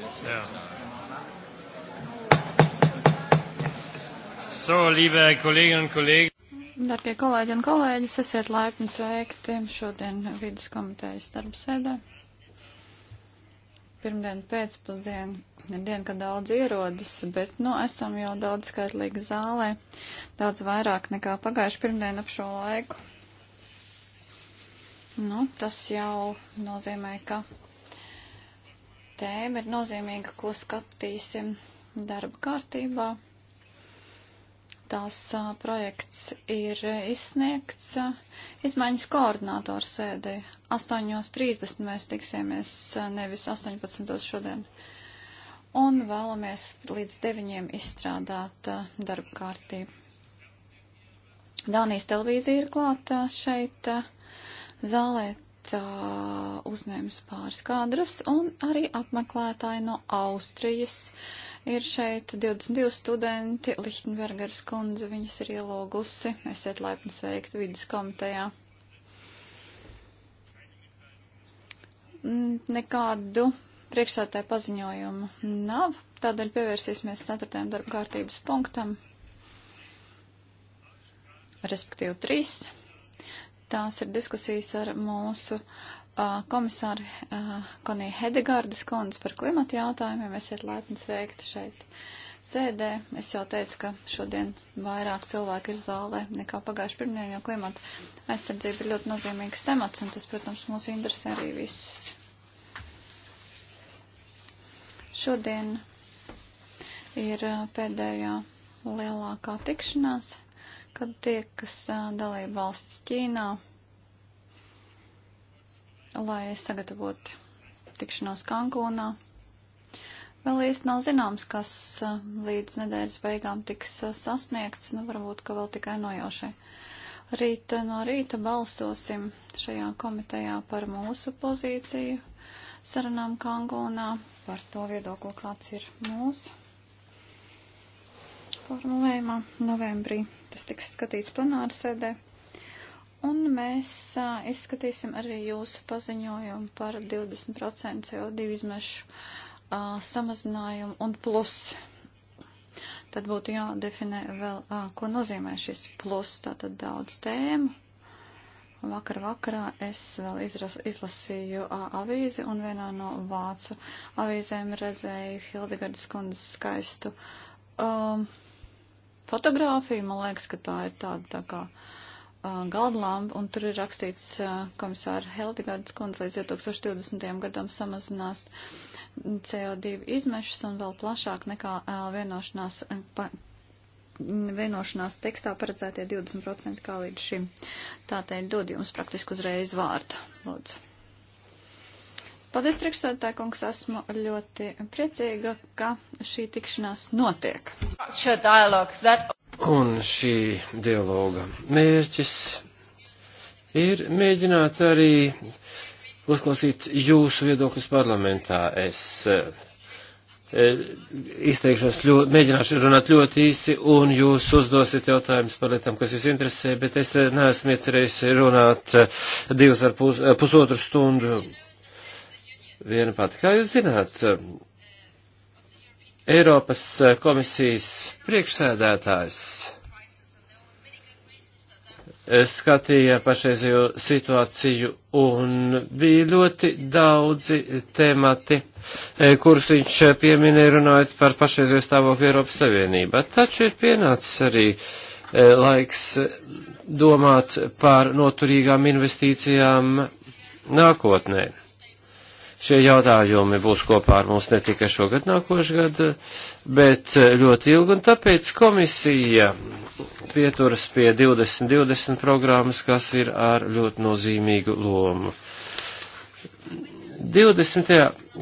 Ja. So, liebe Kolleginnen und Kollegen. Darbie kolēģi un kolēģis, esiet laipni sveikti šodien vidas komitejas darba sēdē. Pirmdien pēcpusdien ir diena, kad daudz ierodas, bet, nu, esam jau daudz skaitlīgi zālē, daudz vairāk nekā pagājuši pirmdien ap šo laiku. Nu, tas jau nozīmē, ka tēma ir nozīmīga, ko skatīsim darba kārtībā. Tās a, projekts ir izsniegts. A, izmaiņas koordinātors sēdē 8.30 mēs tiksiemies, a, nevis 18. šodien. Un vēlamies līdz 9. izstrādāt a, darba kārtību. Dānijas televīzija ir klāta šeit a, zālē uh, uzņēmis pāris kadrus, un arī apmeklētāji no Austrijas. Ir šeit 22 studenti, Lichtenbergers kundze viņus ir ielogusi. Esiet laipni sveikti vidas komitejā. Mm, nekādu priekšsētāju paziņojumu nav, tādēļ pievērsīsimies 4. darba kārtības punktam, respektīvi 3 Tās ir diskusijas ar mūsu uh, komisāru uh, Koniju Hedegardas kundzi par klimatu jautājumiem. Esiet laipni sveikti šeit sēdē. Es jau teicu, ka šodien vairāk cilvēki ir zālē nekā pagājuši pirmdien, jo klimata aizsardzība ir ļoti nozīmīgs temats, un tas, protams, mūs interesē arī visus. Šodien ir pēdējā lielākā tikšanās kad tie, kas dalība valsts Ķīnā, lai sagatavotu tikšanos Kankūnā. Vēl īsti nav zināms, kas līdz nedēļas beigām tiks sasniegts, nu varbūt, ka vēl tikai nojaušai. Rīt no rīta balsosim šajā komitejā par mūsu pozīciju sarunām Kankūnā, par to viedokli, kāds ir mūsu formulējumā novembrī tas tiks skatīts plenāra sēdē. Un mēs a, izskatīsim arī jūsu paziņojumu par 20% CO2 izmešu a, samazinājumu un plus. Tad būtu jādefinē vēl, a, ko nozīmē šis plus, tātad daudz tēmu. Vakar vakarā es vēl izras, izlasīju a, avīzi un vienā no vācu avīzēm redzēju Hildegardas kundzes skaistu. Um, fotografiju. Man liekas, ka tā ir tāda tā kā uh, galdlāmba, un tur ir rakstīts uh, komisāra Heldegardas kundze līdz 2020. gadam samazinās CO2 izmešas un vēl plašāk nekā uh, vienošanās. Uh, pa, vienošanās tekstā paredzētie 20% kā līdz šim. Tātad dod jums praktiski uzreiz vārdu. Lūdzu. Paldies, priekšstādātāji kungs, esmu ļoti priecīga, ka šī tikšanās notiek. Un šī dialoga mērķis ir mēģināt arī uzklausīt jūsu viedokļus parlamentā. Es eh, izteikšos, ļoti, mēģināšu runāt ļoti īsi, un jūs uzdosiet jautājumus par lietām, kas jūs interesē, bet es eh, neesmu iecerējis runāt eh, divas ar pus, pusotru stundu viena pati. Kā jūs zināt, Eiropas komisijas priekšsēdētājs skatīja pašreizējo situāciju un bija ļoti daudzi temati, e, kurus viņš pieminēja runājot par pašreizējo stāvokli Eiropas Savienībā. Taču ir pienācis arī e, laiks domāt par noturīgām investīcijām nākotnē. Šie jautājumi būs kopā ar mums ne tikai šogad, nākošgad, bet ļoti ilgi, un tāpēc komisija pieturas pie 2020 programmas, kas ir ar ļoti nozīmīgu lomu. 20.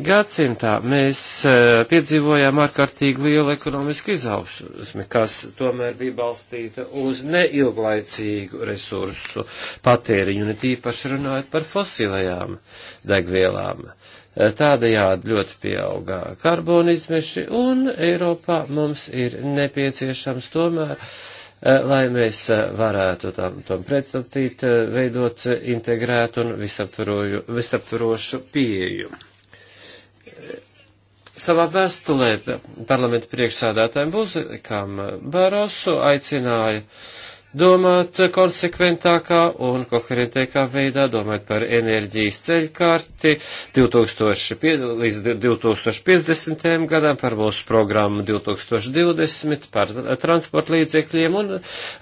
gadsimtā mēs eh, piedzīvojām ārkārtīgi lielu ekonomisku izaugsmi, kas tomēr bija balstīta uz neilglaicīgu resursu patēriņu, ne tīpaši runājot par fosilajām degvielām. Eh, tādējādi ļoti pieaugā karbona izmeši, un Eiropā mums ir nepieciešams tomēr, eh, lai mēs eh, varētu tam, tam pretstatīt, veidot integrētu un visaptvarošu pieeju. Savā vēstulē parlamenta priekšsādātājiem Buzikam Barosu aicināja domāt konsekventākā un koherentākā veidā, domāt par enerģijas ceļkārti 2000, līdz 2050. gadam, par mūsu programmu 2020, par transporta līdzekļiem un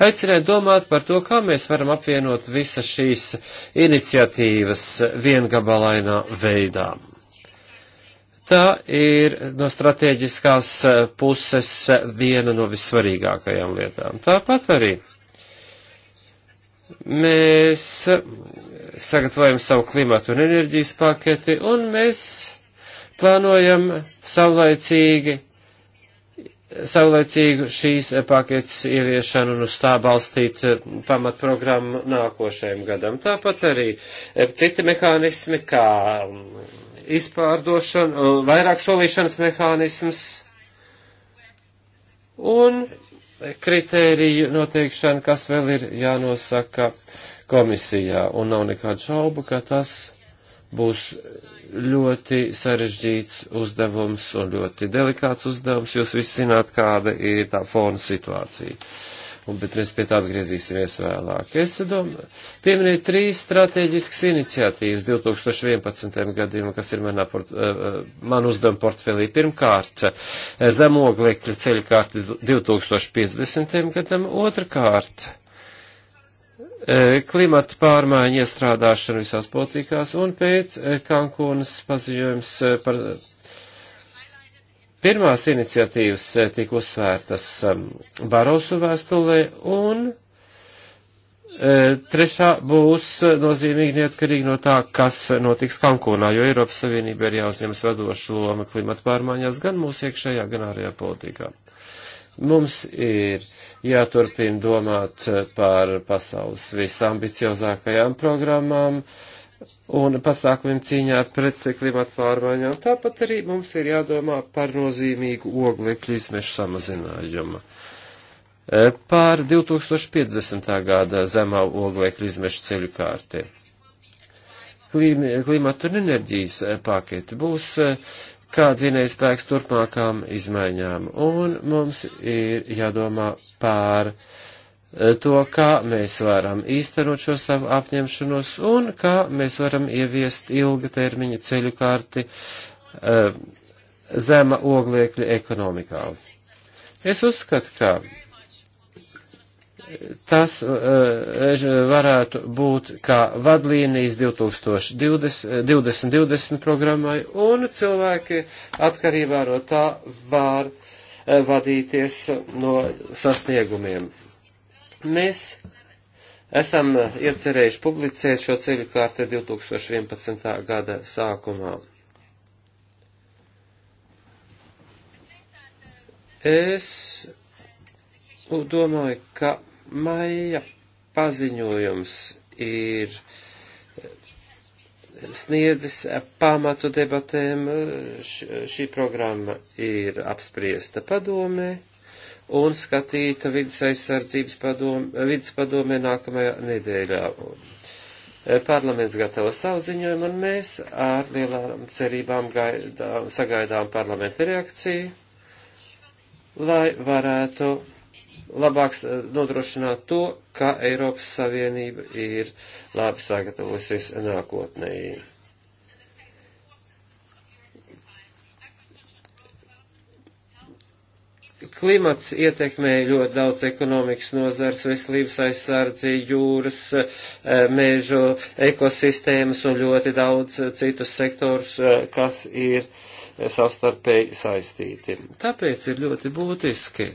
aicināt domāt par to, kā mēs varam apvienot visas šīs iniciatīvas viengabalainā veidā. Tā ir no strateģiskās puses viena no vissvarīgākajām lietām. Tāpat arī Mēs sagatavojam savu klimatu un enerģijas paketi, un mēs plānojam savlaicīgi, savlaicīgu šīs paketes ieviešanu un uz tā balstīt eh, pamatprogrammu nākošajam gadam. Tāpat arī eh, citi mehānismi, kā mm, izpārdošana, eh, vairāk solīšanas mehānisms. Un kritēriju noteikšana, kas vēl ir jānosaka komisijā, un nav nekādu šaubu, ka tas būs ļoti sarežģīts uzdevums un ļoti delikāts uzdevums. Jūs visi zināt, kāda ir tā fona situācija. Uh, un, bet mēs pie tā atgriezīsimies vēlāk. Es domāju, pieminēju trīs strateģiskas iniciatīvas 2011. gadījumā, kas ir manā port, eh, eh, man uzdevuma portfelī. Pirmkārt, eh, zemoglekļa ceļkārti 2050. gadam, otrkārt, klimata pārmaiņu iestrādāšana visās politikās un pēc Kankūnas paziņojums par Pirmās iniciatīvas eh, tika uzsvērtas ehm, Barosu vēstulē, un eh, trešā būs nozīmīgi neatkarīgi no tā, kas notiks Kankūnā, jo Eiropas Savienība ir jāuzņemas vedošu lomu klimata pārmaiņās gan mūsu iekšējā, gan ārējā politikā. Mums ir jāturpina domāt eh, par pasaules visambiciozākajām programmām, uh, un pasākumiem cīņā pret klimatu pārmaiņām. Tāpat arī mums ir jādomā par nozīmīgu oglekļu izmešu samazinājumu. E, pār 2050. gada zemā oglekļu izmešu ceļu kārtē. Klimata un enerģijas e, paketi būs e, kā dzinējs spēks turpmākām izmaiņām, un mums ir jādomā pār uh, to, kā mēs varam īstenot šo savu apņemšanos un kā mēs varam ieviest ilgatermiņa ceļu kārti uh, e, zema ogliekļa ekonomikā. Es uzskatu, ka tas uh, varētu būt kā vadlīnijas 2020, 2020 programmai un cilvēki atkarībā no tā var uh, vadīties no sasniegumiem. Mēs esam iecerējuši publicēt šo ceļu kārtu 2011. gada sākumā. Es domāju, ka maija paziņojums ir sniedzis pamatu debatēm. Šī programma ir apspriesta padomē un skatīta vidas aizsardzības padome, vidas padome nākamajā nedēļā. E, parlaments gatavo savu ziņojumu, un mēs ar lielām cerībām gaidām, sagaidām parlamenta reakciju, lai varētu labāk nodrošināt to, ka Eiropas Savienība ir labi sagatavojusies nākotnēji. Klimats ietekmē ļoti daudz ekonomikas nozars, veselības aizsardzi, jūras, eh, mēžu ekosistēmas un ļoti daudz eh, citus sektorus, eh, kas ir savstarpēji saistīti. Tāpēc ir ļoti būtiski,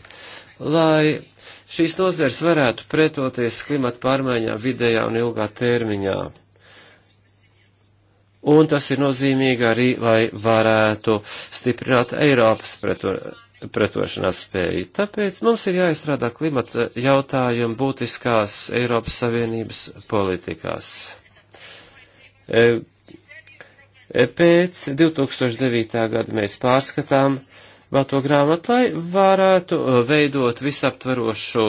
lai šīs nozars varētu pretoties klimata pārmaiņām vidējā un ilgā termiņā. Un tas ir nozīmīgi arī, lai varētu stiprināt Eiropas pretu, pretošanās spēju. Tāpēc mums ir jāizstrādā klimata jautājumu būtiskās Eiropas Savienības politikās. E, e, pēc 2009. gada mēs pārskatām Balto grāmatu, lai varētu e, veidot visaptverošu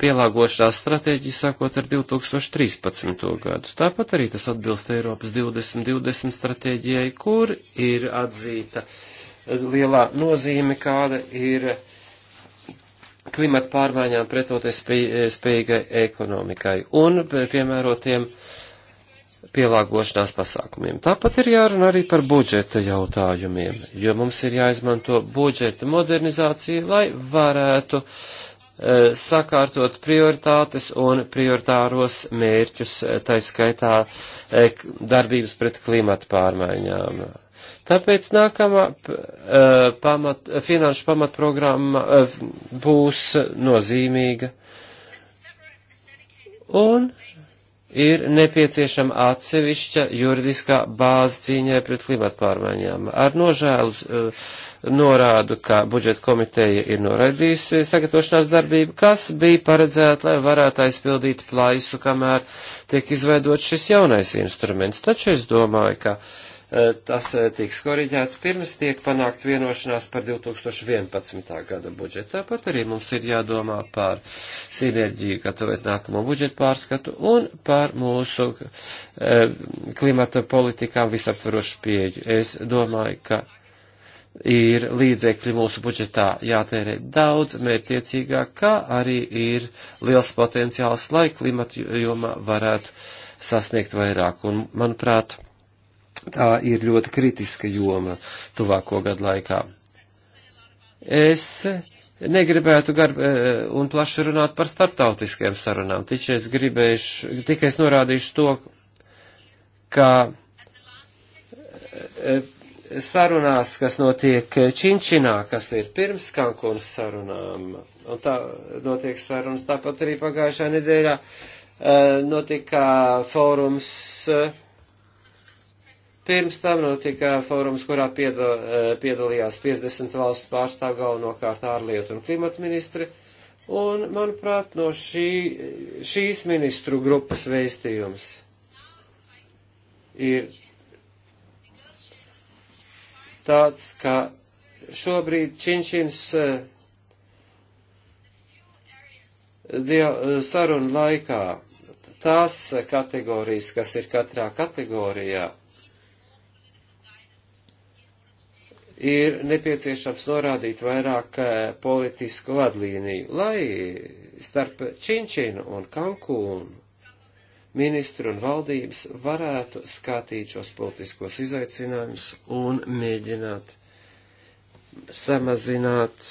pielāgošanās stratēģiju, sākot ar 2013. gadu. Tāpat arī tas atbilst Eiropas 2020 stratēģijai, kur ir atzīta uh, lielā nozīme, kāda ir klimata pārmaiņām pretoties spējīgai ekonomikai un piemērotiem pielāgošanās pasākumiem. Tāpat ir jārunā arī par budžeta jautājumiem, jo mums ir jāizmanto budžeta modernizācija, lai varētu e, sakārtot prioritātes un prioritāros mērķus, e, taiskaitā e, darbības pret klimata pārmaiņām Tāpēc nākamā e, pamat, finanšu pamatprogramma e, būs nozīmīga. Un ir nepieciešama atsevišķa juridiskā bāze cīņai pret klimatu pārmaiņām. Ar nožēlu uh, norādu, ka budžeta komiteja ir noraidījusi sagatavošanās darbību, kas bija paredzēta, lai varētu aizpildīt plaisu, kamēr tiek izveidot šis jaunais instruments. Taču es domāju, ka uh, Eh, tas eh, tiks koriģēts pirms tiek panākt vienošanās par 2011. gada budžetu. Tāpat arī mums ir jādomā par sinerģiju, gatavot nākamo budžetu pārskatu un par mūsu eh, klimata politikām visaptvarošu pieeju. Es domāju, ka ir līdzekļi mūsu budžetā jātērē daudz mērķiecīgāk, kā arī ir liels potenciāls, lai klimata jomā varētu sasniegt vairāk. Un, manuprāt, Tā ir ļoti kritiska joma tuvāko gadu laikā. Es negribētu gar, e, un plaši runāt par starptautiskiem sarunām, tikai es gribēšu, tikai es norādīšu to, ka e, sarunās, kas notiek Činčinā, kas ir pirms Kankunas sarunām, un tā notiek sarunas tāpat arī pagājušā nedēļā, e, notika fórums Pirms tam notika fórums, kurā piedal, e, piedalījās 50 valstu pārstāv galvenokārt ārlietu un klimata ministri. Un, manuprāt, no šī, šīs ministru grupas veistījums ir tāds, ka šobrīd Činčins e, e, sarunu laikā tās kategorijas, kas ir katrā kategorijā, ir nepieciešams norādīt vairāk eh, politisku vadlīniju, lai starp Činčinu un Kankūnu ministru un valdības varētu skatīt šos politiskos izaicinājumus un mēģināt samazināt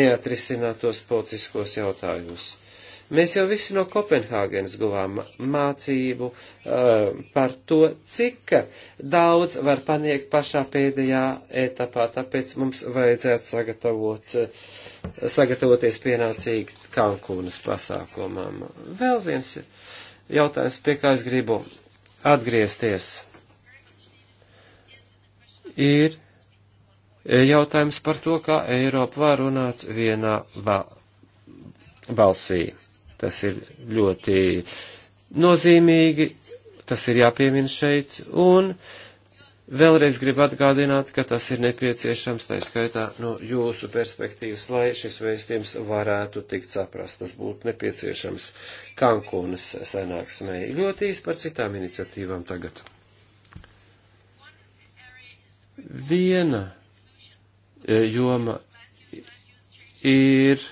neatrisinātos politiskos jautājumus. Mēs jau visi no Kopenhāgenes guvām mācību uh, par to, cik daudz var paniegt pašā pēdējā etapā, tāpēc mums vajadzētu sagatavot, uh, sagatavoties pienācīgi Kankūnas pasākumam. Vēl viens jautājums, pie kā es gribu atgriezties, ir jautājums par to, kā Eiropa var runāt vienā ba balsī. Tas ir ļoti nozīmīgi, tas ir jāpiemina šeit, un vēlreiz gribu atgādināt, ka tas ir nepieciešams, tā skaitā no jūsu perspektīvas, lai šis vēstījums varētu tikt saprast. Tas būtu nepieciešams Kankūnas sanāksmē. Ļoti īsti par citām iniciatīvām tagad. Viena e, joma ir.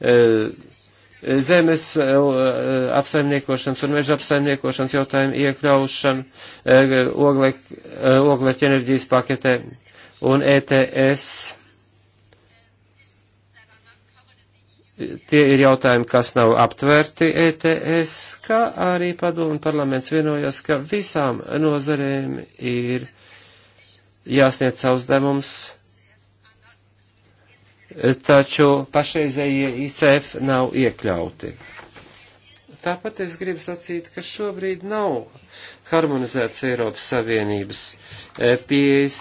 E, zemes eh, apsaimniekošanas un meža apsaimniekošanas jautājumu iekļaušanu eh, eh, oglekļa enerģijas paketē un ETS. Tie ir jautājumi, kas nav aptverti ETS, kā arī padomu un parlaments vienojas, ka visām nozarēm ir jāsniedz savus devumus taču pašreizējie ICF nav iekļauti. Tāpat es gribu sacīt, ka šobrīd nav harmonizēts Eiropas Savienības e, pieejas,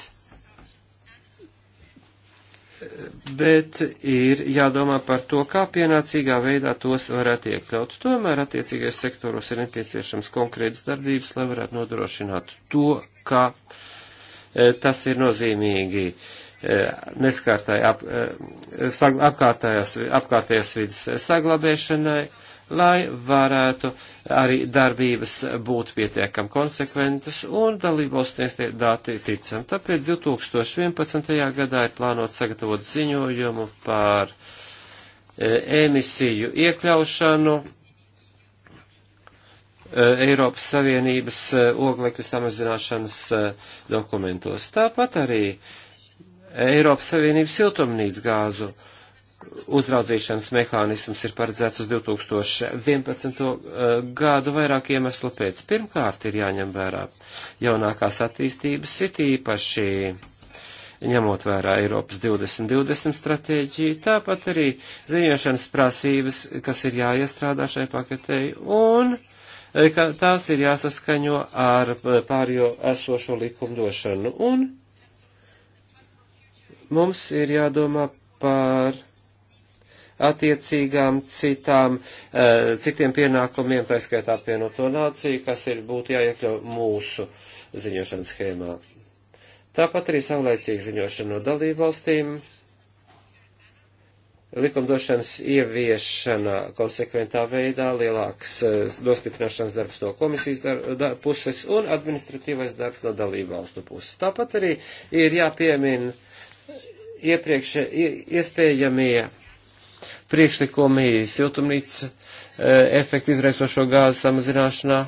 bet ir jādomā par to, kā pienācīgā veidā tos varētu iekļaut. Tomēr attiecīgais sektoros ir nepieciešams konkrētas darbības, lai varētu nodrošināt to, ka e, tas ir nozīmīgi uh, E, neskārtāja ap, e, apkārtējās, apkārtējās vidas saglabēšanai, lai varētu arī darbības būt pietiekam konsekventas un dalībos tiesniegt dati ticam. Tāpēc 2011. gadā ir plānot sagatavot ziņojumu par e, emisiju iekļaušanu Eiropas Savienības oglekļa samazināšanas dokumentos. Tāpat arī uh, Eiropas Savienības siltumnīcas gāzu uzraudzīšanas mehānisms ir paredzēts uz 2011. Eh, gadu vairāk iemeslu pēc. Pirmkārt, ir jāņem vērā jaunākās attīstības it īpaši ņemot vērā Eiropas 2020 stratēģiju, tāpat arī ziņošanas prasības, kas ir jāiestrādā šai paketei, un eh, ka tās ir jāsaskaņo ar eh, pārējo esošo likumdošanu. Un Mums ir jādomā par attiecīgām citām, eh, citiem pienākumiem, tā skaitā pienoto nāciju, kas ir būtu jāiekļau mūsu ziņošanas schēmā. Tāpat arī saulēcīga ziņošana no dalībvalstīm, likumdošanas ieviešana konsekventā veidā, lielāks eh, nostiprināšanas darbs no komisijas dar, da, puses un administratīvais darbs no dalībvalstu puses. Tāpat arī ir jāpiemina iepriekš iespējamie priekšlikumi siltumnīca e, efektu izraisošo gāzu samazināšanā.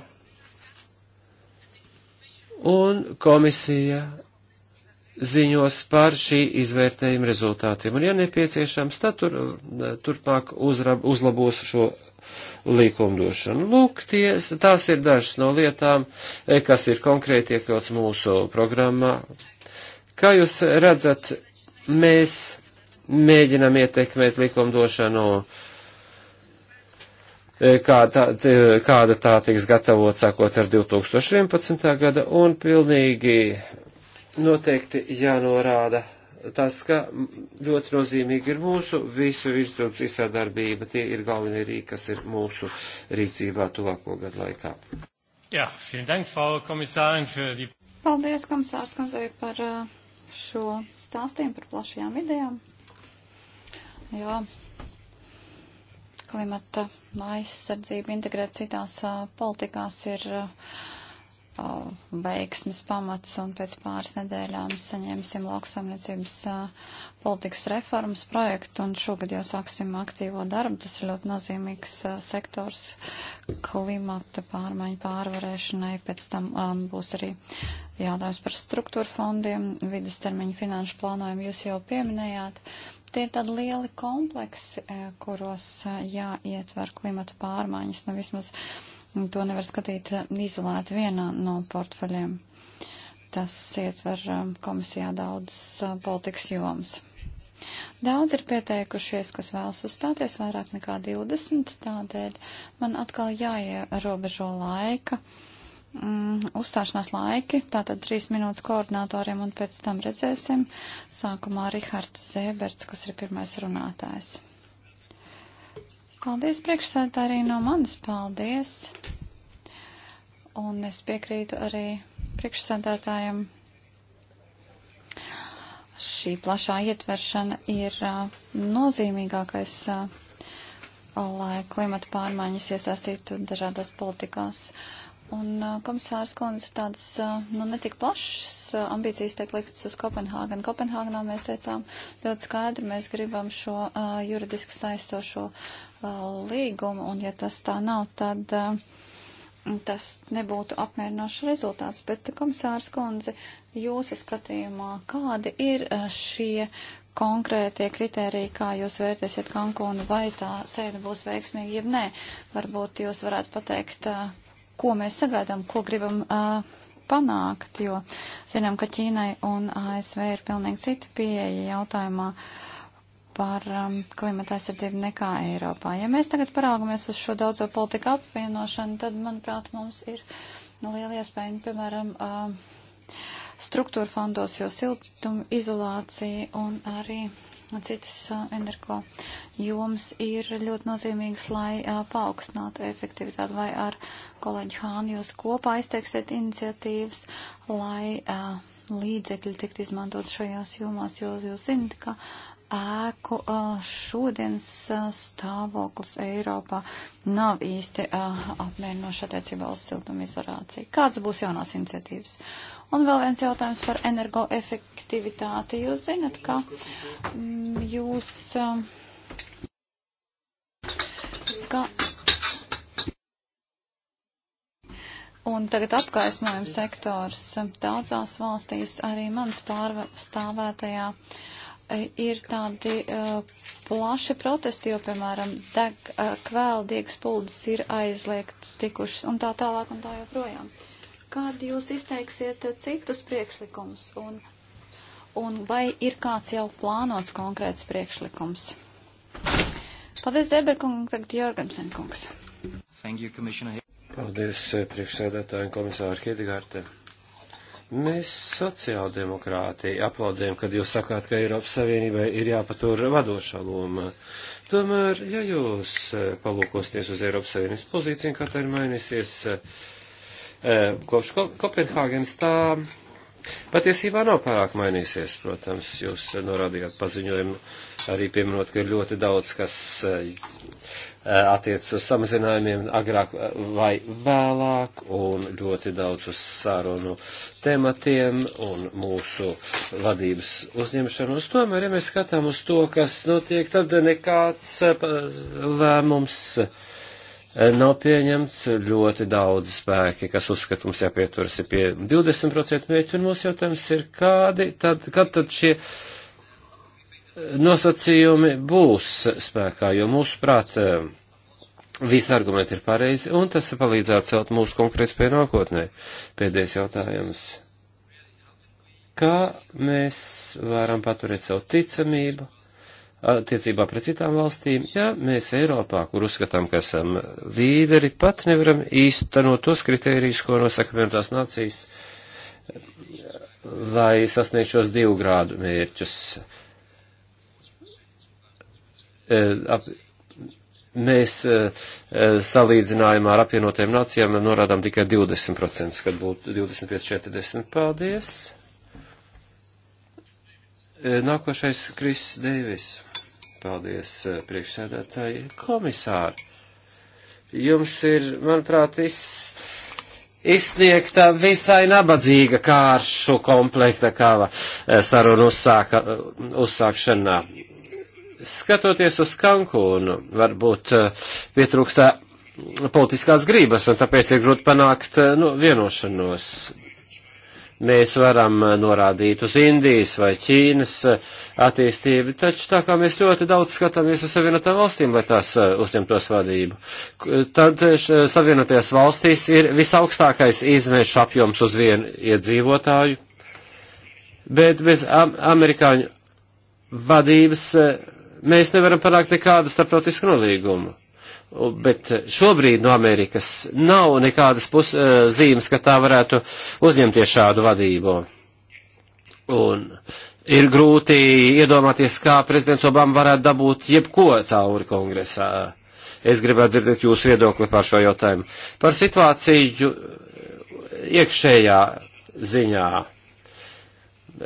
Un komisija ziņos par šī izvērtējuma rezultātiem. Un, ja nepieciešams, tad tur, e, turpmāk uzrab, uzlabos šo likumdošanu. Lūk, ties, tās ir dažas no lietām, e, kas ir konkrēti iekļauts mūsu programmā. Kā jūs redzat, mēs mēģinam ietekmēt likumdošanu, e, kā tā, kāda tā tiks gatavot sākot ar 2011. gada, un pilnīgi noteikti jānorāda tas, ka ļoti nozīmīgi ir mūsu visu instrukciju sadarbība. Tie ir galvenie rīki, kas ir mūsu rīcībā tuvāko gadu laikā. Jā, ja, vielen dank, Frau Kommissarin, für die. Paldies, komisārs, kundzei, par uh, šo stāstījumu par plašajām idejām, jo klimata aizsardzība integrēt citās politikās ir uh, Uh, veiksmes pamats, un pēc pāris nedēļām saņemsim lauksaimniecības uh, politikas reformas projektu, un šogad jau sāksim aktīvo darbu. Tas ir ļoti nozīmīgs uh, sektors klimata pārmaiņu pārvarēšanai. Pēc tam um, būs arī jādājums par struktūra fondiem, vidustermiņu finanšu plānojumu jūs jau pieminējāt. Tie ir tādi lieli kompleksi, kuros jāietver klimata pārmaiņas. Nu, vismaz, uh, To nevar skatīt eh, izolēti vienā no portfeļiem. Tas ietver eh, komisijā daudzas eh, politikas jomas. Daudz ir pieteikušies, kas vēlas uzstāties, vairāk nekā 20, tādēļ man atkal jāierobežo laika. Mm, uzstāšanās laiki, tātad trīs minūtes koordinatoriem un pēc tam redzēsim. Sākumā Rihards Zēberts, kas ir pirmais runātājs. Paldies, priekšsētā, arī no manis paldies. Un es piekrītu arī priekšsēdētājiem. Šī plašā ietveršana ir uh, nozīmīgākais, uh, lai klimata pārmaiņas iesaistītu dažādās politikās. Un uh, komisārs Kondis ir tāds, uh, nu, netik plašs uh, ambīcijas tiek liktas uz Kopenhāgenu. Kopenhāgenā mēs teicām ļoti skaidri, mēs gribam šo uh, juridiski saistošo līgumu, un ja tas tā nav, tad eh, tas nebūtu apmierinošs rezultāts. Bet, komisārs Konzi, jūsu skatījumā, kādi ir eh, šie konkrētie kriteriji, kā jūs vērtēsiet Kankūnu, vai tā sēde būs veiksmīga, jeb nē? Varbūt jūs varētu pateikt, eh, ko mēs sagaidām, ko gribam uh, panākt, jo zinām, ka Ķīnai un ASV ir pilnīgi cita pieeja jautājumā. Uh, par um, klimata aizsardzību nekā Eiropā. Ja mēs tagad paraugamies uz šo daudzo politiku apvienošanu, tad, manuprāt, mums ir liela iespēja, piemēram, uh, struktūra fondos, jo siltuma izolācija un arī citas uh, energo jomas ir ļoti nozīmīgas, lai uh, paaugstinātu efektivitāti. Vai ar kolēģi Hāni jūs kopā izteiksiet iniciatīvas, lai uh, līdzekļi tiktu izmantot šajās jomās, jo jūs zinat, ka. Uh, ēku šodienas stāvoklis Eiropā nav īsti apmierinoši attiecībā uz siltumizolāciju. Kāds būs jaunās iniciatīvas? Un vēl viens jautājums par energoefektivitāti. Jūs zinat, ka mm, jūs. Ka Un tagad apgaismojuma sektors daudzās valstīs arī manas pārstāvētajā uh, E, ir tādi uh, plaši protesti, jo, piemēram, deg, uh, e, kvēldiegas puldes ir aizliegtas tikušas un tā tālāk un tā joprojām. Kādi jūs izteiksiet citus priekšlikumus un, un vai ir kāds jau plānots konkrēts priekšlikums? Paldies, Deberkungs, tagad Jorgensen kungs. Thank you, Paldies, priekšsēdētāji un komisāri Hedegārte. Mēs sociāldemokrātī aplaudējam, kad jūs sakāt, ka Eiropas Savienībai ir jāpatur vadošā loma. Tomēr, ja jūs eh, palūkosties uz Eiropas Savienības pozīciju, kā tā ir mainīsies eh, kopš Kopenhāgenes, tā patiesībā nav pārāk mainīsies. Protams, jūs norādījāt paziņojumu arī pieminot, ka ir ļoti daudz, kas eh, Eh, attiecas uz samazinājumiem agrāk vai vēlāk, un ļoti daudz uz sārunu tematiem un mūsu vadības uzņemšanos. Tomēr, ja mēs skatām uz to, kas notiek, tad nekāds eh, lēmums eh, nav pieņemts. Ļoti daudz spēki, kas uzskat mums jāpieturas, ir pie 20% mērķi, un mūsu jautājums ir, kādi tad, kad tad šie nosacījumi būs spēkā, jo mūsuprāt eh, visi argumenti ir pareizi un tas palīdzētu celt mūsu konkrētspēju nākotnē. Pēdējais jautājums. Kā mēs varam paturēt savu ticamību attiecībā pret citām valstīm, ja mēs Eiropā, kur uzskatām, ka esam līderi, pat nevaram īstenot tos kritērijus, ko nosaka vienotās nācijas, lai sasniegšos divu grādu mērķus? Uh, E, ap, mēs e, e, salīdzinājumā ar apvienotajām nācijām norādām tikai 20%, kad būtu 25-40. Paldies! Nākošais Kris Deivis. Paldies, priekšsēdētāji. Komisāri, jums ir, manuprāt, iz, izsniegta visai nabadzīga kāršu komplekta kava sarunu uzsāka, uzsākšanā Skatoties uz Kankūnu, varbūt eh, pietrūkstā politiskās grības, un tāpēc ir grūti panākt eh, nu, vienošanos. Mēs varam eh, norādīt uz Indijas vai Ķīnas attīstību, taču tā kā mēs ļoti daudz skatāmies uz Savienotām valstīm, lai tās uzņemtos vadību, tad Savienotajās valstīs ir visaugstākais izmēšu apjoms uz vienu iedzīvotāju, bet bez am amerikāņu vadības mēs nevaram panākt nekādu starptautisku nolīgumu. Bet šobrīd no Amerikas nav nekādas pus, e, zīmes, ka tā varētu uzņemties šādu vadību. Un ir grūti iedomāties, kā prezidents Obama varētu dabūt jebko cauri kongresā. Es gribētu dzirdēt jūsu viedokli par šo jautājumu. Par situāciju iekšējā ziņā.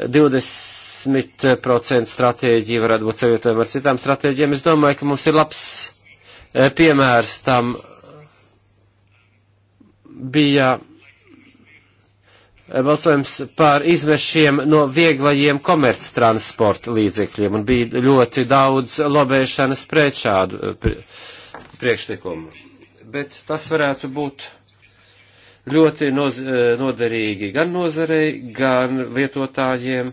20 10% eh, stratēģija varētu būt savietojama ar citām stratēģiem. Es domāju, ka mums ir labs eh, piemērs tam bija eh, balsojums par izmešiem no vieglajiem komerctransporta līdzekļiem un bija ļoti daudz lobēšanas pret šādu priekšlikumu. Bet tas varētu būt ļoti noz, noderīgi gan nozarei, gan lietotājiem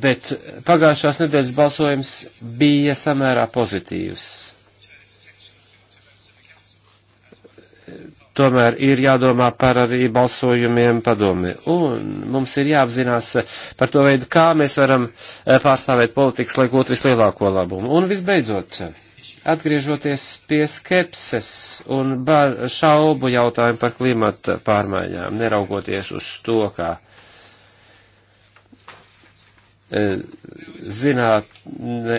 bet pagājušās nedēļas balsojums bija samērā pozitīvs. tomēr ir jādomā par arī balsojumiem padomi. Un mums ir jāapzinās par to veidu, kā mēs varam eh, pārstāvēt politikas, lai gūtu vislielāko labumu. Un visbeidzot, atgriežoties pie skepses un šaubu jautājumu par klimata pārmaiņām, neraugoties uz to, kā. Ka E, zinātne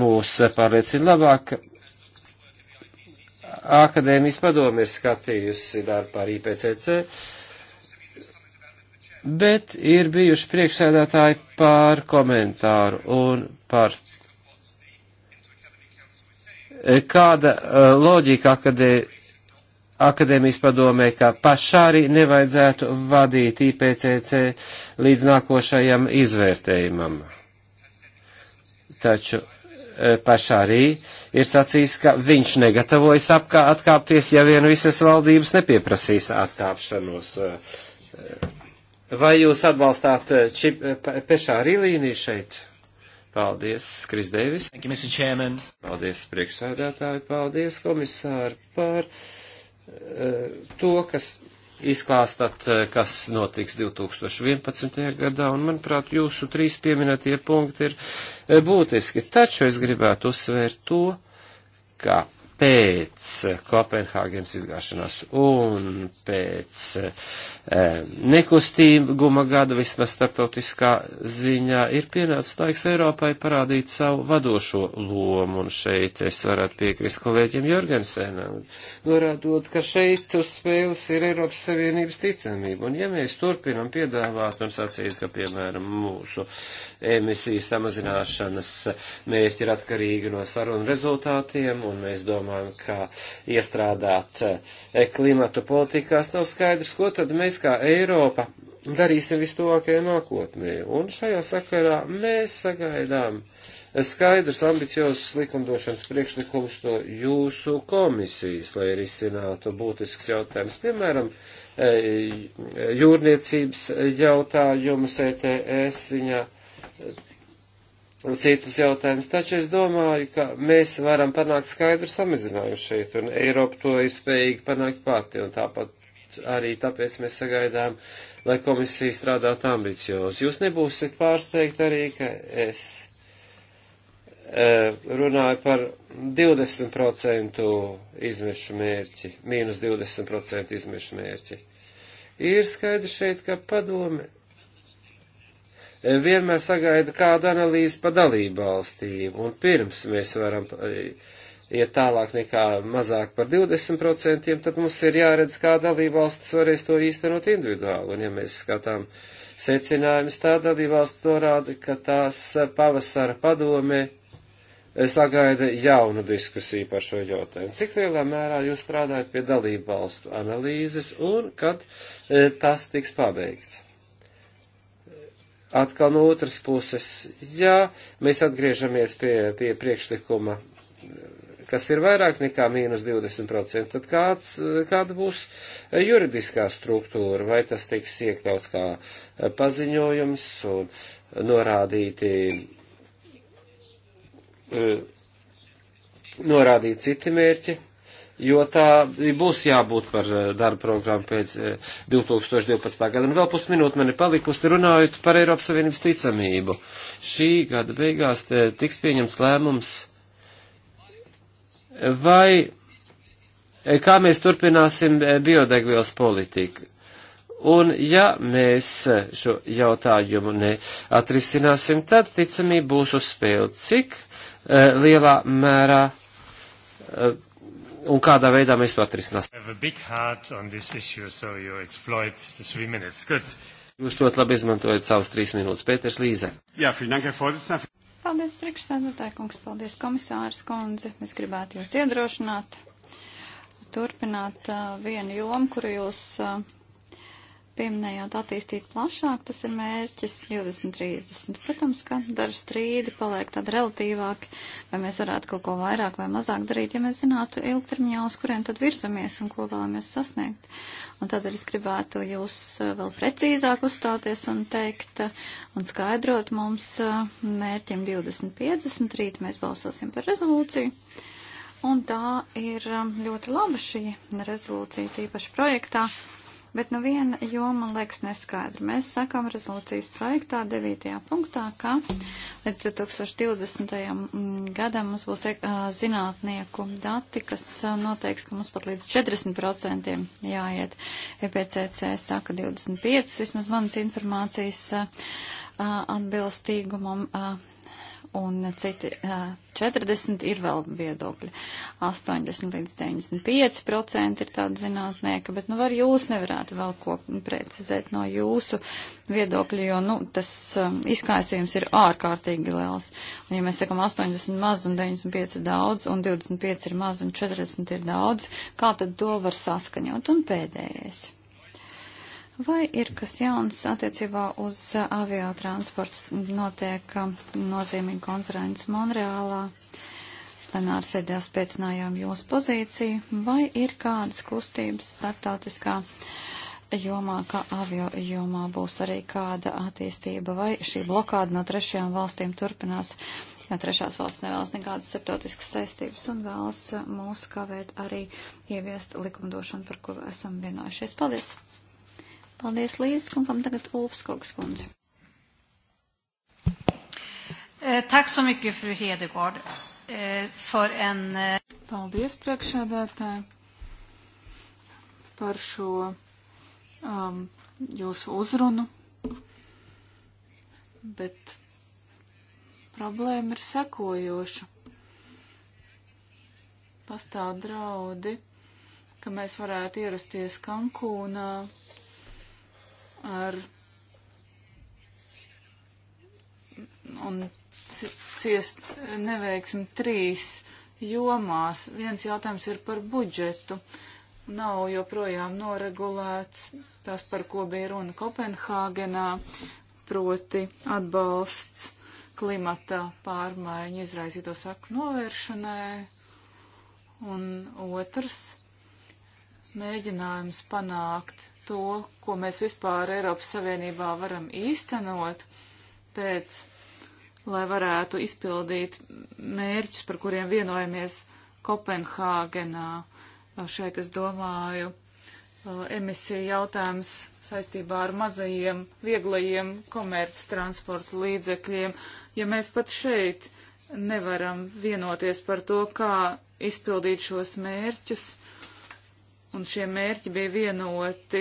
mūs pārliecina labāk. Akadēmijas padomi ir skatījusi darbu par IPCC, bet ir bijuši priekšsēdētāji pār komentāru un par e, kāda e, loģika akadēmija akadēmijas padomē, ka pašā arī nevajadzētu vadīt IPCC līdz nākošajam izvērtējumam. Taču e, pašā arī ir sacījis, ka viņš negatavojas apkā, atkāpties, ja vien visas valdības nepieprasīs atkāpšanos. E, e, vai jūs atbalstāt čip, pešā arī līniju šeit? Paldies, Kris Devis. Paldies, priekšsēdētāji. Paldies, komisāri, par to, kas izklāstat, eh, kas notiks 2011. gadā, un, manuprāt, jūsu trīs pieminētie punkti ir eh, būtiski. Taču es gribētu uzsvērt to, ka pēc Kopenhāgenes izgāšanās un pēc e, nekustīguma gada vismaz starptautiskā ziņā ir pienācis laiks Eiropai parādīt savu vadošo lomu, un šeit es varētu piekrist kolēģiem Jorgensenam, norādot, ka šeit uz spēles ir Eiropas Savienības ticamība, un ja mēs turpinam piedāvāt un sacīt, ka, piemēram, mūsu emisiju samazināšanas mērķi ir atkarīgi no sarunu rezultātiem, un mēs domājam, domājam, kā iestrādāt eh, klimatu politikās, nav skaidrs, ko tad mēs kā Eiropa darīsim vistuvākajā nākotnē. Un šajā sakarā mēs sagaidām skaidrs ambiciozus likumdošanas priekšlikumus no jūsu komisijas, lai risinātu būtisks jautājums. Piemēram, eh, jūrniecības jautājumus ETS ziņā citus jautājumus, taču es domāju, ka mēs varam panākt skaidru samazinājumu šeit, un Eiropa to ir spējīga panākt pati, un tāpat arī tāpēc mēs sagaidām, lai komisija strādātu ambiciozi. Jūs nebūsiet pārsteigti arī, ka es e, runāju par 20% izmešu mērķi, mīnus 20% izmešu mērķi. Ir skaidrs šeit, ka padome vienmēr sagaida kādu analīzi pa dalību valstīm, un pirms mēs varam e, iet tālāk nekā mazāk par 20%, tad mums ir jāredz, kā dalību valstis varēs to īstenot individuāli, un ja mēs skatām secinājumus, tā dalību valsts norāda, ka tās pavasara padome e, sagaida jaunu diskusiju par šo jautājumu. Cik lielā mērā jūs strādājat pie dalību valstu analīzes un kad e, tas tiks pabeigts? Atkal no otras puses, ja mēs atgriežamies pie, pie priekšlikuma, kas ir vairāk nekā mīnus 20%, tad kāds, kāda būs juridiskā struktūra, vai tas tiks iekļauts kā paziņojums un norādīti, eh, norādīti citi mērķi, jo tā būs jābūt par eh, darba programmu pēc 2012. Eh, gada. Un vēl pusminūte man ir palikusi runājot par Eiropas Savienības ticamību. Šī gada beigās tiks pieņemts lēmums, vai eh, kā mēs turpināsim biodegvielas politiku. Un ja mēs šo jautājumu neatrisināsim, tad ticamība būs uz spēli. Cik uh, lielā mērā uh, un kādā veidā mēs to atrisināsim. So Jūs ļoti labi izmantojat savus trīs minūtes. Pēters Līze. Jā, ja, Paldies, priekšsēdētāji kungs, paldies, komisārs kundze. Mēs gribētu jūs iedrošināt, turpināt uh, vienu jomu, kuru jūs uh, pieminējāt attīstīt plašāk, tas ir mērķis 2030. Protams, ka daži strīdi paliek tādi relatīvāki, vai mēs varētu kaut ko vairāk vai mazāk darīt, ja mēs zinātu ilgtermiņā, uz kuriem tad virzamies un ko vēlamies sasniegt. Un tad es gribētu jūs eh, vēl precīzāk uzstāties un teikt eh, un skaidrot mums eh, mērķim 2050. Rīt mēs balsosim par rezolūciju. Un tā ir ļoti laba šī rezolūcija, tīpaši projektā Bet nu viena joma, man liekas, neskaidra. Mēs sakām rezolūcijas projektā 9. punktā, ka līdz 2020. Mm, gadam mums būs eh, zinātnieku dati, kas eh, noteiks, ka mums pat līdz 40% jāiet. EPCC saka 25, vismaz manas informācijas eh, atbilstīgumam un citi 40 ir vēl viedokļi. 80 līdz 95% ir tāda zinātnieka, bet nu var jūs nevarētu vēl ko precizēt no jūsu viedokļa, jo nu, tas izkaisījums ir ārkārtīgi liels. Un ja mēs sakam 80 maz un 95 ir daudz un 25 ir maz un 40 ir daudz, kā tad to var saskaņot? Un pēdējais. Vai ir kas jauns attiecībā uz uh, aviotransportu? Notiek um, nozīmīga konferences Monreālā. Plenārsēdē spēcinājām jūsu pozīciju. Vai ir kādas kustības starptautiskā jomā, kā avio jomā būs arī kāda attīstība? Vai šī blokāda no trešajām valstīm turpinās? jo trešās valsts nevēlas nekādas starptautiskas saistības un vēlas uh, mūs kavēt arī ieviest likumdošanu, par kuru esam vienojušies. Paldies! Paldies Līzes kungam, tagad Ulfs Koks kundze. Eh, tack så mycket, fru Hedegård, eh, för en... Eh, Paldies, priekšsēdētāji, par šo um, jūsu uzrunu. Bet problēma ir sekojoša. Pastāv draudi, ka mēs varētu ierasties Kankūnā ar un ciest neveiksim trīs jomās. Viens jautājums ir par budžetu. Nav joprojām noregulēts tas, par ko bija runa Kopenhāgenā, proti atbalsts klimata pārmaiņu izraisīto saku novēršanai. Un otrs mēģinājums panākt to, ko mēs vispār Eiropas Savienībā varam īstenot pēc, lai varētu izpildīt mērķus, par kuriem vienojamies Kopenhāgenā. Šeit es domāju uh, emisiju jautājums saistībā ar mazajiem, vieglajiem komerc transporta līdzekļiem. Ja mēs pat šeit nevaram vienoties par to, kā izpildīt šos mērķus, uh, un šie mērķi bija vienoti.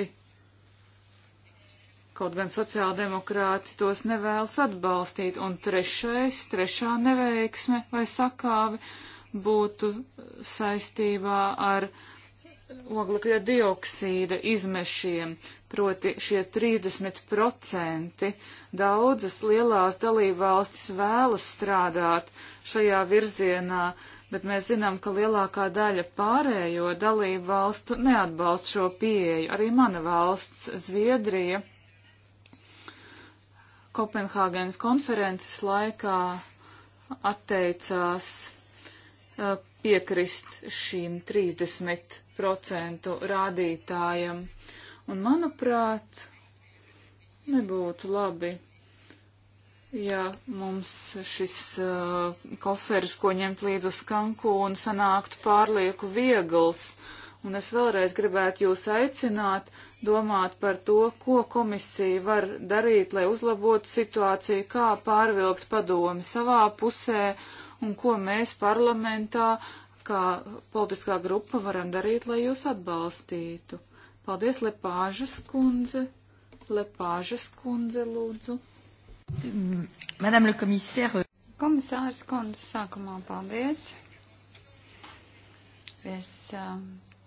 Kaut gan sociāldemokrāti tos nevēlas atbalstīt, un trešais, trešā neveiksme vai sakāvi būtu saistībā ar oglekļa dioksīda izmešiem, proti šie 30%. Daudzas lielās dalībvalstis vēlas strādāt šajā virzienā, bet mēs zinām, ka lielākā daļa pārējo dalībvalstu neatbalst šo pieeju. Arī mana valsts, Zviedrija, Kopenhāgenes konferences laikā atteicās uh, piekrist šīm 30% rādītājam. Un manuprāt, nebūtu labi, ja mums šis uh, koferis, ko ņemt līdz uz Kankūnu, sanāktu pārlieku viegls. Un es vēlreiz gribētu jūs aicināt domāt par to, ko komisija var darīt, lai uzlabotu situāciju, kā pārvilkt padomi savā pusē un ko mēs parlamentā kā politiskā grupa varam darīt, lai jūs atbalstītu. Paldies, Lepāžas kundze. Lepāžas kundze, lūdzu. Madame le komisāru. Komisārs kundze, sākumā paldies. Es um,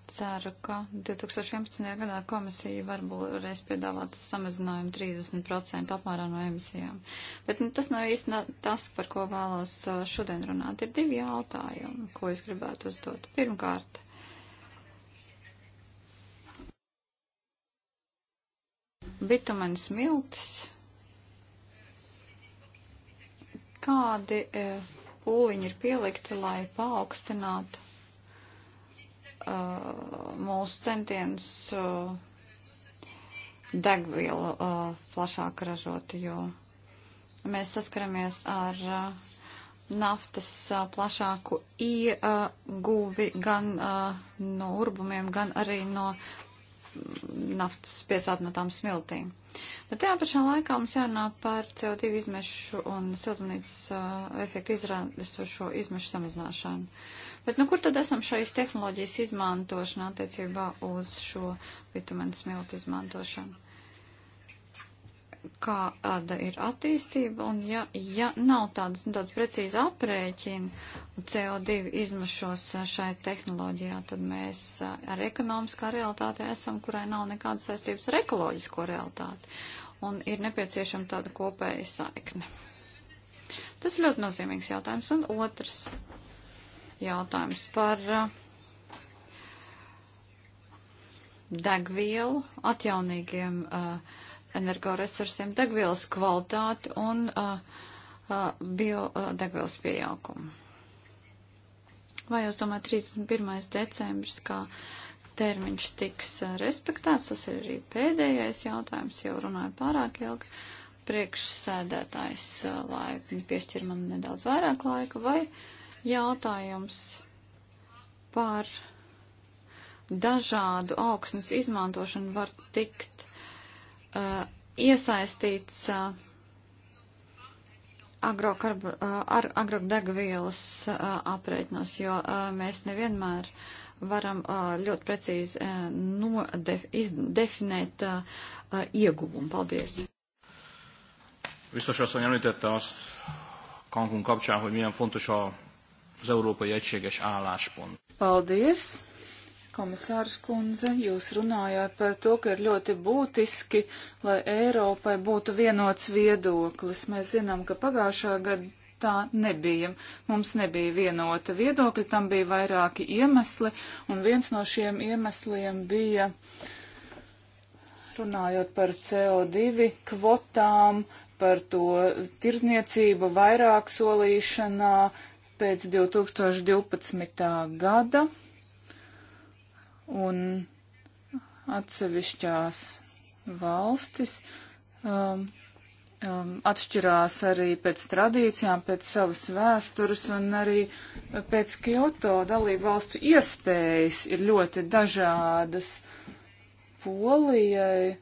ceru, ka 2011. gadā komisija varbūt piedāvāt samazinājumu 30% apmērā no emisijām. Bet nu, tas nav īsti tas, par ko vēlos šodien runāt. Ir divi jautājumi, ko es gribētu uzdot. Pirmkārt, bitumens miltis. Kādi e, pūliņi ir pielikti, lai paaugstinātu uh, mūsu centienus uh, degvielu uh, plašāk ražot, jo mēs saskaramies ar uh, naftas uh, plašāku ieguvi uh, gan uh, no urbumiem, gan arī no naftas piesātinātām smiltīm. Bet tajā pašā laikā mums jārunā par CO2 izmešu un siltumnīcas uh, efektu izrādīsošo izmešu samazināšanu. Bet nu kur tad esam šais tehnoloģijas izmantošana attiecībā uz šo bitumenu smiltu izmantošanu? kāda ir attīstība, un ja, ja nav tādas, tādas precīzi aprēķina CO2 izmašos šai tehnoloģijā, tad mēs ar ekonomiskā realitāte esam, kurai nav nekādas saistības ar ekoloģisko realitāti, un ir nepieciešama tāda kopēja saikne. Tas ir ļoti nozīmīgs jautājums, un otrs jautājums par degvielu atjaunīgiem uh, energoresursiem, degvielas kvalitāti un uh, uh, biodegvielas uh, pieaugumu. Vai jūs domājat, 31. decembris, kā termiņš tiks respektēts? Tas ir arī pēdējais jautājums, jau runāju pārāk ilgi. Priekšsēdētājs laipni piešķir man nedaudz vairāk laika, vai jautājums par dažādu augsnes izmantošanu var tikt uh, iesaistīts uh, agrokarb, uh, ar agrodegvielas uh, aprēķinos, jo uh, mēs nevienmēr varam uh, ļoti precīzi uh, nodef, izdefinēt uh, uh, ieguvumu. Paldies! Biztos asszony említette azt Cancun kapcsán, hogy milyen fontos az európai egységes álláspont. Paldies! Komisārs kundze, jūs runājāt par to, ka ir ļoti būtiski, lai Eiropai būtu vienots viedoklis. Mēs zinām, ka pagājušā gada tā nebija. Mums nebija vienota viedokļa, tam bija vairāki iemesli, un viens no šiem iemesliem bija, runājot par CO2 kvotām, par to tirzniecību vairāk solīšanā pēc 2012. gada un atsevišķās valstis um, um, atšķirās arī pēc tradīcijām, pēc savas vēstures un arī pēc Kyoto dalību valstu iespējas ir ļoti dažādas. Polijai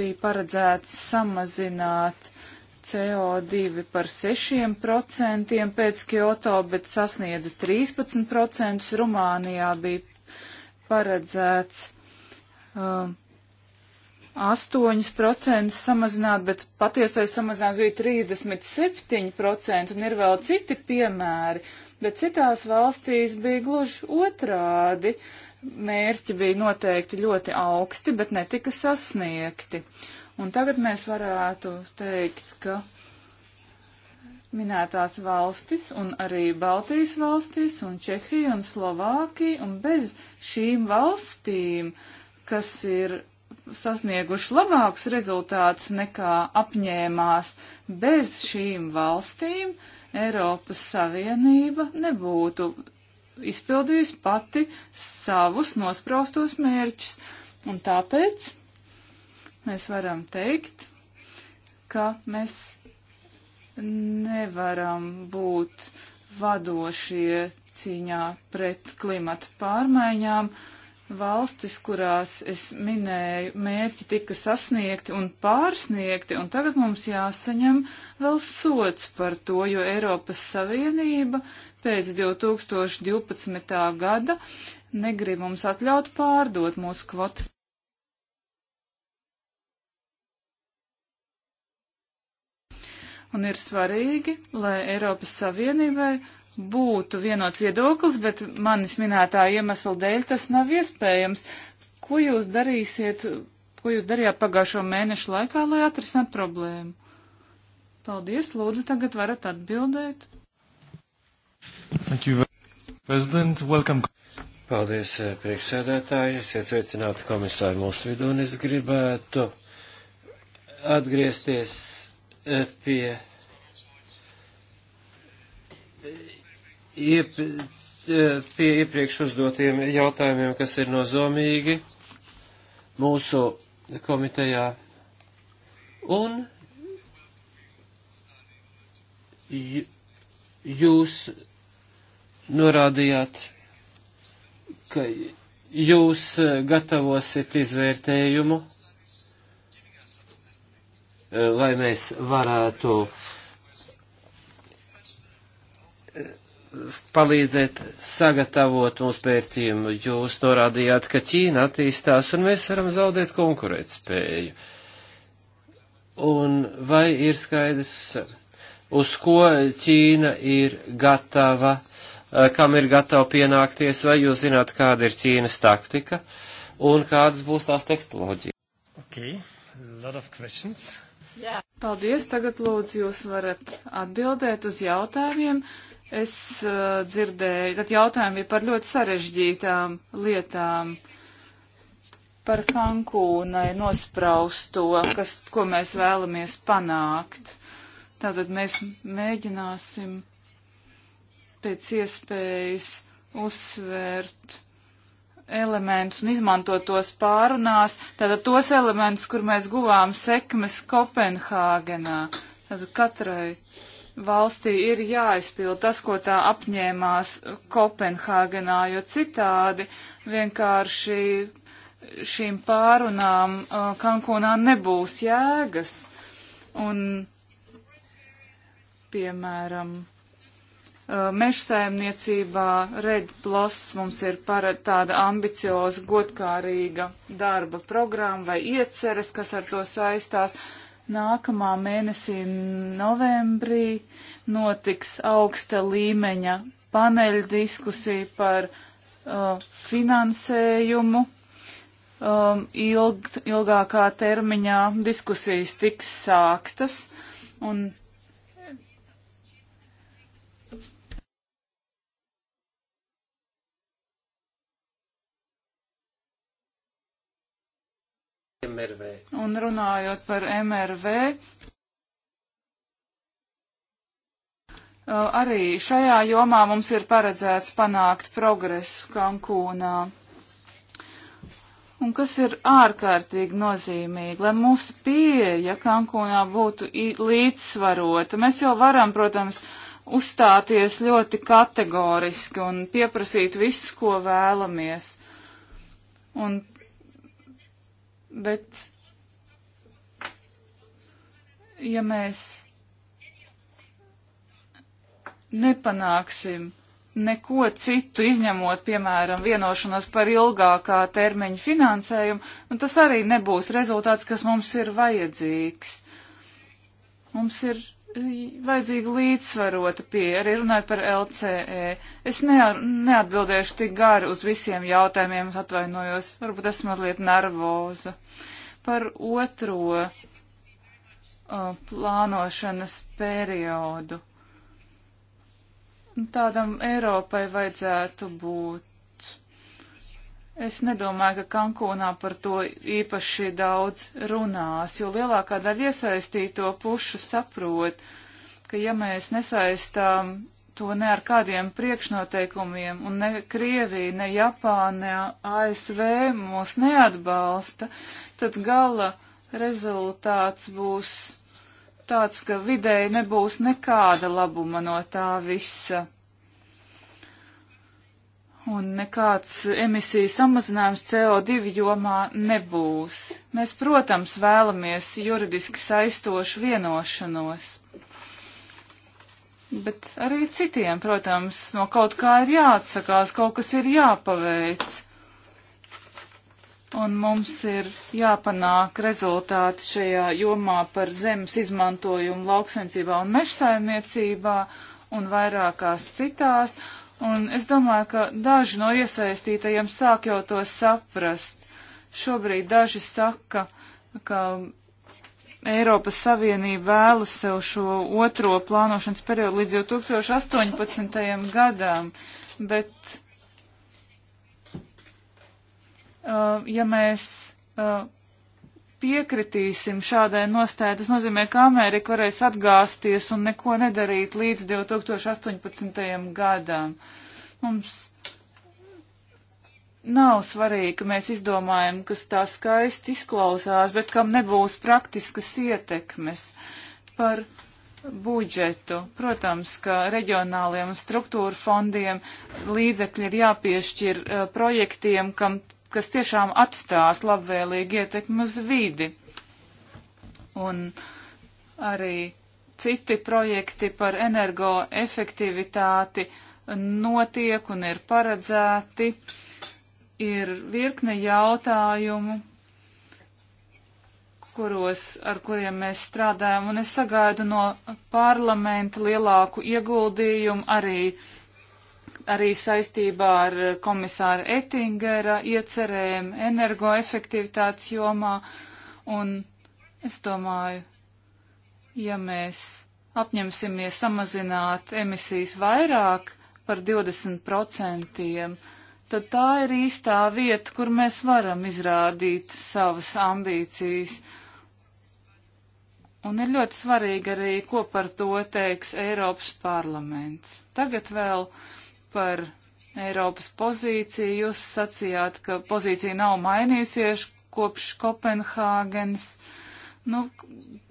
bija paredzēts samazināt CO2 par 6% pēc Kyoto, bet sasniedza 13%. Rumānijā bija paredzēts um, 8% samazināt, bet patiesais samazinājums bija 37% un ir vēl citi piemēri, bet citās valstīs bija gluži otrādi. Mērķi bija noteikti ļoti augsti, bet netika sasniegti. Uh, Un tagad mēs varētu teikt, ka minētās valstis un arī Baltijas valstis un Čehija un Slovākija un bez šīm valstīm, kas ir sasnieguši labākus rezultātus nekā apņēmās, bez šīm valstīm Eiropas Savienība nebūtu izpildījusi pati savus nospraustos mērķus. Un tāpēc mēs varam teikt, ka mēs nevaram būt vadošie cīņā pret klimatu pārmaiņām. Valstis, kurās es minēju, mērķi tika sasniegti un pārsniegti, un tagad mums jāsaņem vēl sots par to, jo Eiropas Savienība pēc 2012. gada negrib mums atļaut pārdot mūsu kvotas. Un ir svarīgi, lai Eiropas Savienībai būtu vienots viedoklis, bet manis minētā iemesla dēļ tas nav iespējams. Ko jūs darīsiet, ko jūs darījāt pagājušo mēnešu laikā, lai atrisināt problēmu? Paldies, lūdzu, tagad varat atbildēt. Thank you, President. Welcome. Paldies, eh, priekšsēdētāji. Esiet sveicināti komisāri mūsu vidū, un es gribētu atgriezties pie iep, pie iepriekš uzdotiem jautājumiem, kas ir nozīmīgi mūsu komitejā. Un jūs norādījāt, ka jūs gatavosiet izvērtējumu Eh, lai mēs varētu eh, palīdzēt sagatavot mūsu pētījumu. Jūs norādījāt, ka Ķīna attīstās un mēs varam zaudēt konkurētspēju. Un vai ir skaidrs, uz ko Ķīna ir gatava, eh, kam ir gatava pienākties, vai jūs zināt, kāda ir Ķīnas taktika un kādas būs tās tehnoloģijas? Okay. A lot of questions. Jā. Paldies, tagad lūdzu jūs varat atbildēt uz jautājumiem. Es uh, dzirdēju, tad jautājumi par ļoti sarežģītām lietām, par kankūnai nospraustu, kas, ko mēs vēlamies panākt. Tātad mēs mēģināsim pēc iespējas uzsvērt elementus un izmantot tos pārunās, tātad tos elementus, kur mēs guvām sekmes Kopenhāgenā. Tātad katrai valstī ir jāizpild tas, ko tā apņēmās Kopenhāgenā, jo citādi vienkārši šīm pārunām uh, Kankūnā nebūs jēgas. Un, piemēram, Uh, mežsaimniecībā Red Plus mums ir tāda ambicioza, godkārīga darba programma vai ieceres, kas ar to saistās. Nākamā mēnesī novembrī notiks augsta līmeņa paneļa diskusija par uh, finansējumu. Um, ilg, ilgākā termiņā diskusijas tiks sāktas, un MRV. Un runājot par MRV, arī šajā jomā mums ir paredzēts panākt progresu Kankūnā. Un kas ir ārkārtīgi nozīmīgi, lai mūsu pieeja Kankūnā būtu līdzsvarota. Mēs jau varam, protams, uzstāties ļoti kategoriski un pieprasīt visu, ko vēlamies. Un Bet, ja mēs nepanāksim neko citu, izņemot, piemēram, vienošanos par ilgākā termiņa finansējumu, un nu, tas arī nebūs rezultāts, kas mums ir vajadzīgs. Mums ir vajadzīga līdzsvarota pieeja, arī runāju par LCE. Es neatbildēšu tik gari uz visiem jautājumiem, atvainojos, varbūt esmu mazliet nervoza. Par otro uh, plānošanas periodu. Tādam Eiropai vajadzētu būt. Es nedomāju, ka Kankūnā par to īpaši daudz runās, jo lielākā daļa iesaistīto pušu saprot, ka ja mēs nesaistām to ne ar kādiem priekšnoteikumiem, un ne Krievija, ne Japāna, ne ASV mūs neatbalsta, tad gala rezultāts būs tāds, ka vidēji nebūs nekāda labuma no tā visa un nekāds emisiju samazinājums CO2 jomā nebūs. Mēs, protams, vēlamies juridiski saistošu vienošanos, bet arī citiem, protams, no kaut kā ir jāatsakās, kaut kas ir jāpaveic, un mums ir jāpanāk rezultāti šajā jomā par zemes izmantojumu lauksainicībā un mežsaimniecībā un vairākās citās Un es domāju, ka daži no iesaistītajiem sāk jau to saprast. Šobrīd daži saka, ka Eiropas Savienība vēlas sev šo otro plānošanas periodu līdz 2018. gadām, bet uh, ja mēs uh, piekritīsim šādai nostāja, tas nozīmē, ka Amerika varēs atgāzties un neko nedarīt līdz 2018. gadam. Mums nav svarīgi, ka mēs izdomājam, kas tā skaisti izklausās, bet kam nebūs praktiskas ietekmes par budžetu. Protams, ka reģionāliem un struktūra fondiem līdzekļi ir jāpiešķir uh, projektiem, kam kas tiešām atstās labvēlīgi ietekmi uz vidi. Un arī citi projekti par energoefektivitāti notiek un ir paredzēti. Ir virkne jautājumu, kuros, ar kuriem mēs strādājam, un es sagaidu no parlamenta lielāku ieguldījumu arī uh, arī saistībā ar komisāra Ettingera iecerēm energoefektivitātes jomā. Un es domāju, ja mēs apņemsimies samazināt emisijas vairāk par 20%, tad tā ir īstā vieta, kur mēs varam izrādīt savas ambīcijas. Un ir ļoti svarīgi arī, ko par to teiks Eiropas parlaments. Tagad vēl uh, par Eiropas pozīciju. Jūs sacījāt, ka pozīcija nav mainījusies kopš Kopenhāgenes. Nu,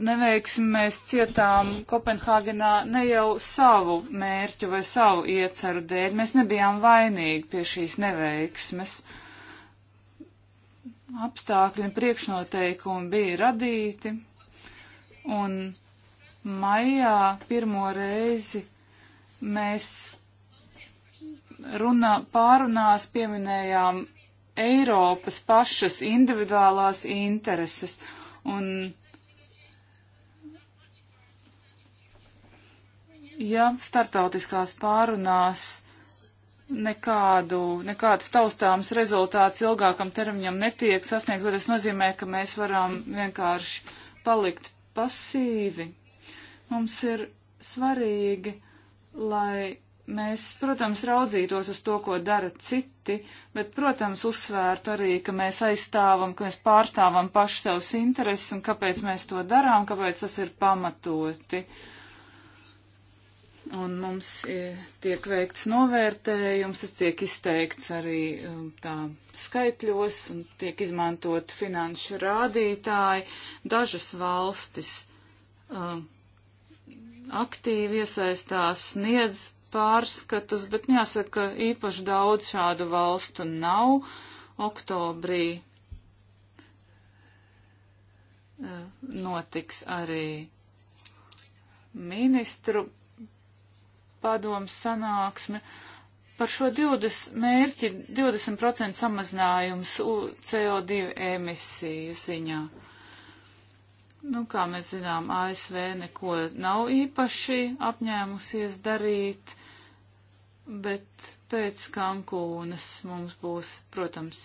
neveiksim mēs cietām Kopenhāgenā ne jau savu mērķu vai savu ieceru dēļ. Mēs nebijām vainīgi pie šīs neveiksmes. Apstākļi un priekšnoteikumi bija radīti. Un maijā pirmo reizi mēs runā, pārunās pieminējām Eiropas pašas individuālās intereses. Un, ja startautiskās pārunās nekādu, nekāds taustāms rezultāts ilgākam termiņam netiek sasniegts, bet tas nozīmē, ka mēs varam vienkārši palikt pasīvi. Mums ir svarīgi, lai Mēs, protams, raudzītos uz to, ko dara citi, bet, protams, uzsvērtu arī, ka mēs aizstāvam, ka mēs pārstāvam pašu savus intereses un kāpēc mēs to darām, kāpēc tas ir pamatoti. Un mums e, tiek veikts novērtējums, tas tiek izteikts arī e, tā skaitļos un tiek izmantot finanšu rādītāji. Dažas valstis um, aktīvi iesaistās, sniedz pārskatus, bet jāsaka, īpaši daudz šādu valstu nav. Oktobrī eh, notiks arī ministru padoms sanāksme par šo 20 mērķi 20% samazinājums CO2 emisiju ziņā. Nu, kā mēs zinām, ASV neko nav īpaši apņēmusies darīt, bet pēc Kankūnas mums būs, protams,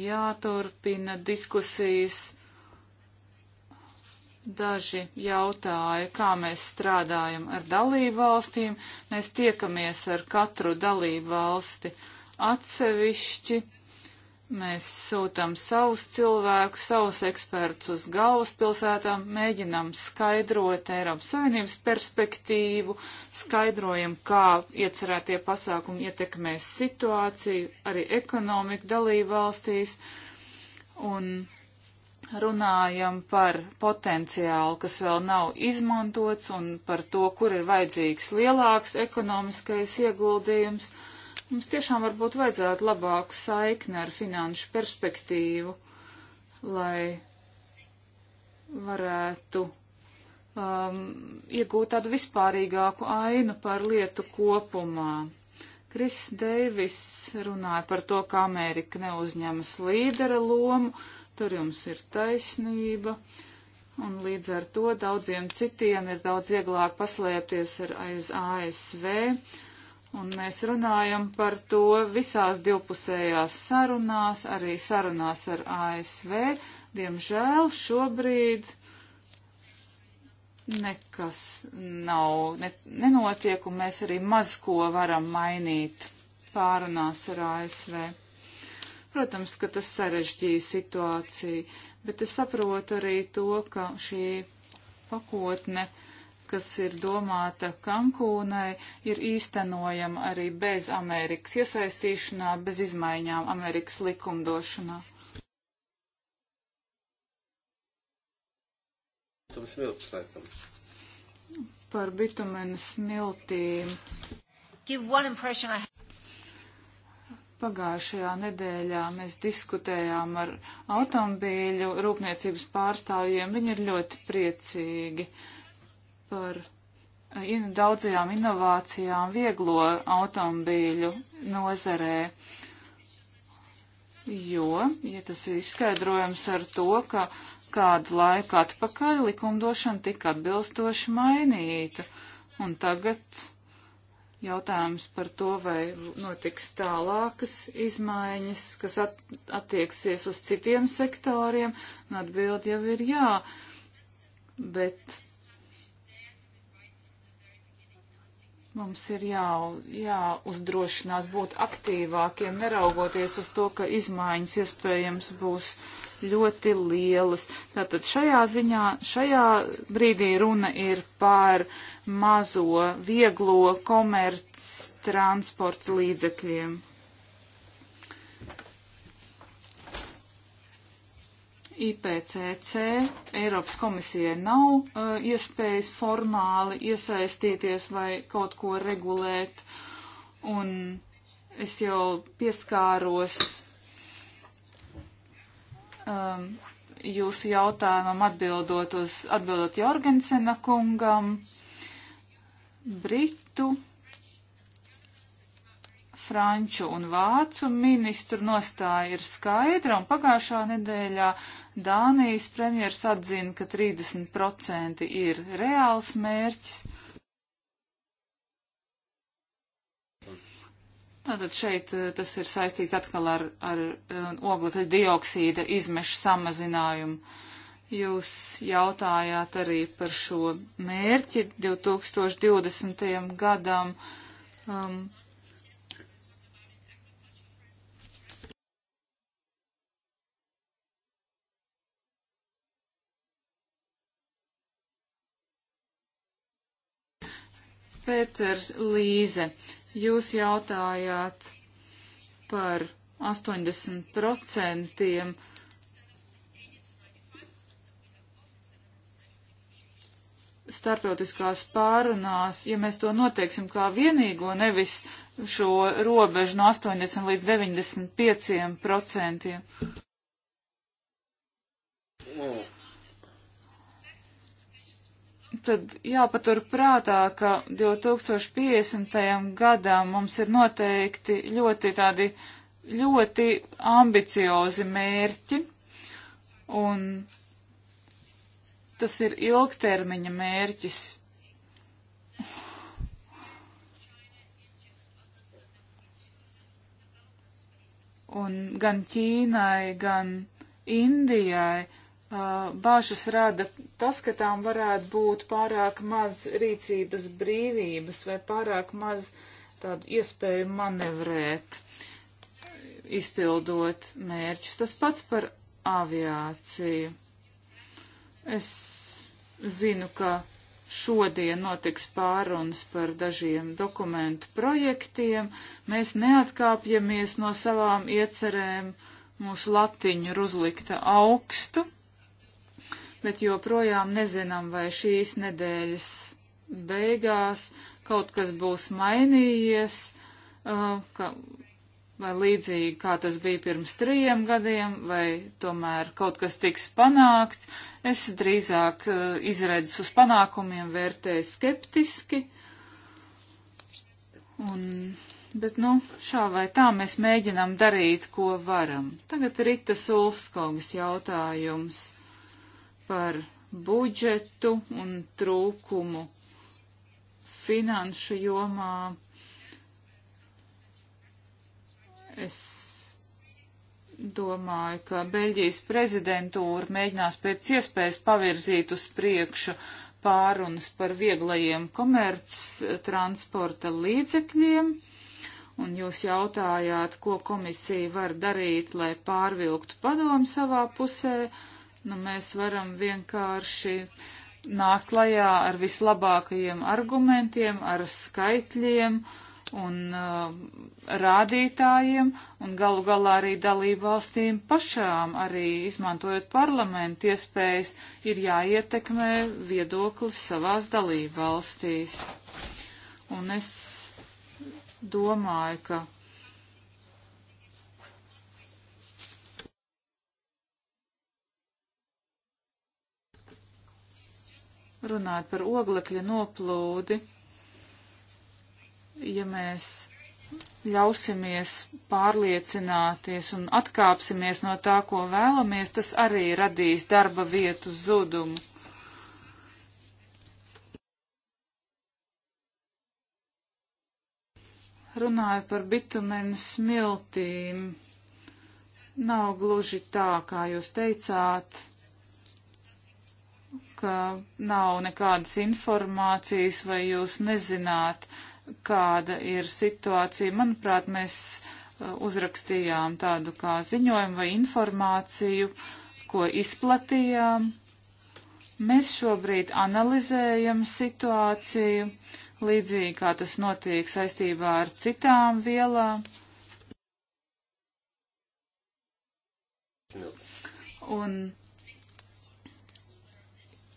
jāturpina diskusijas. Daži jautāja, kā mēs strādājam ar dalību valstīm. Mēs tiekamies ar katru dalību valsti atsevišķi Mēs sūtam savus cilvēkus, savus ekspertus uz galvaspilsētām, mēģinam skaidrot Eiropas Savienības perspektīvu, skaidrojam, kā iecerētie pasākumi ietekmēs situāciju, arī ekonomiku dalību valstīs, un runājam par potenciālu, kas vēl nav izmantots, un par to, kur ir vajadzīgs lielāks ekonomiskais ieguldījums Mums tiešām varbūt vajadzētu labāku saikni ar finanšu perspektīvu, lai varētu um, iegūt tādu vispārīgāku ainu par lietu kopumā. Kris Deivis runāja par to, ka Amerika neuzņemas līdera lomu, tur jums ir taisnība, un līdz ar to daudziem citiem ir daudz vieglāk paslēpties ar aiz ASV Un mēs runājam par to visās divpusējās sarunās, arī sarunās ar ASV. Diemžēl šobrīd nekas nav, ne, nenotiek, un mēs arī maz ko varam mainīt pārunās ar ASV. Protams, ka tas sarežģīja situāciju, bet es saprotu arī to, ka šī pakotne kas ir domāta Kankūnai, ir īstenojama arī bez Amerikas iesaistīšanā, bez izmaiņām Amerikas likumdošanā. Par bitumenu smiltīm. Pagājušajā nedēļā mēs diskutējām ar automobīļu rūpniecības pārstāvjiem. Viņi ir ļoti priecīgi. Uh, par eh, daudzajām inovācijām vieglo automobīļu nozarē. Jo, ja tas ir izskaidrojams ar to, ka kādu laiku atpakaļ likumdošana tika atbilstoši mainīta, un tagad jautājums par to, vai notiks tālākas izmaiņas, kas at attieksies uz citiem sektoriem, un atbildi jau ir jā, bet Mums ir jā, jāuzdrošinās būt aktīvākiem, neraugoties uz to, ka izmaiņas iespējams būs ļoti lielas. Tātad šajā ziņā, šajā brīdī runa ir par mazo, vieglo komerc transporta līdzekļiem. IPCC Eiropas komisijai nav uh, iespējas formāli iesaistīties vai kaut ko regulēt. Un es jau pieskāros um, jūsu jautājumam atbildot uz atbildot Jorgensena kungam, Britu, Franču un Vācu ministru nostāja ir skaidra un pagājušā nedēļā Dānijas premjers atzina, ka 30% ir reāls mērķis. Tātad šeit eh, tas ir saistīts atkal ar, ar eh, oglekļa dioksīda izmešu samazinājumu. Jūs jautājāt arī par šo mērķi 2020. gadam. Um, Pēters Līze, jūs jautājāt par 80% starptautiskās pārunās, ja mēs to noteiksim kā vienīgo, nevis šo robežu no 80 līdz 95 procentiem. Mm tad jāpatur prātā, ka 2050. gadam mums ir noteikti ļoti tādi ļoti ambiciozi mērķi, un tas ir ilgtermiņa mērķis. Un gan Ķīnai, gan Indijai Uh, bāžas rada tas, ka tām varētu būt pārāk maz rīcības brīvības vai pārāk maz tādu iespēju manevrēt, izpildot mērķus. Tas pats par aviāciju. Es zinu, ka šodien notiks pārunas par dažiem dokumentu projektiem. Mēs neatkāpjamies no savām iecerēm mūsu latiņu ir uzlikta augstu bet joprojām nezinām, vai šīs nedēļas beigās kaut kas būs mainījies, uh, ka, vai līdzīgi kā tas bija pirms trījiem gadiem, vai tomēr kaut kas tiks panākts. Es drīzāk uh, izredzes uz panākumiem vērtēju skeptiski. Un, bet, nu, šā vai tā mēs mēģinām darīt, ko varam. Tagad Rita Sulfskogas jautājums par budžetu un trūkumu finanšu jomā. Es domāju, ka Beļģijas prezidentūra mēģinās pēc iespējas pavirzīt uz priekšu pārunas par vieglajiem komerc eh, transporta līdzekļiem. Un jūs jautājāt, ko komisija var darīt, lai pārvilktu padomu savā pusē. Uh, nu, mēs varam vienkārši nākt klajā ar vislabākajiem argumentiem, ar skaitļiem un uh, rādītājiem, un galu galā arī dalību valstīm pašām, arī izmantojot parlamentu iespējas, ir jāietekmē viedoklis savās dalību valstīs. Un es domāju, ka runāt par oglekļa noplūdi, ja mēs ļausimies pārliecināties un atkāpsimies no tā, ko vēlamies, tas arī radīs darba vietu zudumu. Runāju par bitumenu smiltīm. Nav gluži tā, kā jūs teicāt ka nav nekādas informācijas vai jūs nezināt, kāda ir situācija. Manuprāt, mēs uh, uzrakstījām tādu kā ziņojumu vai informāciju, ko izplatījām. Mēs šobrīd analizējam situāciju, līdzīgi kā tas notiek saistībā ar citām vielām. Un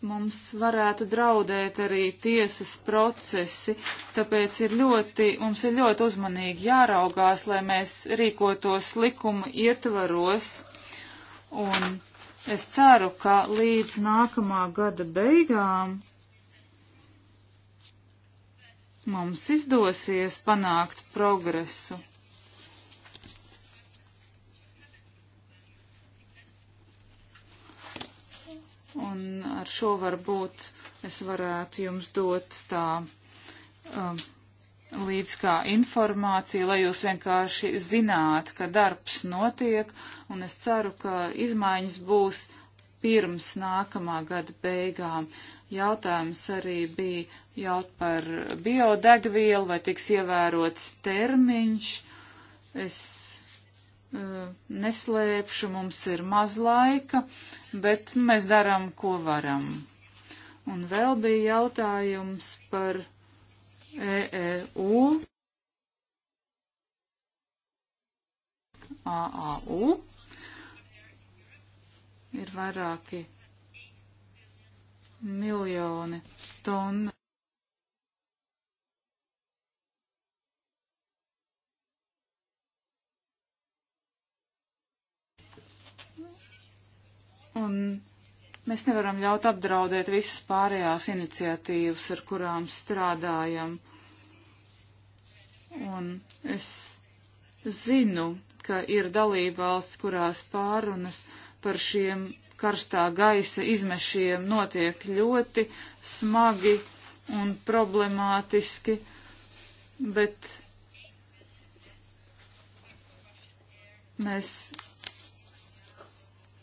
mums varētu draudēt arī tiesas procesi, tāpēc ir ļoti, mums ir ļoti uzmanīgi jāraugās, lai mēs rīkotos likuma ietvaros. Un es ceru, ka līdz nākamā gada beigām mums izdosies panākt progresu. Un ar šo varbūt es varētu jums dot tā um, līdz kā informāciju, lai jūs vienkārši zināt, ka darbs notiek, un es ceru, ka izmaiņas būs pirms nākamā gada beigām. Jautājums arī bija jaut par biodegvielu, vai tiks ievērots termiņš. Es Eh, neslēpšu, mums ir maz laika, bet mēs darām, ko varam. Un vēl bija jautājums par EEU, AAU. Ir vairāki miljoni tonu. Un mēs nevaram ļaut apdraudēt visas pārējās iniciatīvas, ar kurām strādājam. Un es zinu, ka ir dalībvalsts, kurās pārunas par šiem karstā gaisa izmešiem notiek ļoti smagi un problemātiski, bet mēs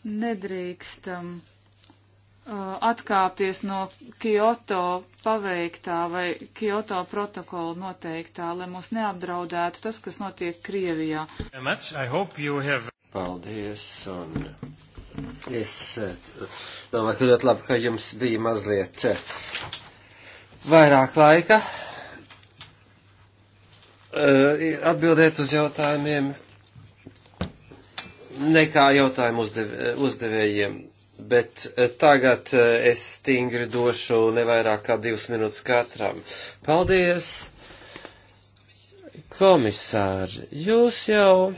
nedrīkstam uh, atkāpties no Kyoto paveiktā vai Kyoto protokola noteiktā, lai mūs neapdraudētu tas, kas notiek Krievijā. Paldies, un es uh, domāju, ka ļoti labi, ka jums bija mazliet uh, vairāk laika uh, atbildēt uz jautājumiem nekā jautājumu uzdev, uzdevējiem. Bet eh, tagad eh, es stingri došu nevairāk kā divas minūtes katram. Paldies! Komisāri, jūs jau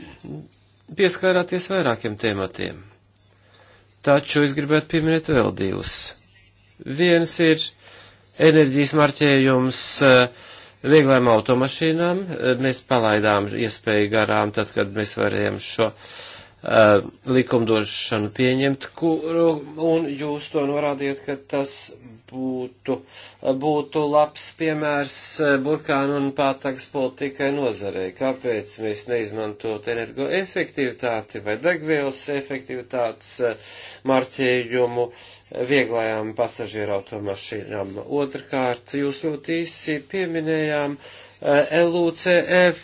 pieskārāties vairākiem tematiem. Taču es gribētu pieminēt vēl divus. Viens ir enerģijas marķējums eh, vieglām automašīnām. Mēs palaidām iespēju garām, tad, kad mēs varējām šo uh, uh, likumdošanu pieņemt, kuru, un jūs to norādījat, ka tas būtu, būtu labs piemērs uh, burkānu un pātags politikai nozarei. Kāpēc mēs neizmantot energoefektivitāti vai degvielas efektivitātes uh, marķējumu? Uh, vieglajām pasažieru automašīnām. Otrkārt, jūs ļoti īsi pieminējām eh, LUCF.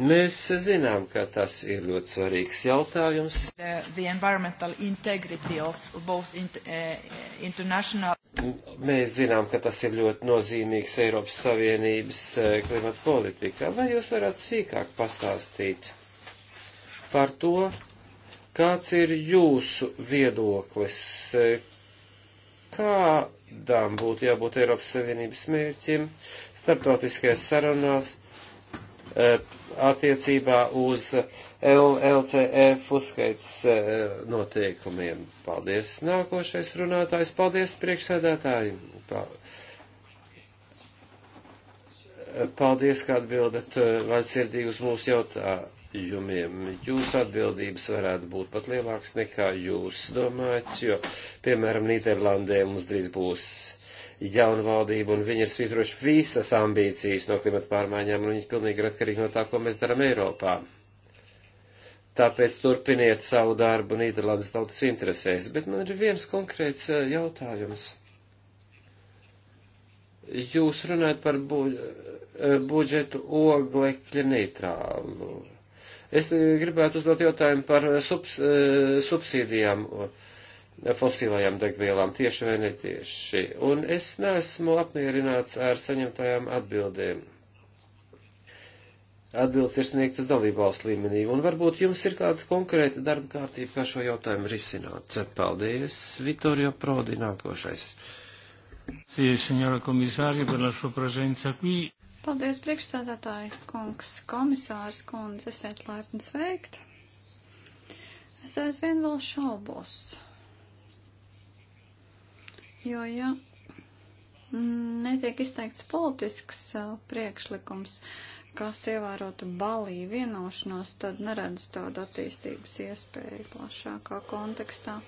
Mēs zinām, ka tas ir ļoti svarīgs jautājums. The, the environmental integrity of both in, uh, eh, international. Mēs zinām, ka tas ir ļoti nozīmīgs Eiropas Savienības eh, klimata politikā. Vai jūs varētu sīkāk pastāstīt par to, kāds ir jūsu viedoklis, kādām būtu jābūt Eiropas Savienības mērķim starptautiskajās sarunās e, attiecībā uz LCF uzskaits e, noteikumiem. Paldies, nākošais runātājs. Paldies, priekšsēdētāji. Paldies, ka atbildat vaļsirdīgi e, uz mūsu jautājumu jautājumiem jūsu atbildības varētu būt pat lielāks nekā jūs domājat, jo, piemēram, Nīderlandē mums drīz būs jauna valdība, un viņi ir svītroši visas ambīcijas no klimata pārmaiņām, un viņas pilnīgi ir atkarīgi no tā, ko mēs darām Eiropā. Tāpēc turpiniet savu darbu Nīderlandes tautas interesēs, bet man ir viens konkrēts eh, jautājums. Jūs runājat par eh, budžetu oglekļa neitrālu Es eh, gribētu uzdot jautājumu par eh, subs, eh, subsīdijām fosilajām degvielām, tieši vai netieši. Un es neesmu apmierināts ar saņemtajām atbildēm. Atbildes ir sniegtas dalībvalstu līmenī, un varbūt jums ir kāda konkrēta darba kārtība, kā šo jautājumu risināt. Paldies, Vittorio Prodi, nākošais. Sì, signora commissario, per la sua presenza qui. Paldies, priekšsēdētāji, kungs, komisārs, kundze, esiet laipni sveikt. Es aizvien vēl šaubos. Jo, ja netiek izteikts politisks uh, priekšlikums, kas ievērotu balī vienošanos, tad neredz tādu attīstības iespēju plašākā kontekstā.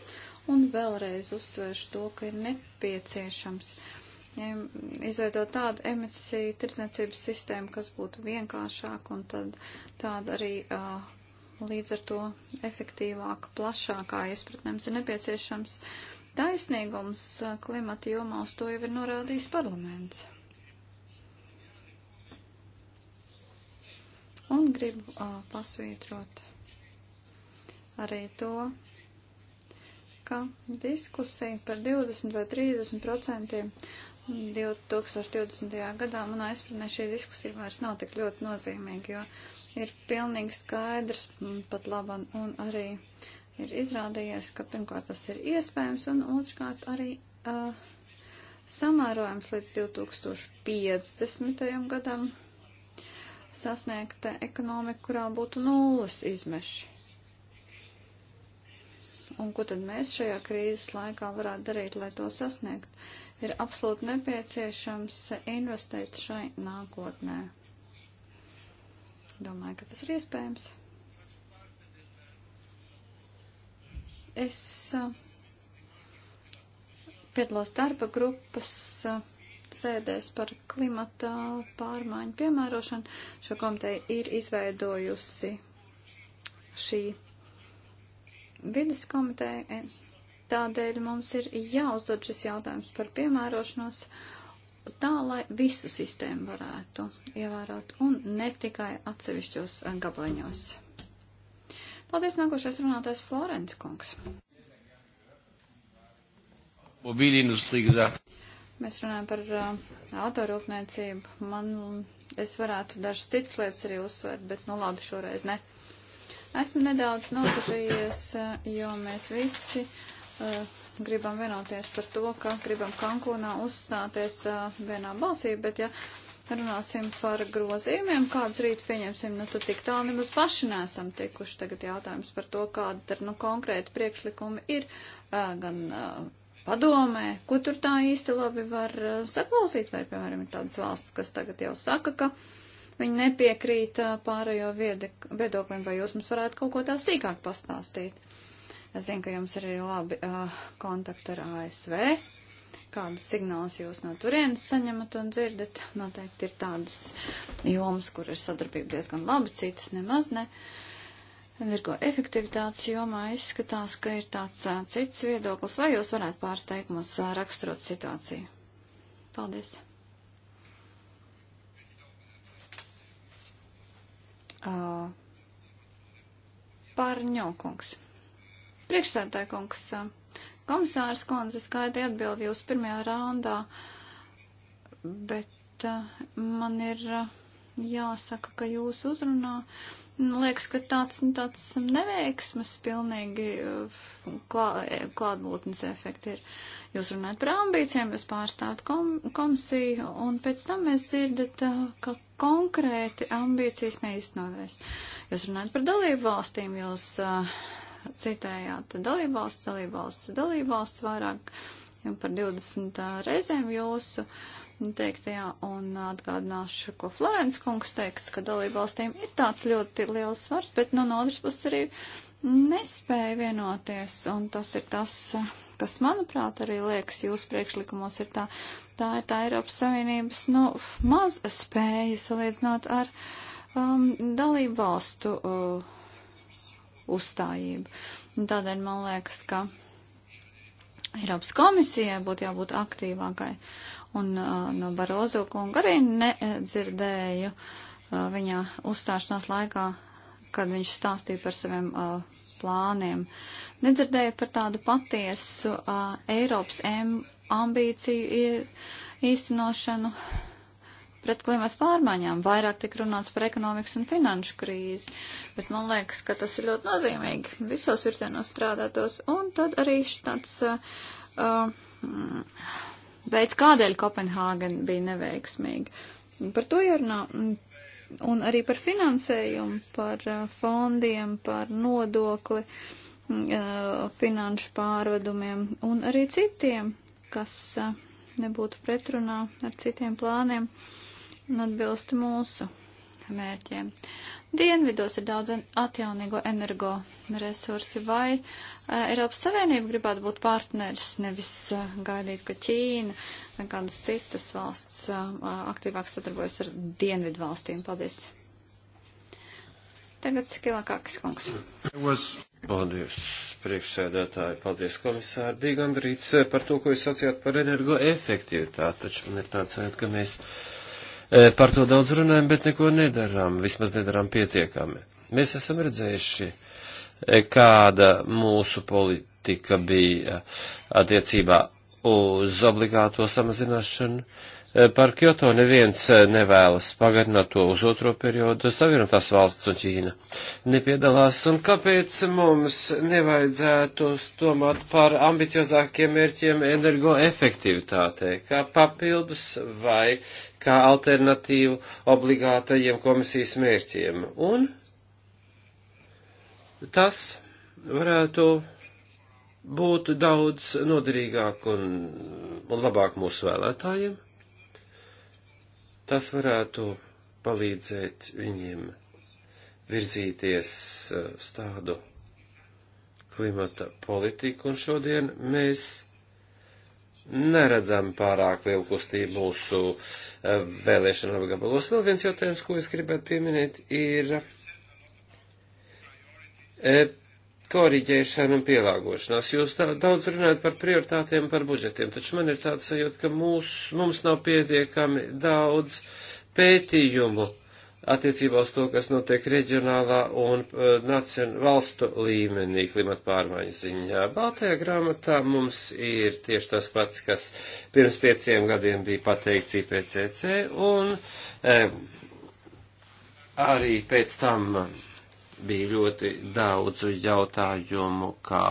Un vēlreiz uzsvēršu to, ka ir nepieciešams uh, izveidot tādu emisiju tirdzniecības sistēmu, kas būtu vienkāršāka un tad tāda arī uh, līdz ar to efektīvāka, plašākā izpratnēms ir nepieciešams taisnīgums klimata jomā, uz to jau ir norādījis parlaments. Un gribu uh, pasvītrot arī to, ka diskusija par 20 vai 30 procentiem 2020. gadā manā izpratnē šī diskusija vairs nav tik ļoti nozīmīga, jo ir pilnīgi skaidrs mm, pat laban un arī ir izrādījies, ka pirmkārt tas ir iespējams un otrkārt arī uh, samērojams līdz 2050. gadam sasniegta ekonomika, kurā būtu nulles izmeši. Un ko tad mēs šajā krīzes laikā varētu darīt, lai to sasniegtu? ir absolūti nepieciešams investēt šai nākotnē. Domāju, ka tas ir iespējams. Es uh, piedalos darba grupas uh, sēdēs par klimata pārmaiņu piemērošanu. Šo komiteju ir izveidojusi šī vidas komiteja, Tādēļ mums ir jāuzdod šis jautājums par piemērošanos tā, lai visu sistēmu varētu ievērot un ne tikai atsevišķos gabaliņos. Paldies, nākošais runātājs Florence kungs. Mobilīndustrija gesagt mēs runājam par uh, autorūpniecību, man es varētu dažas citas lietas arī uzsvērt, bet nu labi, šoreiz ne. Esmu nedaudz nosažījies, uh, jo mēs visi Eh, gribam vienoties par to, ka gribam Kankūnā uzstāties eh, vienā balsī, bet ja runāsim par grozījumiem, kādas rīt pieņemsim, nu tad tik tālu nemaz paši nesam tikuši. Tagad jautājums par to, kāda tad nu konkrēti priekšlikumi ir eh, gan padomē, ko tur tā īsti labi var saklausīt, vai, piemēram, ir tādas valsts, kas tagad jau saka, ka viņi nepiekrīt pārējo viedoklim, vai jūs mums varētu kaut ko tā sīkāk pastāstīt. Es zinu, ka jums ir arī labi uh, kontakti ar ASV. Kādas signāls jūs no turienes saņemat un dzirdat? Noteikti ir tādas jomas, kur ir sadarbība diezgan laba, citas nemaz ne. Energo efektivitātes jomā izskatās, ka ir tāds uh, cits viedoklis. Vai jūs varētu pārsteigt mums uh, raksturot situāciju? Paldies! Uh, Pārņokungs. Priekšsēdētāji kungs, komisārs Konze skaidri atbild jūs pirmajā raundā, bet uh, man ir uh, jāsaka, ka jūs uzrunā. Nu, liekas, ka tāds, tāds neveiksmas pilnīgi uh, klā, klātbūtnes efekti ir. Jūs runājat par ambīcijām, jūs pārstāvat kom, komisiju, un pēc tam mēs dzirdat, ka konkrēti ambīcijas neiznoties. Jūs runājat par dalību valstīm, jūs uh, citējāt dalībvalsts, dalībvalsts, dalībvalsts vairāk par 20 reizēm jūsu teiktajā un atgādināšu, ko Florence kungs teikts, ka dalībvalstīm ir tāds ļoti liels svars, bet nu, no otras puses arī nespēja vienoties, un tas ir tas, kas, manuprāt, arī liekas jūsu priekšlikumos ir tā, tā ir tā Eiropas Savienības, nu, maz spēja salīdzinot ar um, dalību valstu uh, uzstājību. Un tādēļ man liekas, ka Eiropas komisijai būtu jābūt aktīvākai. Un uh, no Barozo kunga arī nedzirdēju uh, viņa uzstāšanās laikā, kad viņš stāstīja par saviem uh, plāniem. Nedzirdēju par tādu patiesu uh, Eiropas M ambīciju īstenošanu. Uh, pret klimatu pārmaiņām. Vairāk tik runāts par ekonomikas un finanšu krīzi, bet man liekas, ka tas ir ļoti nozīmīgi visos virzienos strādātos. Un tad arī tāds uh, mm, veids, kādēļ Kopenhāgen bija neveiksmīga. Par to jārunā. Un arī par finansējumu, par uh, fondiem, par nodokli, mm, uh, finanšu pārvedumiem un arī citiem, kas uh, nebūtu pretrunā ar citiem plāniem. Uh, un atbilst mūsu mērķiem. Dienvidos ir daudz atjaunīgo energoresursi, vai uh, Eiropas Savienība gribētu būt partneris, nevis uh, gaidīt, ka Ķīna vai kādas citas valsts uh, aktīvāk sadarbojas ar Dienvidu valstīm. Paldies! Tagad Skilakakis kungs. Paldies, priekšsēdētāji, paldies, komisāri. Bija gandrīz par to, ko jūs sacījāt par energoefektivitāti, taču man ir tāds, ka mēs. Uh, E, par to daudz runājam, bet neko nedarām, vismaz nedarām pietiekami. Mēs esam redzējuši, e, kāda mūsu politika bija e, attiecībā uz obligāto samazināšanu, Eh, par Kyoto neviens eh, nevēlas pagarināt to uz otro periodu. Savienotās valsts un Ķīna nepiedalās. Un kāpēc mums nevajadzētu domāt par ambiciozākiem mērķiem energoefektivitātei, kā papildus vai kā alternatīvu obligātajiem komisijas mērķiem? Un tas varētu būt daudz noderīgāk un, un labāk mūsu vēlētājiem Tas varētu palīdzēt viņiem virzīties eh, uz tādu klimata politiku, un šodien mēs neredzam pārāk lielu kustību mūsu eh, vēlēšanu apgabalos. Vēl viens jautājums, ko es gribētu pieminēt, ir eh, koriģēšana un pielāgošanās. Jūs daudz runājat par prioritātiem, par budžetiem, taču man ir tāds sajūta, ka mūs, mums nav pietiekami daudz pētījumu attiecībā uz to, kas notiek reģionālā un e, nacion, valstu līmenī klimata pārmaiņu ziņā. Baltajā grāmatā mums ir tieši tas pats, kas pirms pieciem gadiem bija pateikts IPCC, un e, arī pēc tam bija ļoti daudzu jautājumu, kā.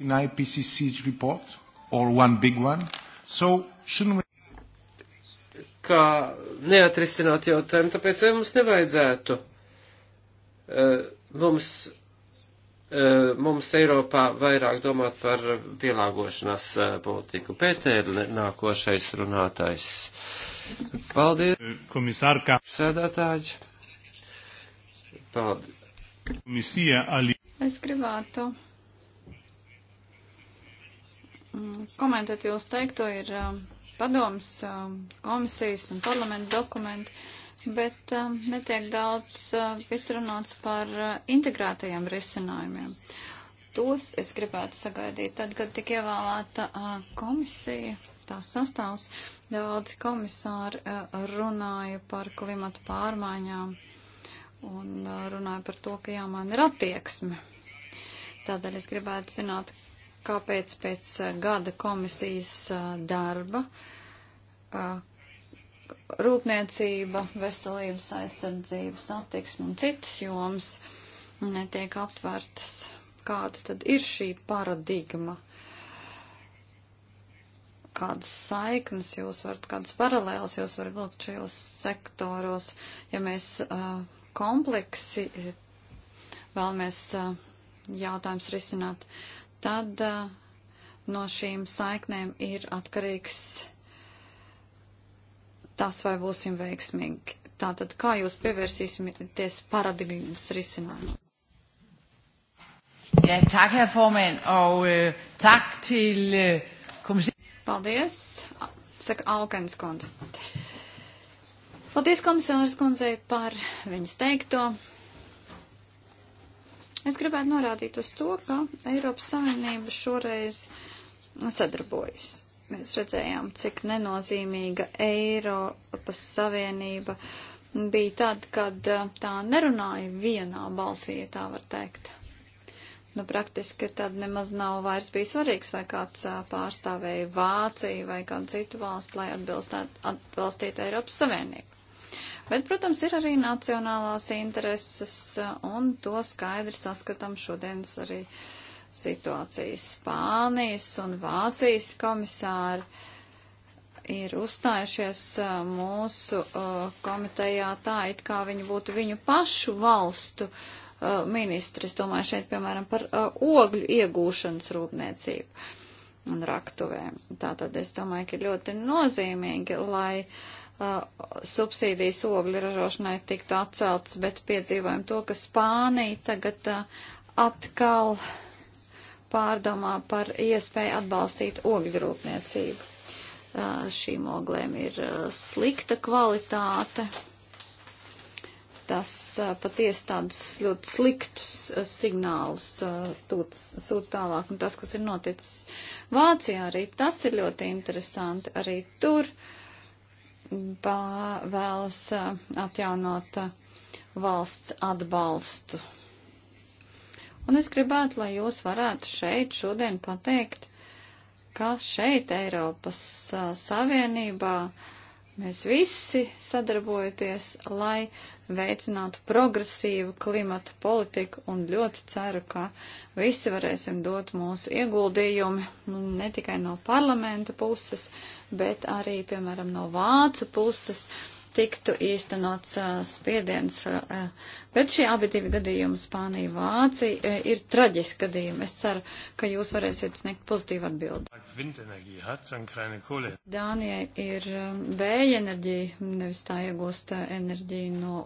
In IPCC's report, or one big one, so shouldn't we kā neatrisināt jautājumu, tāpēc vai mums nevajadzētu uh, mums, uh, mums Eiropā vairāk domāt par pielāgošanās uh, politiku. Pētēr nākošais runātājs. Paldies. Komisārkā. Sēdētāji. Paldies. Es gribētu mm, komentēt jūs teikto ir um, padoms, um, komisijas un parlamenta dokumenti, bet um, netiek daudz uh, visrunāts par uh, integrētajiem risinājumiem. Tos es gribētu sagaidīt tad, kad tik ievēlēta uh, komisija, tās sastāvs, daudz komisāri runāja par klimatu pārmaiņām un runāja par to, ka jāmaina ir attieksme. Tādēļ es gribētu zināt, kāpēc pēc gada komisijas darba rūpniecība, veselības aizsardzības attieksme un citas jomas netiek aptvērtas. Kāda tad ir šī paradigma? kādas saiknes jūs varat, kādas paralēlas jūs varat vilkt šajos sektoros, ja mēs uh, kompleksi eh, vēlamies eh, jautājums risināt, tad eh, no šīm saiknēm ir atkarīgs tas, vai būsim veiksmīgi. Tātad, kā jūs pievērsīsieties paradigmas risinājumam? Ja, tak, herr formand, og øh, tak til øh, kommissæren. Paldies, saka Aukenskundze. Paldies komisāras kundzei par viņas teikto. Es gribētu norādīt uz to, ka Eiropas Savienība šoreiz sadarbojas. Mēs redzējām, cik nenozīmīga Eiropas Savienība bija tad, kad uh, tā nerunāja vienā balsī, ja tā var teikt. Nu, praktiski tad nemaz nav vairs bijis svarīgs, vai kāds uh, pārstāvēja Vāciju vai kādu citu valstu, lai atbilstītu Eiropas Savienību. Bet, protams, ir arī nacionālās intereses, un to skaidri saskatām šodienas arī situācijas Spānijas un Vācijas komisāri ir uzstājušies mūsu uh, komitejā tā, it kā viņi būtu viņu pašu valstu uh, ministri. Es domāju šeit, piemēram, par uh, ogļu iegūšanas rūpniecību un raktuvēm. Tātad es domāju, ka ļoti nozīmīgi, lai uh, uh, subsīdijas ogļu ražošanai tiktu atceltas, bet piedzīvojam to, ka Spānija tagad uh, atkal pārdomā par iespēju atbalstīt ogļu rūpniecību. Uh, šīm oglēm ir uh, slikta kvalitāte. Tas uh, patiesi tādus ļoti sliktus uh, signālus uh, sūt tālāk. Un tas, kas ir noticis Vācijā, arī tas ir ļoti interesanti. Arī tur uh, vēlas uh, atjaunot uh, valsts atbalstu. Un es gribētu, lai jūs varētu šeit šodien pateikt, ka šeit Eiropas uh, Savienībā uh, Mēs visi sadarbojoties, lai veicinātu progresīvu klimatu politiku un ļoti ceru, ka visi varēsim dot mūsu ieguldījumi nu, ne tikai no parlamenta puses, bet arī, piemēram, no vācu puses. Uh, tiktu īstenots spiediens. Bet šie abi divi gadījumi Spānija, Vācija ir traģiski gadījumi. Es ceru, ka jūs varēsiet sniegt pozitīvu atbildi. Dānijai ir vēja enerģija, nevis tā iegūst enerģiju no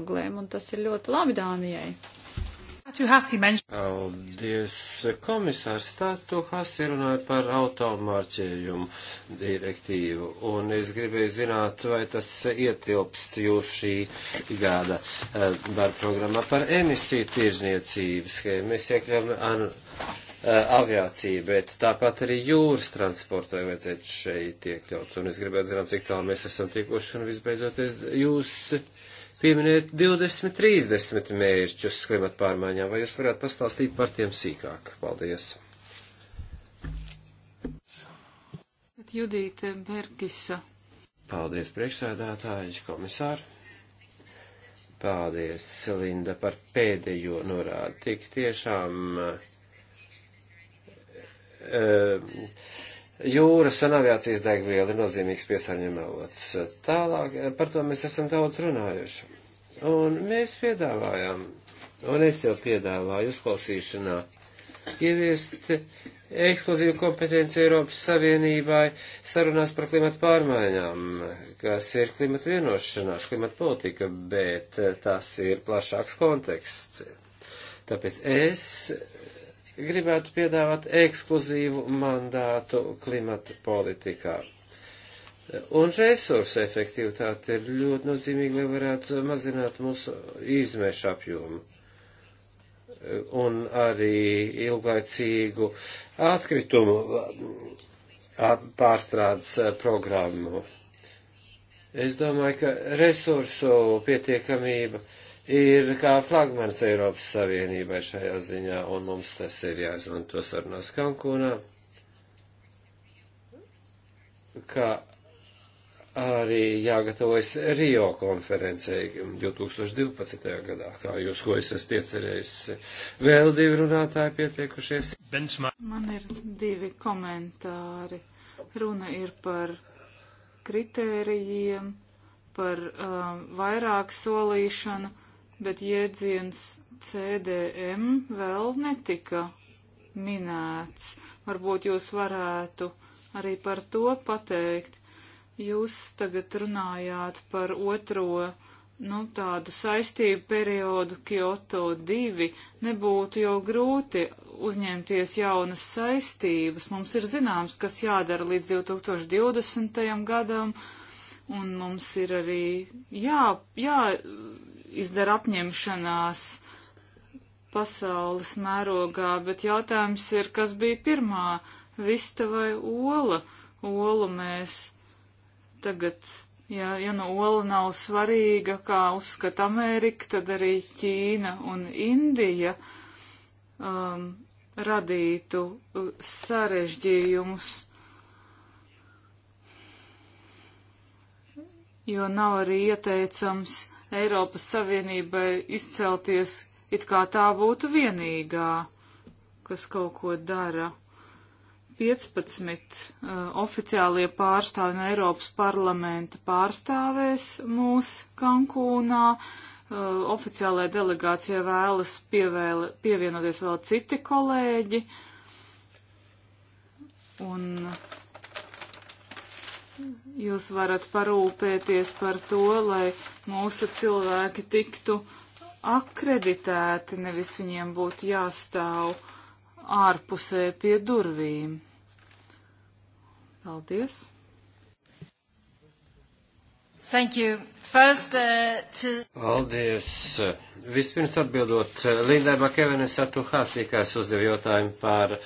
oglēm, un tas ir ļoti labi Dānijai. Paldies, komisārs Tātu Hasi runāja par automārķējumu direktīvu, un es gribēju zināt, vai tas ietilpst jūs šī gada eh, darba programmā par emisiju tirzniecības, ka mēs iekļam an, eh, aviāciju, bet tāpat arī jūras transportai vajadzētu šeit iekļaut, un es gribētu zināt, cik tālu mēs esam tikuši, un visbeidzot, es jūs pieminēt 20-30 mērķus klimata pārmaiņām. Vai jūs varētu pastāstīt par tiem sīkāk? Paldies! Judīte Bergisa. Paldies, priekšsēdētāji, komisāri. Paldies, Linda, par pēdējo norādi. Tik tiešām. Uh, Jūras un aviācijas degviela ir nozīmīgs piesārņojuma avots. Tālāk par to mēs esam daudz runājuši. Un mēs piedāvājām, un es jau piedāvāju uzklausīšanā ieviest ekskluzīvu kompetenci Eiropas Savienībai sarunās par klimatu pārmaiņām, kas ir klimatu vienošanās, klimatu politika, bet tas ir plašāks konteksts. Tāpēc es gribētu piedāvāt ekskluzīvu mandātu klimatu politikā. Un resursa efektivitāte ir ļoti nozīmīga, lai varētu mazināt mūsu izmešu apjomu. Un arī ilglaicīgu atkritumu pārstrādes programmu. Es domāju, ka resursu pietiekamība ir kā flagmans Eiropas Savienībai šajā ziņā, un mums tas ir jāizmanto sarunās Kankūnā, kā arī jāgatavojas Rio konferencei 2012. gadā, kā jūs, ko es esmu iecerējis. Vēl divi runātāji pietiekušies. Man ir divi komentāri. Runa ir par kritērijiem, par um, vairāk solīšanu, bet jēdziens CDM vēl netika minēts. Varbūt jūs varētu arī par to pateikt Jūs tagad runājāt par otro, nu, tādu saistību periodu Kyoto 2. Nebūtu jau grūti uzņemties jaunas saistības. Mums ir zināms, kas jādara līdz 2020. gadam, un mums ir arī jā, jā, izdara apņemšanās pasaules mērogā, bet jautājums ir, kas bija pirmā, vista vai ola? Olu mēs Tagad, ja, ja nu no ola nav svarīga, kā uzskata Amerika, tad arī Ķīna un Indija um, radītu uh, sarežģījumus. Jo nav arī ieteicams Eiropas Savienībai izcelties, it kā tā būtu vienīgā, kas kaut ko dara. 15 uh, oficiālie pārstāvi no Eiropas parlamenta pārstāvēs mūs Kankūnā. Uh, oficiālajai delegācijai vēlas pievēle, pievienoties vēl citi kolēģi. Un jūs varat parūpēties par to, lai mūsu cilvēki tiktu akreditēti, nevis viņiem būtu jāstāv ārpusē pie durvīm. Paldies! Thank you. First, uh, to... Paldies! Vispirms atbildot Lindai Makevenes Atuhasī, kā es uzdevu jautājumu par uh,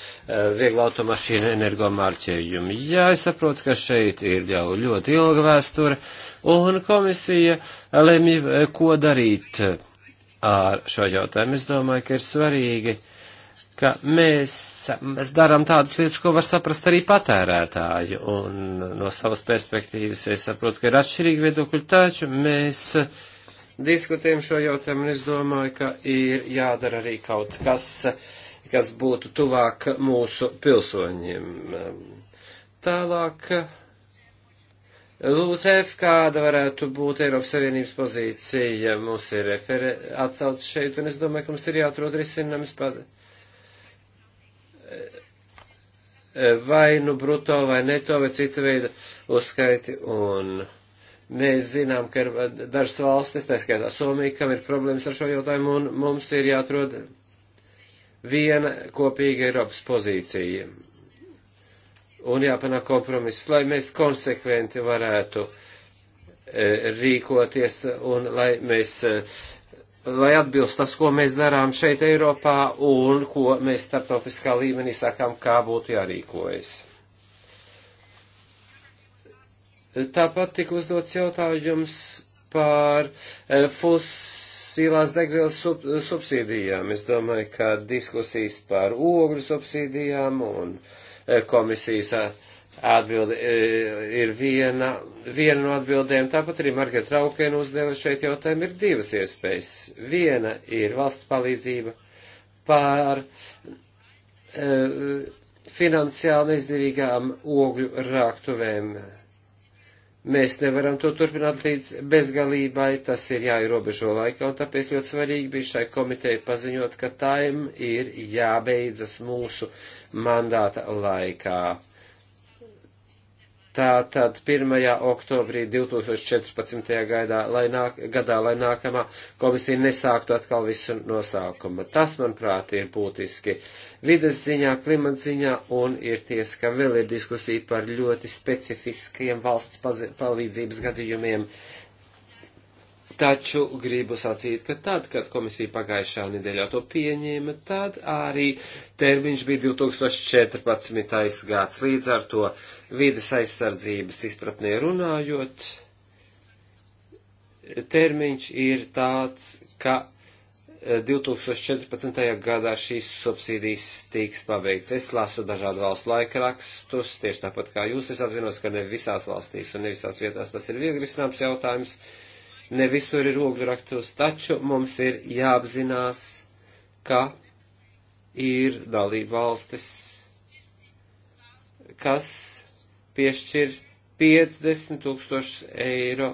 vieglu automašīnu energomārķējumu. Jā, es saprotu, ka šeit ir jau ļoti ilga vēsture, un komisija lemj, ko darīt ar šo jautājumu. Es domāju, ka ir svarīgi ka mēs, mēs darām tādas lietas, ko var saprast arī patērētāji. Un no savas perspektīvas es saprotu, ka ir atšķirīgi viedokļi, taču mēs diskutējam šo jautājumu un es domāju, ka ir jādara arī kaut kas, kas būtu tuvāk mūsu pilsoņiem. Tālāk. Lūdzēf, kāda varētu būt Eiropas Savienības pozīcija, mums ir atsaucis šeit, un es domāju, ka mums ir jāatrod risinājums pat vai nu bruto, vai neto, vai cita veida uzskaiti. Un mēs zinām, ka ir dažas valstis, tā skaitā Somija, kam ir problēmas ar šo jautājumu, un mums ir jāatrod viena kopīga Eiropas pozīcija. Un jāpanāk kompromiss, lai mēs konsekventi varētu e, rīkoties un lai mēs e, lai atbilst tas, ko mēs darām šeit Eiropā un ko mēs starptautiskā līmenī sakām, kā būtu jārīkojas. Tāpat tika uzdots jautājums par eh, fosilās degvielas sub, subsīdijām. Es domāju, ka diskusijas par ogļu subsīdijām un eh, komisijas eh, Atbilde ir viena, viena no atbildēm, tāpat arī Margarita Traukēna uzdeva šeit jautājumu, ir divas iespējas. Viena ir valsts palīdzība pār e, finansiāli neizdevīgām ogļu rāktuvēm. Mēs nevaram to turpināt līdz bezgalībai, tas ir jāierobežo laikā, un tāpēc ļoti svarīgi bija šai komitejai paziņot, ka taim ir jābeidzas mūsu mandāta laikā tātad 1. oktobrī 2014. Gaidā, lai nāk, gadā, lai nākamā komisija nesāktu atkal visu nosākuma. Tas, manuprāt, ir būtiski vides ziņā, klimata ziņā un ir tiesa, ka vēl ir diskusija par ļoti specifiskiem valsts palīdzības gadījumiem Taču gribu sacīt, ka tad, kad komisija pagājušā nedēļā to pieņēma, tad arī termiņš bija 2014. gads. Līdz ar to vides aizsardzības izpratnē runājot, termiņš ir tāds, ka 2014. E, gadā šīs subsīdijas tiks pabeigts. Es lasu dažādu valstu laikrakstus, tieši tāpat kā jūs. Es apzinos, ka ne visās valstīs un ne visās vietās tas ir viegli risināms jautājums. Uh, ne visur ir ogļraktos, taču mums ir jāapzinās, ka ir dalība valstis, kas piešķir 50 tūkstoši eiro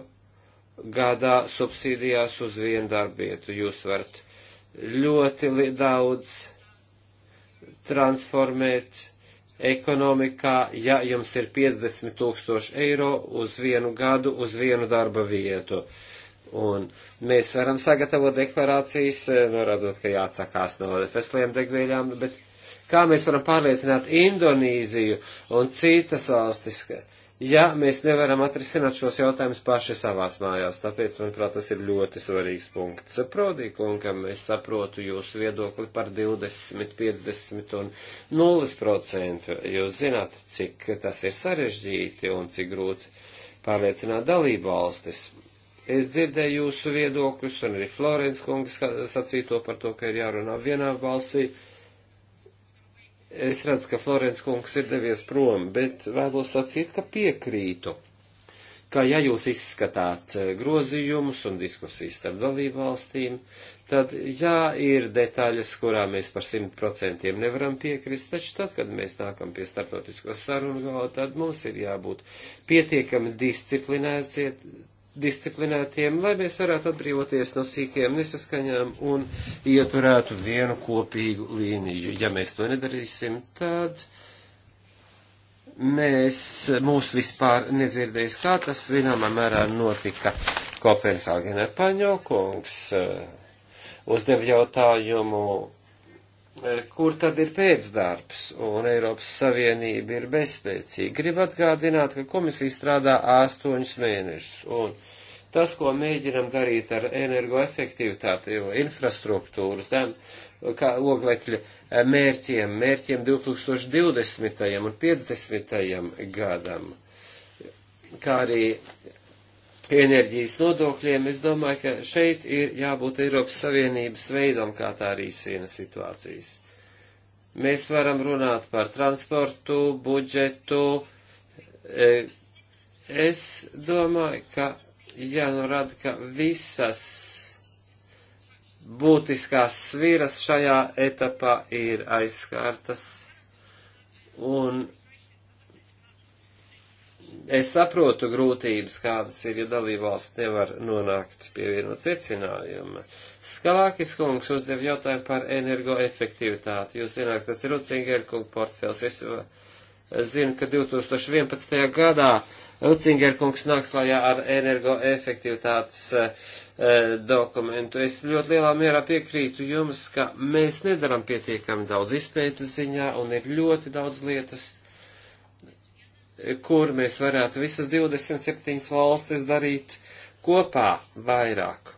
gadā subsīdijās uz vienu darbietu. Jūs varat ļoti daudz transformēt ekonomikā, ja jums ir 50 tūkstoši eiro uz vienu gadu, uz vienu darba vietu. Uh, Un mēs varam sagatavot deklarācijas, eh, norādot, ka jāatsakās no fesliem degvielām, bet kā mēs varam pārliecināt Indonīziju un citas valstis, ka, ja mēs nevaram atrisināt šos jautājumus paši savās mājās. Tāpēc, manuprāt, tas ir ļoti svarīgs punkts. Saprodī, kungam, es saprotu jūsu viedokli par 20, 50 un 0%. Jūs zināt, cik tas ir sarežģīti un cik grūti pārliecināt dalību valstis Es dzirdēju jūsu viedokļus, un arī Florence kungs sacīto par to, ka ir jārunā vienā balsī. Es redzu, ka Florence kungs ir devies prom, bet vēlos sacīt, ka piekrītu, ka ja jūs izskatāt eh, grozījumus un diskusijas starp dalību valstīm, tad jā, ir detaļas, kurām mēs par simt procentiem nevaram piekrist, taču tad, kad mēs nākam pie starptautisko sarunu galā, tad mums ir jābūt pietiekami disciplinēciet disciplinētiem, lai mēs varētu atbrīvoties no sīkiem nesaskaņām un ieturētu vienu kopīgu līniju. Ja mēs to nedarīsim, tad mēs mūs vispār nedzirdēs, kā tas zināmā mērā notika Kopenhāgenē. Paņokungs eh, uzdev jautājumu kur tad ir pēcdarbs, un Eiropas Savienība ir bezspēcīga. Gribu atgādināt, ka komisija strādā astoņus mēnešus, un tas, ko mēģinam darīt ar energoefektivitāti, jo infrastruktūras, zem, kā oglekļa mērķiem, mērķiem 2020. un 50. gadam, kā arī enerģijas nodokļiem, es domāju, ka šeit ir jābūt Eiropas Savienības veidam, kā tā risina situācijas. Mēs varam runāt par transportu, budžetu. E, es domāju, ka jānorāda, ka visas būtiskās sviras šajā etapā ir aizskārtas. Un Es saprotu grūtības, kādas ir, ja dalībvalsts nevar nonākt pie vienot secinājuma. Skalākis kungs uzdev jautājumu par energoefektivitāti. Jūs zināt, tas ir Rucinger kungu portfels. Es eh, zinu, ka 2011. gadā Rucinger kungs nāks klājā ar energoefektivitātes uh, dokumentu. Es ļoti lielā mērā piekrītu jums, ka mēs nedaram pietiekami daudz izpētes ziņā un ir ļoti daudz lietas kur mēs varētu visas 27 valstis darīt kopā vairāk.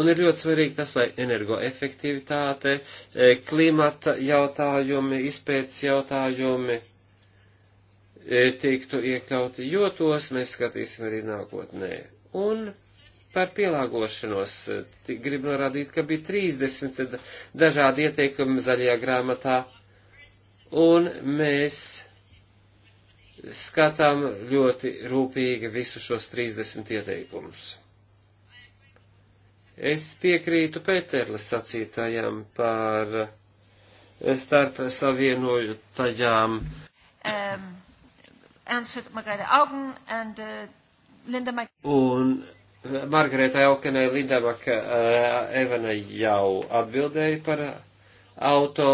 Un ir ļoti svarīgi tas, lai energoefektivitāte, e, klimata jautājumi, izpētes jautājumi e, tiktu iekļauti, jo tos mēs skatīsim arī nākotnē. Un par pielāgošanos e, gribu norādīt, ka bija 30 dažādi ieteikumi zaļajā grāmatā, un mēs skatām ļoti rūpīgi visus šos 30 ieteikumus. Es piekrītu Pēterles sacītajam par starp savienotajām. Um, and, uh, Mag un Margaretai Aukenai, Linda Makaevanai uh, jau atbildēja par auto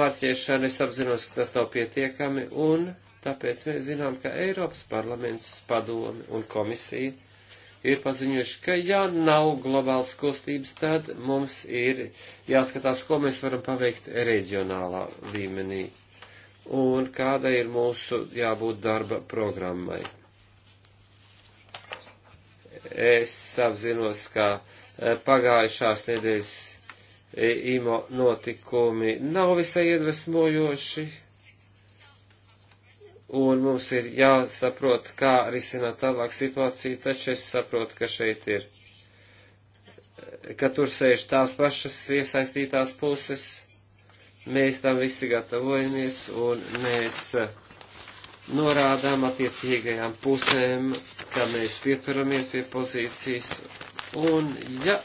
marķēšanu. Es apzinos, ka tas nav pietiekami. Un Tāpēc mēs zinām, ka Eiropas parlaments, padomi un komisija ir paziņojuši, ka ja nav globāls kustības, tad mums ir jāskatās, ko mēs varam paveikt reģionālā līmenī un kāda ir mūsu jābūt darba programmai. Es apzinos, ka eh, pagājušās nedēļas eh, IMO notikumi nav visai iedvesmojoši un mums ir jāsaprot, kā risināt tālāk situāciju, taču es saprotu, ka šeit ir, ka tur sēž tās pašas iesaistītās puses, mēs tam visi gatavojamies, un mēs eh, norādām attiecīgajām pusēm, ka mēs pieturamies pie pozīcijas, un ja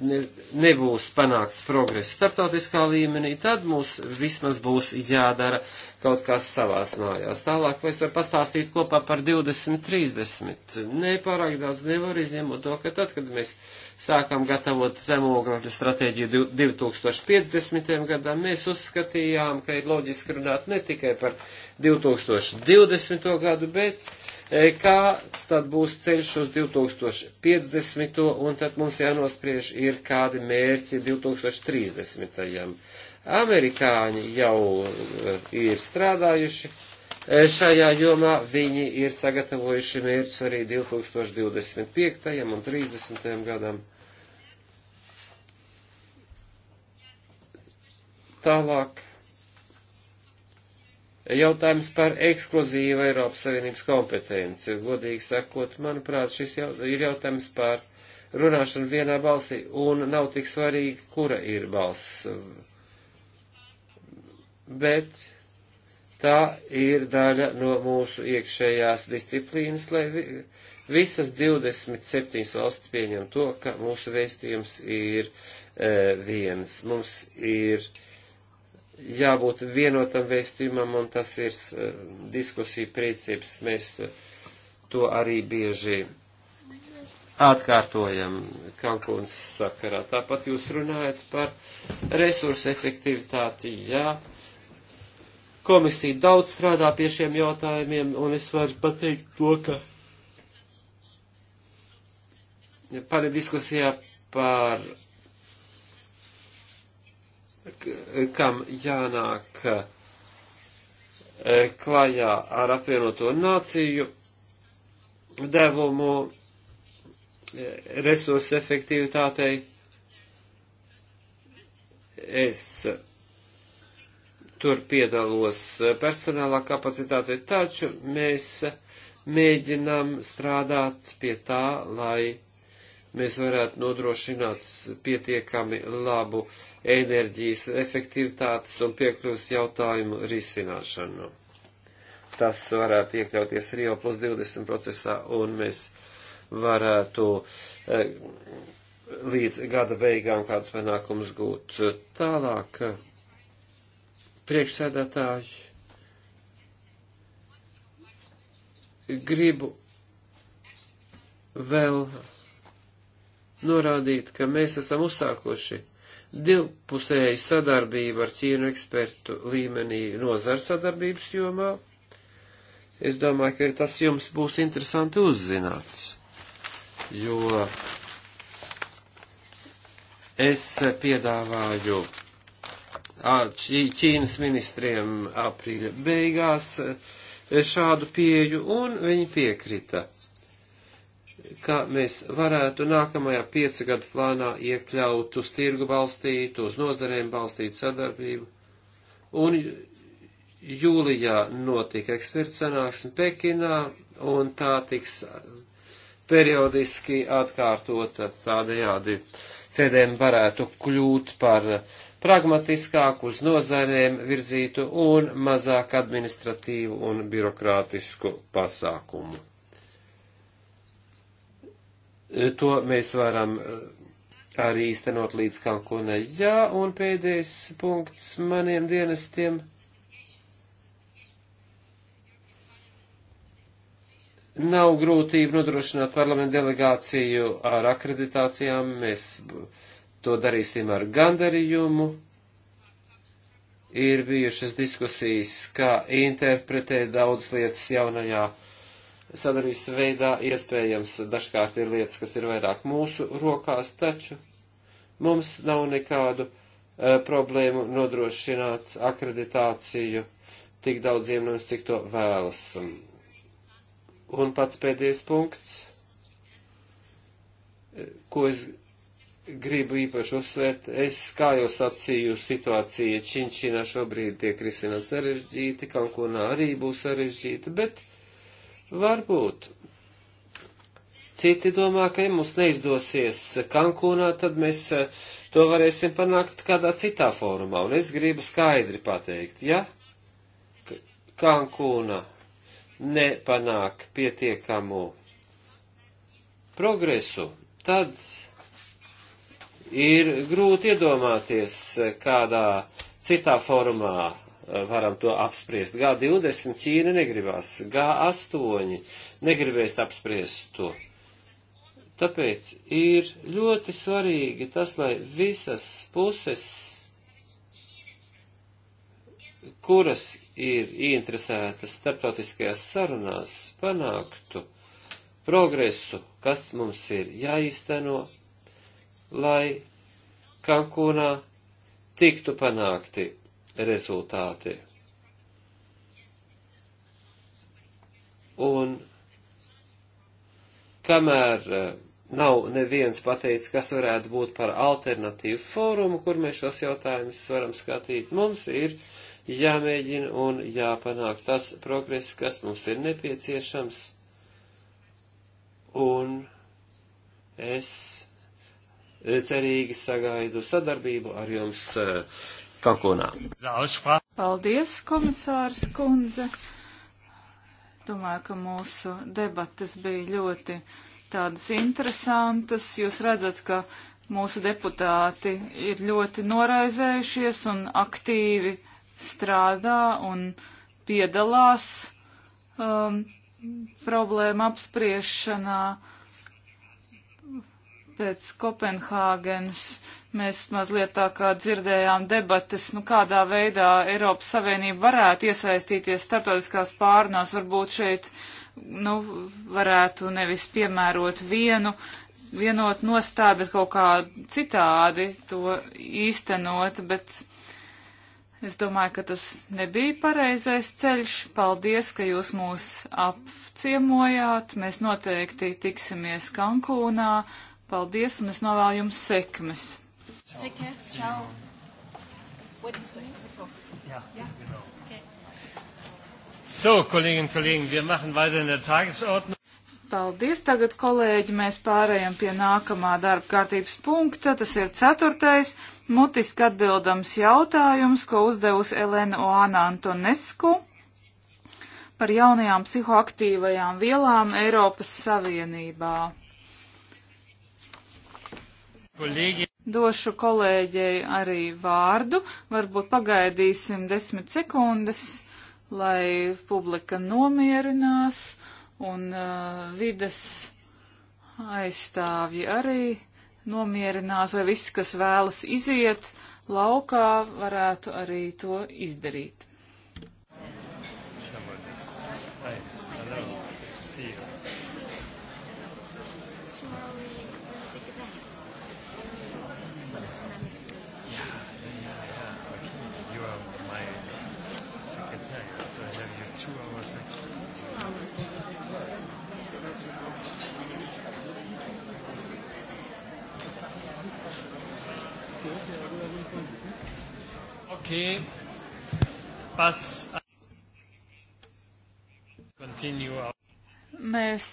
ne, nebūs panākts progress starptautiskā līmenī, tad mums vismaz būs jādara kaut kas savās mājās. Tālāk mēs varam pastāstīt kopā par 20, 30. Nē, pārāk daudz nevar izņemot to, ka tad, kad mēs sākām gatavot zemograkļu stratēģiju 2050. gadam, mēs uzskatījām, ka ir loģiski runāt ne tikai par 2020. gadu, bet E, kāds tad būs ceļš uz 2050. un tad mums jānospriež ir kādi mērķi 2030. Amerikāņi jau e, ir strādājuši e, šajā jomā, viņi ir sagatavojuši mērķus arī 2025. un 30. gadam. Tālāk. Jautājums par ekskluzīvu Eiropas Savienības kompetenci. Godīgi sakot, manuprāt, šis jau, ir jautājums par runāšanu vienā balsī, un nav tik svarīgi, kura ir balss. Bet tā ir daļa no mūsu iekšējās disciplīnas, lai visas 27 valstis pieņem to, ka mūsu vēstījums ir e, viens. Mums ir e, jābūt vienotam vēstījumam, un tas ir eh, diskusija princips. Mēs eh, to arī bieži atkārtojam Kankūnas sakarā. Tāpat jūs runājat par resursu efektivitāti. Jā, komisija daudz strādā pie šiem jautājumiem, un es varu pateikt to, ka pane diskusijā par kam jānāk eh, klajā ar apvienoto nāciju devumu eh, resursu efektivitātei. Es tur piedalos personālā kapacitāte, taču mēs mēģinām strādāt pie tā, lai mēs varētu nodrošināt pietiekami labu enerģijas efektivitātes un piekļuvas jautājumu risināšanu. Tas varētu iekļauties Rio plus 20 procesā un mēs varētu eh, līdz gada beigām kādus panākumus gūt. Tālāk, priekšsēdētāji, gribu vēl norādīt, ka mēs esam uzsākuši divpusēju sadarbību ar Ķīnu ekspertu līmenī nozars sadarbības jomā. Es domāju, ka tas jums būs interesanti uzzināt, jo es piedāvāju Ķīnas ministriem aprīļa beigās šādu pieju, un viņi piekrita kā mēs varētu nākamajā piecu gadu plānā iekļaut uz tirgu balstītu, uz nozarēm balstītu sadarbību. Un jūlijā notika eksperta sanāksme Pekinā, un tā tiks periodiski atkārtota tādējādi. CDM varētu kļūt par pragmatiskāku uz nozarēm virzītu un mazāk administratīvu un birokrātisku pasākumu. Eh, to mēs varam eh, arī īstenot līdz kalkonai. Jā, un pēdējais punkts maniem dienestiem. Nav grūtību nodrošināt parlamentu delegāciju ar akreditācijām. Mēs to darīsim ar gandarījumu. Ir bijušas diskusijas, kā interpretēt daudz lietas jaunajā sadarīs veidā. Iespējams, dažkārt ir lietas, kas ir vairāk mūsu rokās, taču mums nav nekādu uh, problēmu nodrošināt akreditāciju tik daudziem no mums, cik to vēlas. Un pats pēdējais punkts, e, ko es gribu īpaši uzsvērt, es, kā jau sacīju, situācija Činčīnā šobrīd tiek risināt sarežģīti, Kankūnā arī būs sarežģīta, bet Varbūt citi domā, ka ja mums neizdosies Kankūnā, tad mēs e, to varēsim panākt kādā citā fórumā. Un es gribu skaidri pateikt, ja Kankūna nepanāk pietiekamu progresu, tad ir grūti iedomāties e, kādā citā formā Eh, varam to apspriest. G20 Ķīna negribās, G8 negribēs apspriest to. Tāpēc ir ļoti svarīgi tas, lai visas puses, kuras ir ieinteresētas starptautiskajās sarunās, panāktu progresu, kas mums ir jāizteno, lai Kankūnā tiktu panākti rezultāti. Un kamēr eh, nav neviens pateicis, kas varētu būt par alternatīvu fórumu, kur mēs šos jautājumus varam skatīt, mums ir jāmēģina un jāpanāk tas progress, kas mums ir nepieciešams. Un es eh, cerīgi sagaidu sadarbību ar jums eh, Kalkunā. Paldies, komisārs Kunze. Domāju, ka mūsu debatas bija ļoti tādas interesantas. Jūs redzat, ka mūsu deputāti ir ļoti noraizējušies un aktīvi strādā un piedalās um, problēma apspriešanā pēc Kopenhāgenes mēs mazliet tā kā dzirdējām debates, nu kādā veidā Eiropas Savienība varētu iesaistīties starptautiskās pārnās, varbūt šeit, nu, varētu nevis piemērot vienu, vienot nostāju, bet kaut kā citādi to īstenot, bet es domāju, ka tas nebija pareizais ceļš. Paldies, ka jūs mūs apciemojāt. Mēs noteikti tiksimies Kankūnā Paldies un es novēlu jums sekmes. Čau. So, kolēģi un kolēģi, wir machen weiter in der Tagesordnung. Paldies, tagad kolēģi, mēs pārējām pie nākamā darba kārtības punkta, tas ir ceturtais, mutiski atbildams jautājums, ko uzdevusi Elena Oana Antonesku par jaunajām psihoaktīvajām vielām Eiropas Savienībā. Kolēģi. Došu kolēģei arī vārdu. Varbūt pagaidīsim desmit sekundes, lai publika nomierinās un uh, vides aizstāvji arī nomierinās, vai visi, kas vēlas iziet laukā, varētu arī to izdarīt. see you. Okay. Pas. Continue. Mēs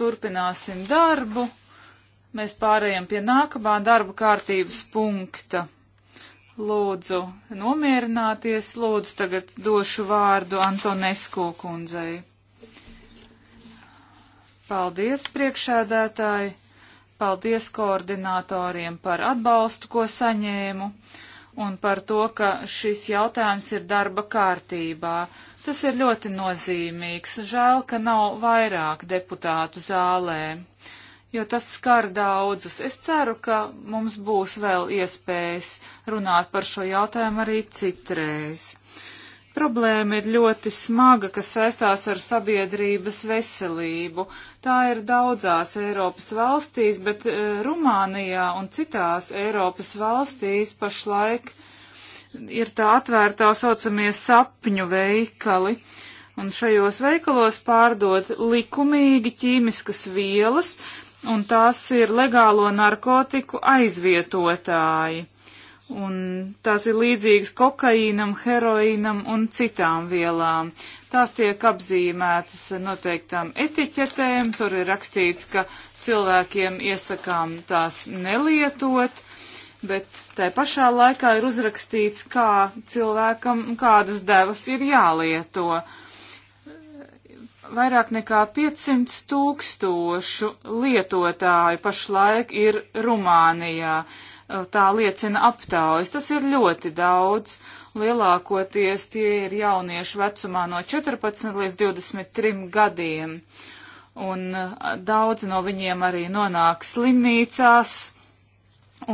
turpināsim darbu. Mēs pārējām pie nākamā darba kārtības punkta. Lūdzu, nomierināties, lūdzu, tagad došu vārdu Antonesko kundzei. Paldies, priekšēdētāji, paldies koordinatoriem par atbalstu, ko saņēmu un par to, ka šis jautājums ir darba kārtībā. Tas ir ļoti nozīmīgs. Žēl, ka nav vairāk deputātu zālē, jo tas skar daudzus. Es ceru, ka mums būs vēl iespējas runāt par šo jautājumu arī citreiz. Uh, Problēma ir ļoti smaga, kas saistās ar sabiedrības veselību. Tā ir daudzās Eiropas valstīs, bet e, Rumānijā un citās Eiropas valstīs pašlaik ir tā atvērtā saucamie sapņu veikali. Un šajos veikalos pārdod likumīgi ķīmiskas vielas, un tās ir legālo narkotiku aizvietotāji. Un tās ir līdzīgas kokaīnam, heroīnam un citām vielām. Tās tiek apzīmētas noteiktām etiķetēm, tur ir rakstīts, ka cilvēkiem iesakām tās nelietot, bet tai pašā laikā ir uzrakstīts, kā cilvēkam kādas devas ir jālieto. Vairāk nekā 500 tūkstošu lietotāju pašlaik ir Rumānijā Eh, tā liecina aptaujas. Tas ir ļoti daudz. Lielākoties tie ir jaunieši vecumā no 14 līdz 23 gadiem. Un eh, daudz no viņiem arī nonāk slimnīcās,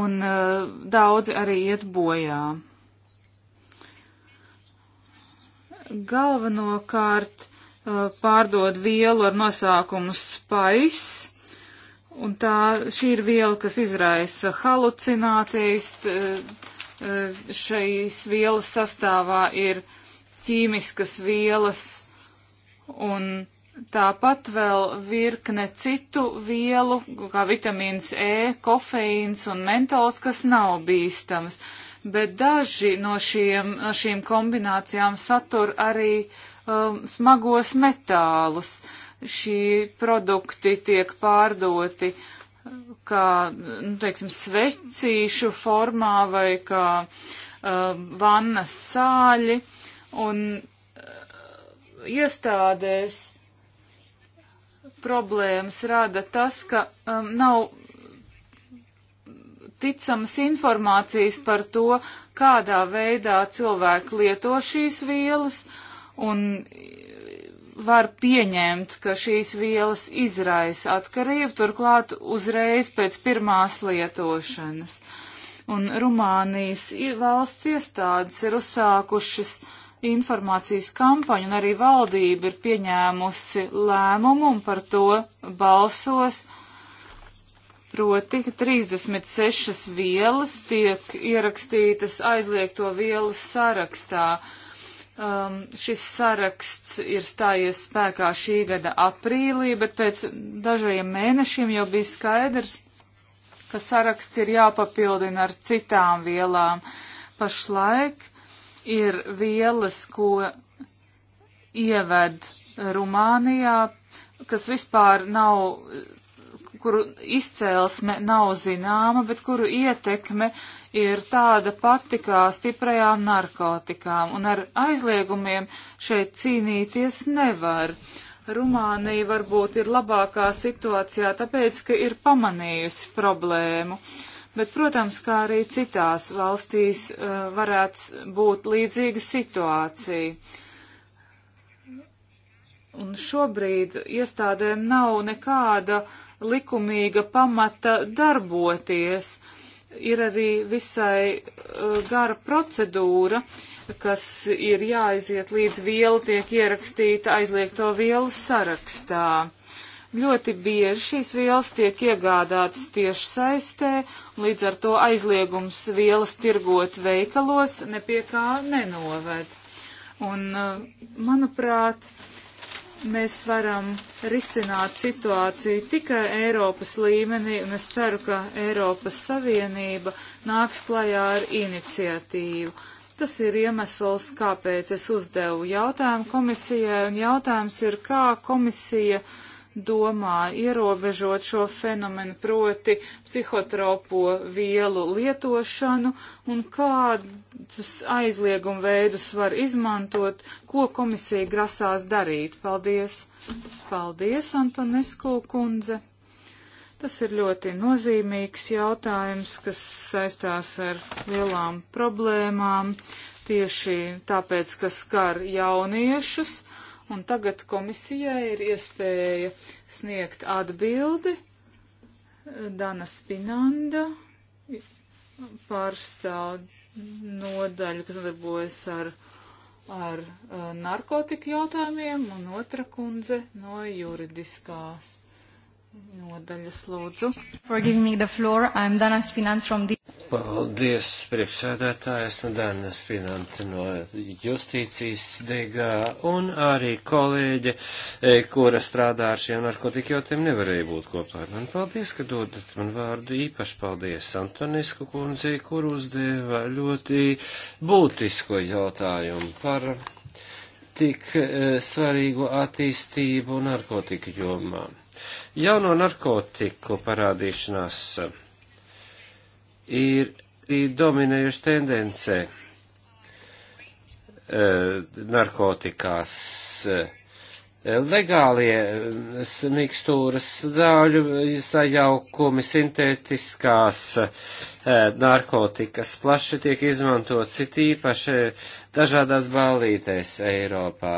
un eh, daudzi arī iet bojā. Galvenokārt pārdod vielu ar nosaukumu spaiss Un tā šī ir viela, kas izraisa halucinācijas. E, e, šīs vielas sastāvā ir ķīmiskas vielas un tāpat vēl virkne citu vielu, kā vitamīns E, kofeīns un mentols, kas nav bīstams. Bet daži no, šiem, no šīm kombinācijām satur arī um, smagos metālus. Uh, šī produkti tiek pārdoti kā, nu, teiksim, svecīšu formā vai kā uh, vannas sāļi un uh, iestādēs problēmas rada tas, ka um, nav ticamas informācijas par to, kādā veidā cilvēki lieto šīs vielas un var pieņemt, ka šīs vielas izraisa atkarību, turklāt uzreiz pēc pirmās lietošanas. Un Rumānijas valsts iestādes ir uzsākušas informācijas kampaņu, un arī valdība ir pieņēmusi lēmumu un par to balsos. Proti, ka 36 vielas tiek ierakstītas aizliegto vielu sarakstā. Uh, Um, šis saraksts ir stājies spēkā šī gada aprīlī, bet pēc dažiem mēnešiem jau bija skaidrs, ka saraksts ir jāpapildina ar citām vielām. Pašlaik ir vielas, ko ieved Rumānijā, kas vispār nav kuru izcēlesme nav zināma, bet kuru ietekme ir tāda pati kā stiprajām narkotikām, un ar aizliegumiem šeit cīnīties nevar. Rumānija varbūt ir labākā situācijā, tāpēc, ka ir pamanījusi problēmu. Bet, protams, kā arī citās valstīs uh, varētu būt līdzīga situācija. Un šobrīd iestādēm nav nekāda uh, likumīga pamata darboties. Ir arī visai uh, gara procedūra, kas ir jāaiziet līdz viela tiek ierakstīta aizliegto vielu sarakstā. Ļoti bieži šīs vielas tiek iegādātas tieši saistē, līdz ar to aizliegums vielas tirgot veikalos nepie kā nenoved. Un, uh, manuprāt, mēs varam risināt situāciju tikai Eiropas līmenī, un es ceru, ka Eiropas Savienība nāks klajā ar iniciatīvu. Tas ir iemesls, kāpēc es uzdevu jautājumu komisijai, un jautājums ir, kā komisija uh, domā ierobežot šo fenomenu, proti psihotropo vielu lietošanu un kādus aizliegumu veidus var izmantot, ko komisija grasās darīt. Paldies! Paldies, Antonesku kundze! Tas ir ļoti nozīmīgs jautājums, kas saistās ar lielām problēmām, tieši tāpēc, ka skar jauniešus un tagad komisijai ir iespēja sniegt atbildi. Dana Spinanda pārstāv nodaļu, kas nodarbojas ar, ar eh, narkotiku jautājumiem, un otra kundze no juridiskās nodaļas lūdzu. Paldies, priekšsēdētāji, esmu Dana Spinanta no justīcijas degā un arī kolēģe, e, kura strādā ar šiem narkotikotiem, nevarēja būt kopā ar mani. Paldies, ka dodat man vārdu. Īpaši paldies Antonisku kundzei, kur uzdeva ļoti būtisko jautājumu par tik e, svarīgu attīstību narkotika jomām Jauno narkotiku parādīšanās eh, ir, ir dominējuši tendence e, narkotikās. Eh, legālie mikstūras zāļu sajaukumi, sintētiskās e, narkotikas plaši tiek izmantot citīpaši dažādās ballītēs Eiropā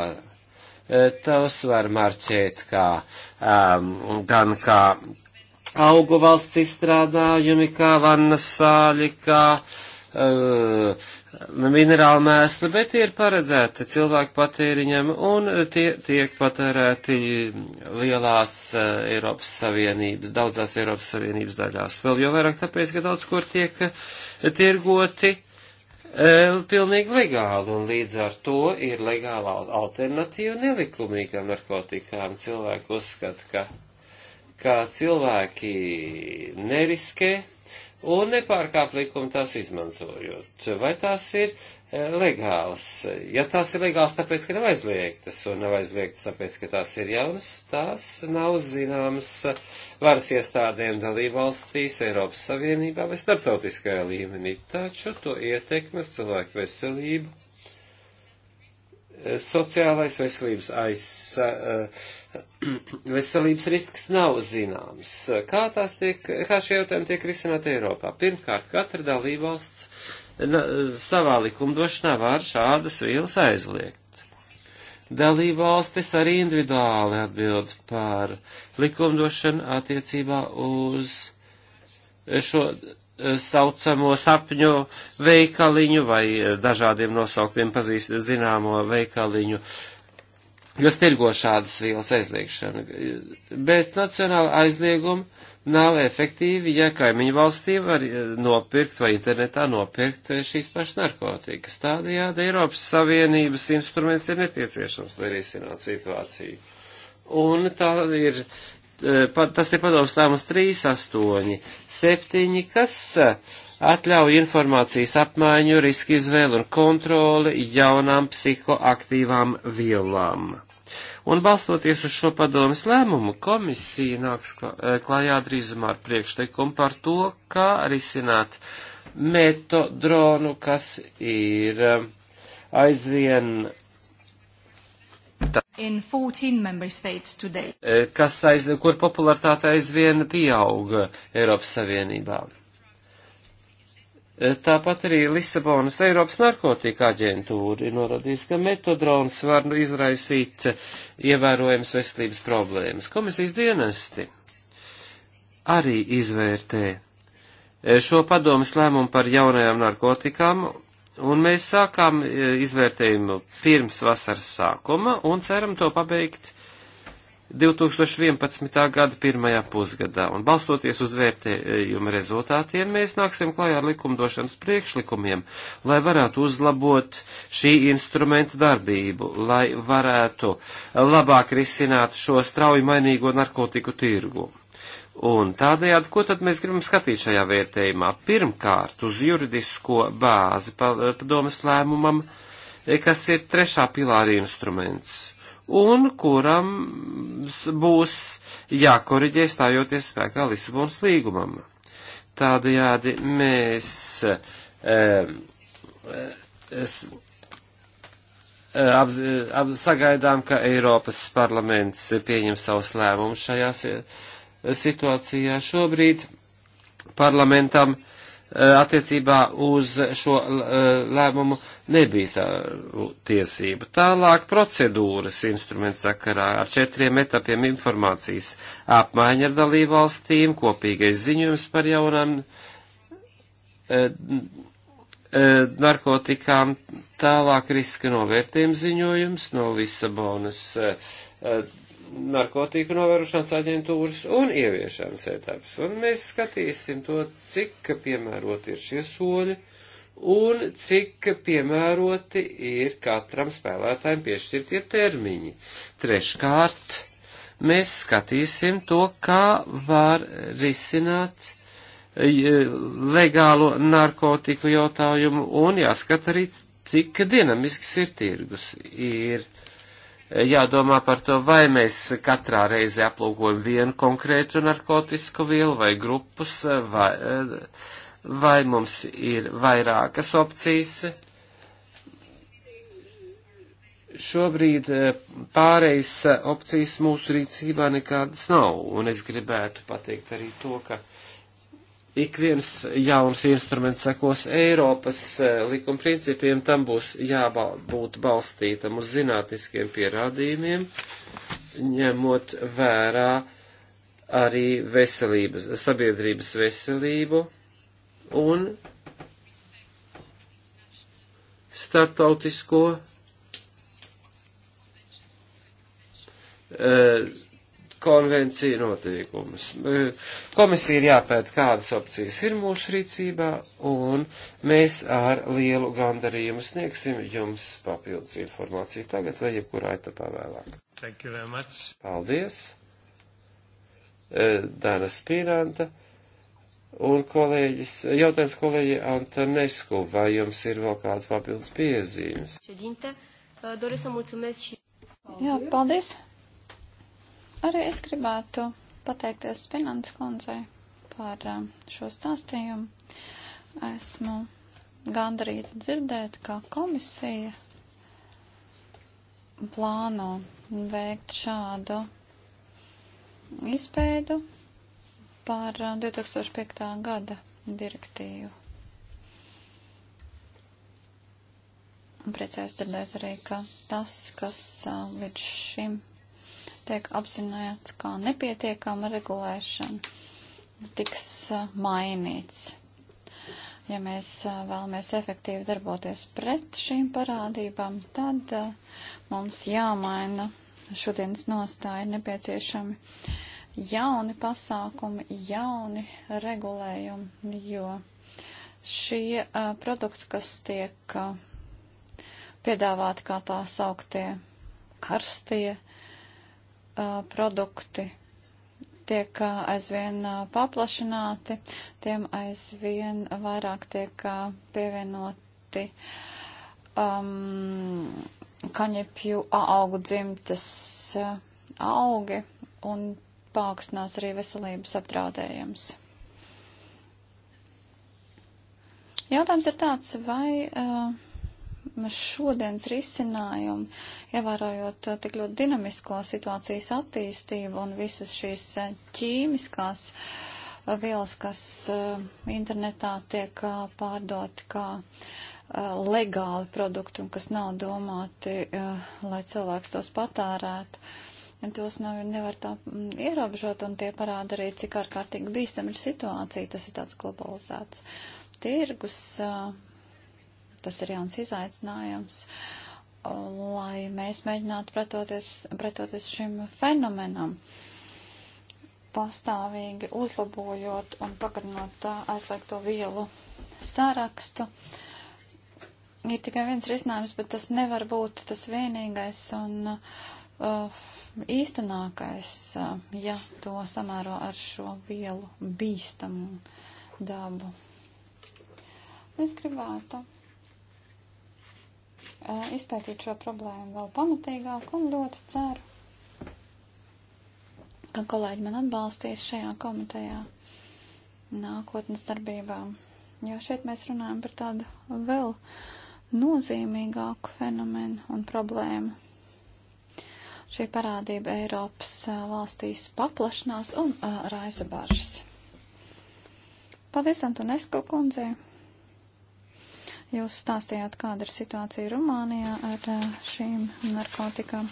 Eh, tos var marķēt kā, um, gan kā augu valsts izstrādājumi, kā vannas sāļi, kā uh, eh, minerāli mēsli, bet ir paredzēti cilvēku patēriņam un tie tiek patērēti lielās uh, Eiropas Savienības, daudzās Eiropas Savienības daļās. Vēl jau vairāk tāpēc, ka daudz kur tiek tirgoti uh, E, pilnīgi legāli, un līdz ar to ir legāla alternatīva nelikumīgām narkotikām. Cilvēki uzskata, ka, ka cilvēki neriskē un nepārkāp likumu tās izmantojot. Vai tās ir Eh, legālas. Ja tās ir legālas, tāpēc, ka nav aizliegtas, un nav aizliegtas, tāpēc, ka tās ir jaunas, tās nav zināmas varas iestādēm dalībvalstīs, Eiropas Savienībā vai starptautiskajā līmenī. Taču to ietekmes cilvēku veselību, eh, sociālais veselības aiz, eh, veselības risks nav zināms. Kā tās tiek, kā šie jautājumi tiek risināti Eiropā? Pirmkārt, katra dalībvalsts savā likumdošanā var šādas vielas aizliegt. Dalība valstis arī individuāli atbild par likumdošanu attiecībā uz šo saucamo sapņu veikaliņu vai dažādiem nosaukumiem pazīst zināmo veikaliņu, kas tirgo šādas vielas aizliegšanu. Bet nacionāla aizlieguma nav efektīvi, ja kaimiņu valstī var eh, nopirkt vai internetā nopirkt eh, šīs pašas narkotikas. Tādējādi Eiropas Savienības instruments ir nepieciešams, lai risinātu situāciju. Un tā ir, eh, tas ir padoms lēmums 3, 8, 7, kas atļauj informācijas apmaiņu, riski izvēlu un kontroli jaunām psihoaktīvām vielām Un balstoties uz šo padomas lēmumu, komisija nāks klājā eh, drīzumā ar priekšteikumu par to, kā risināt metodronu, kas ir eh, aizvien eh, kas aiz, kur popularitāte aizvien pieauga Eiropas Savienībā. Tāpat arī Lisabonas Eiropas narkotika aģentūra ir norādījusi, ka metodrons var nu, izraisīt eh, ievērojams veselības problēmas. Komisijas dienesti arī izvērtē eh, šo padomas lēmumu par jaunajām narkotikām, un mēs sākām eh, izvērtējumu pirms vasaras sākuma un ceram to pabeigt 2011. gada pirmajā pusgadā, un balstoties uz vērtējuma rezultātiem, mēs nāksim klajā ar likumdošanas priekšlikumiem, lai varētu uzlabot šī instrumenta darbību, lai varētu labāk risināt šo strauji mainīgo narkotiku tirgu. Un tādējādi, ko tad mēs gribam skatīt šajā vērtējumā? Pirmkārt, uz juridisko bāzi padomas lēmumam, e, kas ir trešā pilāra instruments un kuram būs jākoriģē stājoties spēkā Lisabonas līgumam. Tādējādi mēs e, es, ap, ap, sagaidām, ka Eiropas parlaments pieņem savus lēmumus šajā situācijā šobrīd parlamentam. E, Eh, attiecībā uz šo eh, lēmumu nebija tiesību. Tālāk procedūras instruments sakarā ar četriem etapiem informācijas apmaiņa ar dalībvalstīm, kopīgais ziņojums par jaunām eh, narkotikām, tālāk riska novērtējuma ziņojums no Lisabonas narkotiku novērošanas aģentūras un ieviešanas etapas. Un mēs skatīsim to, cik piemēroti ir šie soļi un cik piemēroti ir katram spēlētājiem piešķirtie termiņi. Treškārt, mēs skatīsim to, kā var risināt e, legālo narkotiku jautājumu un jāskat arī, cik dinamisks ir tirgus. Ir jādomā par to, vai mēs katrā reizē aplūkojam vienu konkrētu narkotisku vielu vai grupus, vai, vai mums ir vairākas opcijas. Šobrīd eh, pārejas opcijas mūsu rīcībā nekādas nav, un es gribētu pateikt arī to, ka ik viens jauns instruments sekos Eiropas eh, likuma principiem, tam būs jābūt balstītam uz zinātniskiem pierādījumiem, ņemot vērā arī veselības, sabiedrības veselību un starptautisko uh, konvenciju noteikumus. E, komisija ir jāpēta, kādas opcijas ir mūsu rīcībā, un mēs ar lielu gandarījumu sniegsim jums papildus informāciju tagad vai jebkurā etapā vēlāk. Thank you very much. Paldies. E, Dana Spīranta. Un kolēģis, jautājums kolēģi Antonescu, vai jums ir vēl kāds papildus piezīmes? Jā, paldies. Arī es gribētu pateikties Spinants kundzei par eh, šo stāstījumu. Esmu gandarīta dzirdēt, kā komisija plāno veikt šādu izpēdu par 2005. Eh, gada direktīvu. Priecājos dzirdēt arī, ka tas, kas eh, līdz šim tiek apzināts kā nepietiekama regulēšana, tiks mainīts. Ja mēs vēlamies efektīvi darboties pret šīm parādībām, tad mums jāmaina šodienas nostāja nepieciešami jauni pasākumi, jauni regulējumi, jo šie uh, produkti, kas tiek uh, piedāvāti kā tā sauktie karstie produkti tiek aizvien paplašināti, tiem aizvien vairāk tiek pievienoti um, kaņepju augu dzimtas augi un paaugstinās arī veselības apdraudējums. Jautājums ir tāds, vai uh, vismaz šodienas risinājumi, ievērojot eh, tik ļoti dinamisko situācijas attīstību un visas šīs eh, ķīmiskās eh, vielas, kas internetā tiek pārdoti kā legāli produkti un kas nav domāti, lai cilvēks tos patērētu tos nav, nevar tā mm, ierobežot, un tie parāda arī, cik ārkārtīgi bīstam ir situācija, tas ir tāds globalizēts tirgus, Tas ir jauns izaicinājums, lai mēs mēģinātu pretoties, pretoties šim fenomenam pastāvīgi uzlabojot un pagarinot aizliegto vielu sārakstu. Ir tikai viens risinājums, bet tas nevar būt tas vienīgais un uh, īstenākais, uh, ja to samēro ar šo vielu bīstamu dabu. Es gribētu Uh, izpētīt šo problēmu vēl pamatīgāk un ļoti ceru, ka kolēģi man atbalstīs šajā komitejā nākotnes darbībā. Jo šeit mēs runājam par tādu vēl nozīmīgāku fenomenu un problēmu. Šī parādība Eiropas uh, valstīs paplašinās un uh, raisa bažas. Paldies Antonesko kundzei! Jūs stāstījāt, kāda ir situācija Rumānijā ar šīm narkotikām.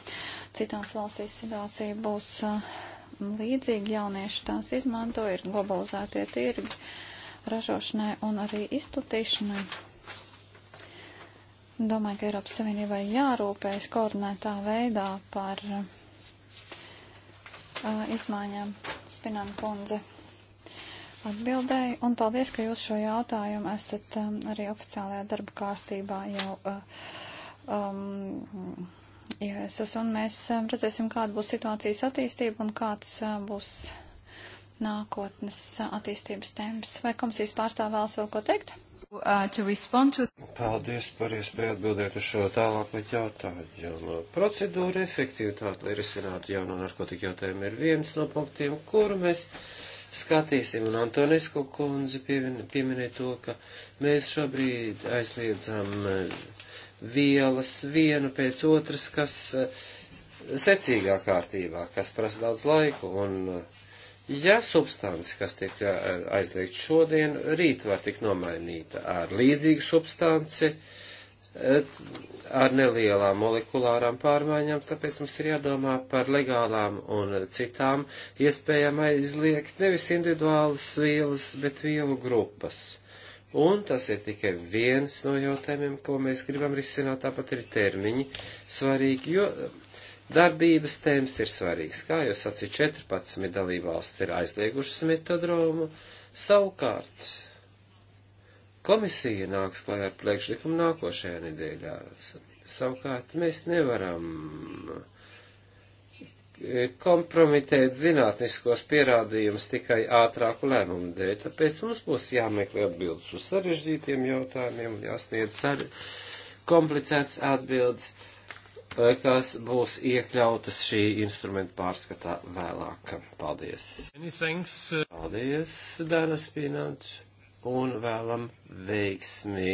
Citās valstīs situācija būs līdzīga. Jaunieši tās izmanto, ir globalizētie tirgi ražošanai un arī izplatīšanai. Domāju, ka Eiropas Savienībai jārūpējas koordinētā veidā par uh, izmaiņām. Spinām kundze atbildēji, un paldies, ka jūs šo jautājumu esat um, arī oficiālajā darba kārtībā jau uh, um, ieviesus, un mēs um, redzēsim, kāda būs situācijas attīstība un kāds uh, būs nākotnes uh, attīstības temps. Vai komisijas pārstāv vēlas vēl ko teikt? Uh, to to... Paldies par iespēju atbildēt uz šo tālāko jautājumu. Procedūra efektivitāte, lai risinātu jauno narkotiku jautājumu, ir viens no punktiem, kuru mēs. Uh, skatīsim, un Antonisku kundze piemin, pieminēja to, ka mēs šobrīd aizliedzam e, vielas vienu pēc otras, kas e, secīgā kārtībā, kas prasa daudz laiku, un e, ja substance, kas tiek aizliegta šodien, rīt var tikt nomainīta ar līdzīgu substanci, uh, ar nelielām molekulārām pārmaiņām, tāpēc mums ir jādomā par legālām un citām iespējām aizliegt nevis individuālas vielas, bet vielu grupas. Un tas ir tikai viens no jautājumiem, ko mēs gribam risināt, tāpat ir termiņi svarīgi, jo darbības tēms ir svarīgs. Kā jau sacīja, 14 dalībvalsts ir aizliegušas metodromu, savukārt Komisija nāks klajā ar priekšlikumu nākošajā nedēļā. Savukārt mēs nevaram e, kompromitēt zinātniskos pierādījumus tikai ātrāku lēmumu dēļ, tāpēc mums būs jāmeklē atbildes uz sarežģītiem jautājumiem, jāsniedz sar komplicētas atbildes, e, kas būs iekļautas šī instrumenta pārskatā vēlāk. Paldies! Uh, Paldies, Dānas Pīnants! un vēlam veiksmi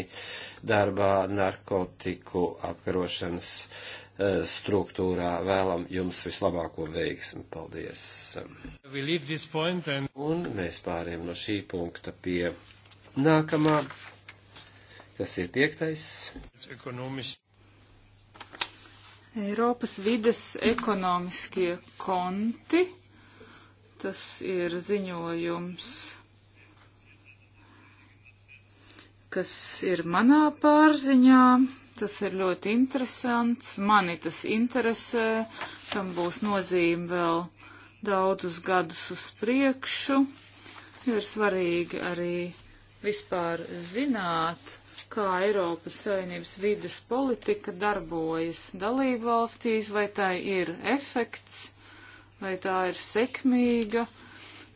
darbā narkotiku apkarošanas eh, struktūrā. Vēlam jums vislabāko veiksmi. Paldies. And... Un mēs pāriem no šī punkta pie nākamā, kas ir piektais. Ekonomis. Eiropas vides ekonomiskie konti. Tas ir ziņojums kas ir manā pārziņā. Tas ir ļoti interesants. Mani tas interesē. Tam būs nozīme vēl daudzus gadus uz priekšu. Ir svarīgi arī vispār zināt, kā Eiropas Savienības vides politika darbojas dalību valstīs, vai tā ir efekts, vai tā ir sekmīga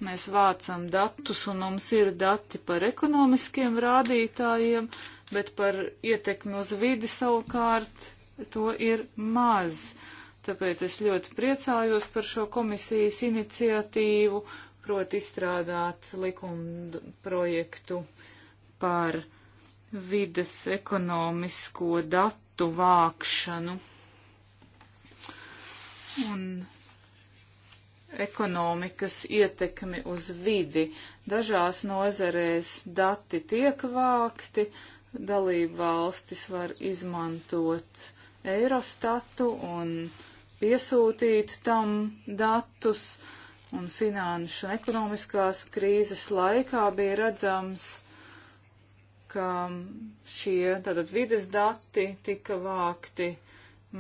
Mēs vācam datus un mums ir dati par ekonomiskiem rādītājiem, bet par ietekmi uz vidi savukārt to ir maz. Tāpēc es ļoti priecājos par šo komisijas iniciatīvu, proti izstrādāt likuma projektu par vides ekonomisko datu vākšanu. Un ekonomikas ietekmi uz vidi. Dažās nozarēs dati tiek vākti, dalību valstis var izmantot Eirostatu un piesūtīt tam datus, un finanšu un ekonomiskās krīzes laikā bija redzams, ka šie tātad vides dati tika vākti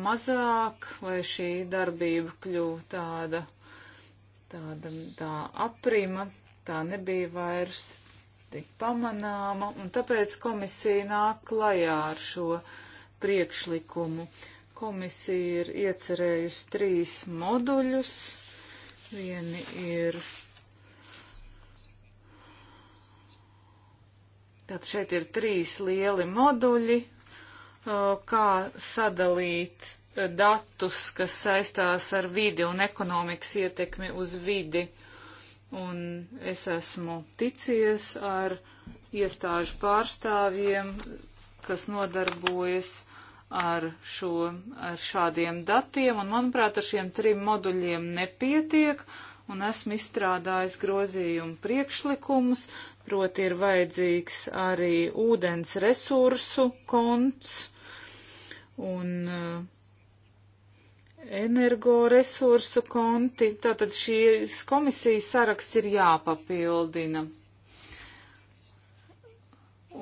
mazāk, vai šī darbība kļuva tāda tāda tā aprima, tā nebija vairs tik pamanāma, un tāpēc komisija nāk klajā ar šo priekšlikumu. Komisija ir iecerējusi trīs moduļus. Vieni ir. Tad šeit ir trīs lieli moduļi, uh, kā sadalīt datus, kas saistās ar vidi un ekonomikas ietekmi uz vidi. Un es esmu ticies ar iestāžu pārstāvjiem, kas nodarbojas ar, šo, ar šādiem datiem, un manuprāt, ar šiem trim moduļiem nepietiek, un esmu izstrādājis grozījumu priekšlikumus, proti ir vajadzīgs arī ūdens resursu konts, un uh, energoresursu konti, tātad šīs komisijas saraksts ir jāpapildina.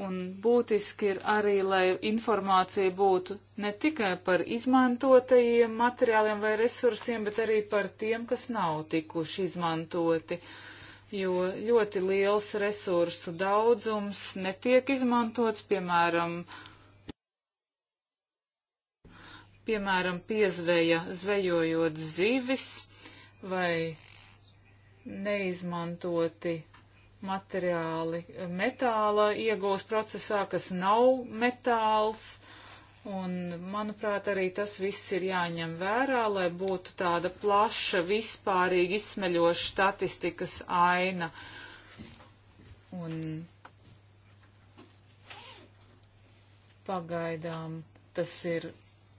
Un būtiski ir arī, lai informācija būtu ne tikai par izmantotajiem materiāliem vai resursiem, bet arī par tiem, kas nav tikuši izmantoti, jo ļoti liels resursu daudzums netiek izmantots, piemēram, uh, piemēram, piezveja zvejojot zivis vai neizmantoti materiāli metāla iegūs procesā, kas nav metāls. Un, manuprāt, arī tas viss ir jāņem vērā, lai būtu tāda plaša, vispārīgi izsmeļoša statistikas aina. Un pagaidām tas ir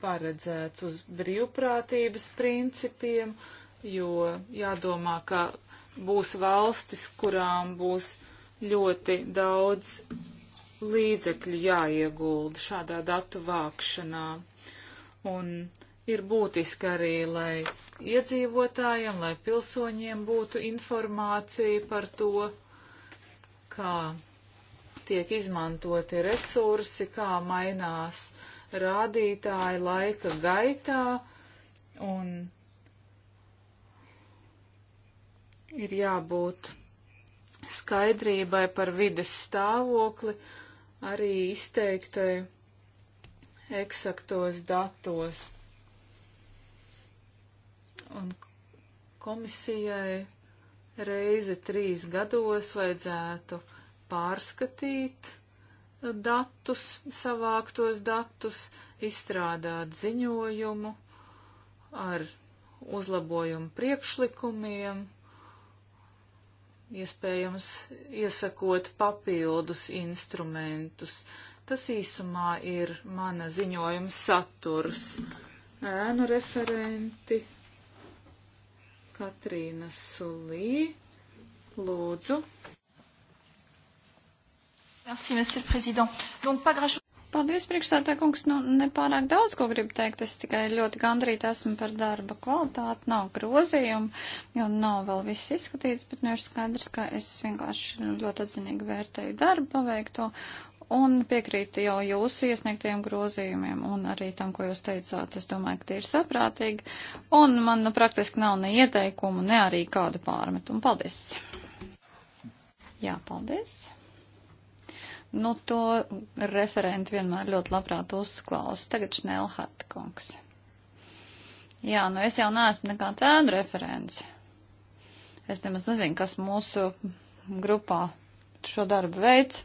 paredzēts uz brīvprātības principiem, jo jādomā, ka būs valstis, kurām būs ļoti daudz līdzekļu jāiegulda šādā datu vākšanā. Un ir būtiski arī, lai iedzīvotājiem, lai pilsoņiem būtu informācija par to, kā tiek izmantoti resursi, kā mainās uh, rādītāji laika gaitā un ir jābūt skaidrībai par vides stāvokli, arī izteiktai eksaktos datos. Un komisijai reizi trīs gados vajadzētu pārskatīt datus, savāktos datus, izstrādāt ziņojumu ar uzlabojumu priekšlikumiem, iespējams iesakot papildus instrumentus. Tas īsumā ir mana ziņojuma saturs. Ēnu referenti Katrīna Sulī, lūdzu. Merci, monsieur le président. Donc, pas grand... Paldies, priekšstādā kungs. Nu, nepārāk daudz, ko gribu teikt. Es tikai ļoti gandrīt esmu par darba kvalitāti. Nav grozījumu, jo nav vēl viss izskatīts, bet nu ir skaidrs, ka es vienkārši nu, ļoti atzinīgi vērtēju darbu paveikto un piekrītu jau jūsu iesniegtajiem grozījumiem un arī tam, ko jūs teicāt. Es domāju, ka tie ir saprātīgi. Un man nu, praktiski nav ne ieteikumu, ne arī kādu pārmetumu. Paldies! Jā, paldies! Nu, to referenti vienmēr ļoti labprāt uzklausa. Tagad Šnelhārta kungs. Jā, nu es jau neesmu nekāds ēnu referents. Es nemaz nezinu, kas mūsu grupā šo darbu veids,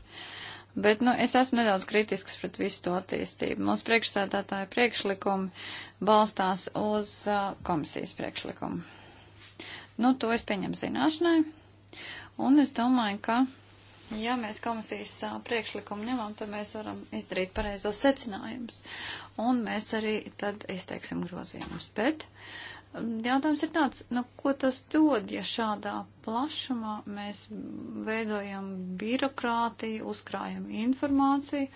bet, nu, es esmu nedaudz kritisks pret visu to attīstību. Mūsu priekšstādātāja priekšlikumi balstās uz uh, komisijas priekšlikumu. Nu, to es pieņemu zināšanai, un es domāju, ka Ja mēs komisijas priekšlikumu ņemam, tad mēs varam izdarīt pareizos secinājumus. Un mēs arī tad izteiksim grozījumus. Bet jautājums ir tāds, nu, ko tas dod, ja šādā plašumā mēs veidojam birokrātiju, uzkrājam informāciju.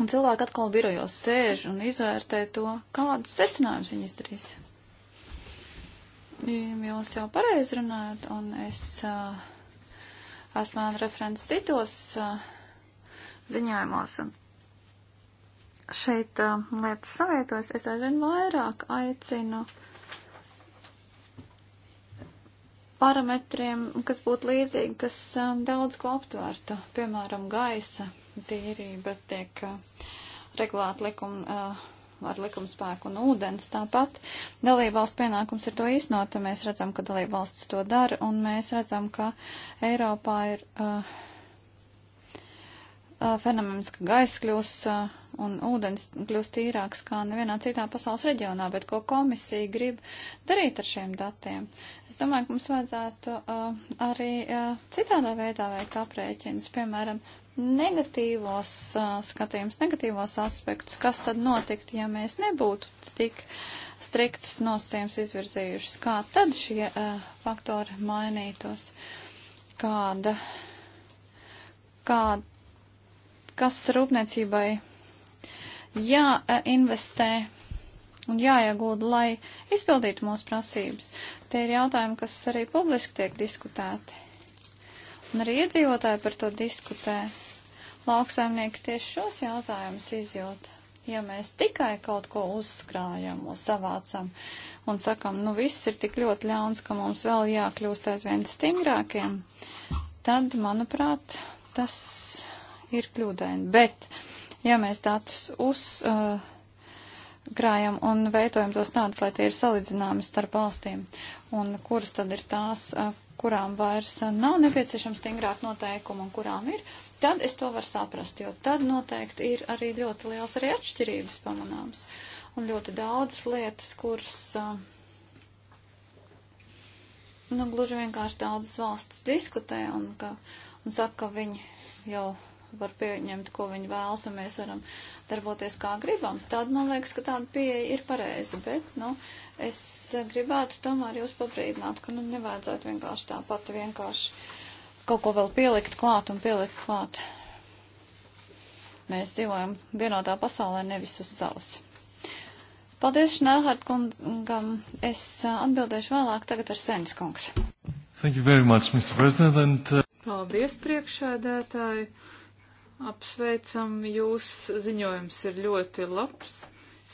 Un cilvēki atkal birojos sēž un izvērtē to, kādus secinājumus viņi izdarīs. Jūs jau pareizi runājat, un es uh, Esmu referents citos uh, ziņojumos, un šeit uh, lietas savietojas. Es aizvien vairāk aicinu parametriem, kas būtu līdzīgi, kas um, daudz ko aptvērtu. Piemēram, gaisa tīrība tiek uh, regulēta likuma uh, ar likumspēku un ūdens tāpat. Dalībvalsts pienākums ir to īstenot, mēs redzam, ka dalībvalsts to dara, un mēs redzam, ka Eiropā ir uh, uh fenomens, ka gaisa kļūs uh, un ūdens kļūst tīrāks kā nevienā citā pasaules reģionā, bet ko komisija grib darīt ar šiem datiem. Es domāju, ka mums vajadzētu uh, arī uh, citādā veidā veikt aprēķinus, piemēram, negatīvos skatījums, negatīvos aspektus, kas tad notiktu, ja mēs nebūtu tik striktus nosacījums izvirzējušas, kā tad šie uh, faktori mainītos, kāda, kā, kas rūpniecībai jāinvestē un jāiegūda, lai izpildītu mūsu prasības. Tie ir jautājumi, kas arī publiski tiek diskutēti. Un arī iedzīvotāji par to diskutē lauksaimnieki tieši šos jautājumus izjūta. Ja mēs tikai kaut ko uzskrājam un savācam un sakam, nu viss ir tik ļoti ļauns, ka mums vēl jākļūst aizvien stingrākiem, tad, manuprāt, tas ir kļūdaini. Bet, ja mēs datus uzkrājam uh, un veidojam tos tādus, lai tie ir salīdzināmi starp valstīm, un kuras tad ir tās, uh, kurām vairs uh, nav nepieciešams stingrāk noteikumi un kurām ir, tad es to varu saprast, jo tad noteikti ir arī ļoti liels arī atšķirības pamanāms un ļoti daudzas lietas, kuras. Uh, nu, gluži vienkārši daudzas valstis diskutē un, ka, un saka, ka viņi jau var pieņemt, ko viņi vēlas, un mēs varam darboties kā gribam. Tad man liekas, ka tāda pieeja ir pareiza, bet, nu, es gribētu tomēr jūs pabrīdināt, ka, nu, nevajadzētu vienkārši tāpat vienkārši kaut ko vēl pielikt klāt un pielikt klāt. Mēs dzīvojam vienotā pasaulē, nevis uz salas. Paldies, Šnelhārt kungam. Es uh, atbildēšu vēlāk, tagad ar Sēnis kungs. Thank you very much, Mr. President. And, uh... Paldies, priekšēdētāji. Apsveicam, jūs ziņojums ir ļoti labs.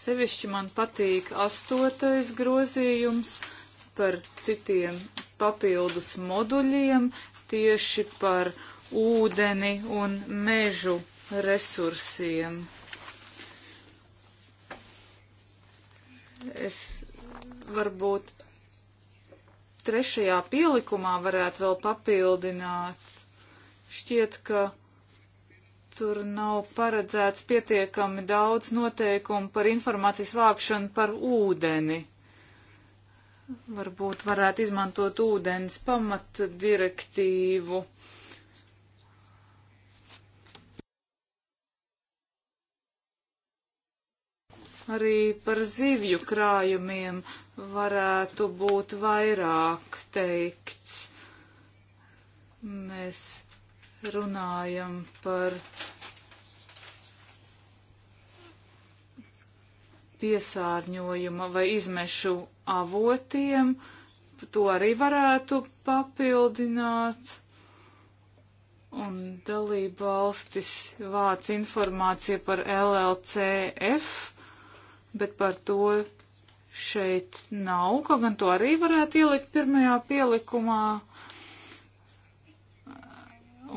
Sevišķi man patīk astotais grozījums par citiem papildus moduļiem, tieši par ūdeni un mežu resursiem. Es varbūt trešajā pielikumā varētu vēl papildināt. Šķiet, ka tur nav paredzēts pietiekami daudz noteikumu par informācijas vākšanu par ūdeni varbūt varētu izmantot ūdens pamata direktīvu. Arī par zivju krājumiem varētu būt vairāk teikts. Mēs runājam par piesārņojuma vai izmešu avotiem, to arī varētu papildināt. Un dalība valstis vāc informāciju par LLCF, bet par to šeit nav, kaut gan to arī varētu ielikt pirmajā pielikumā.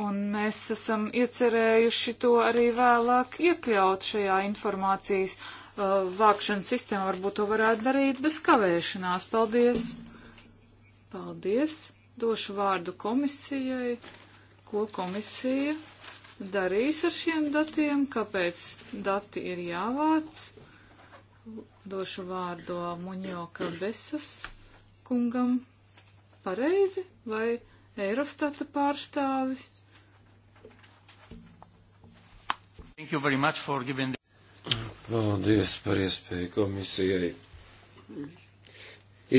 Un mēs esam iecerējuši to arī vēlāk iekļaut šajā informācijas Uh, vākšanas sistēmu, varbūt to varētu darīt bez kavēšanās. Paldies! Paldies! Došu vārdu komisijai. Ko komisija darīs ar šiem datiem? Kāpēc dati ir jāvāc? Došu vārdu Muņoka Besas kungam. Pareizi? Vai Eirostata pārstāvis? Thank you very much for giving Paldies par iespēju komisijai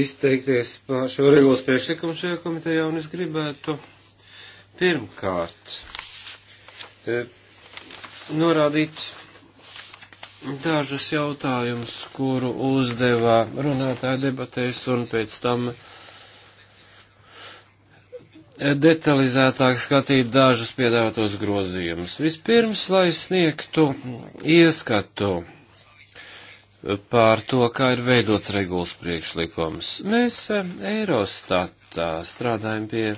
izteikties par šo regulas priekšlikumu šajā komitejā, un es gribētu pirmkārt e, norādīt dažus jautājumus, kuru uzdevā runātāja debatēs, un pēc tam detalizētāk skatīt dažus piedāvātos grozījumus. Vispirms, lai sniegtu ieskatu pār to, kā ir veidots regulas priekšlikums. Mēs e, Eirostatā strādājam pie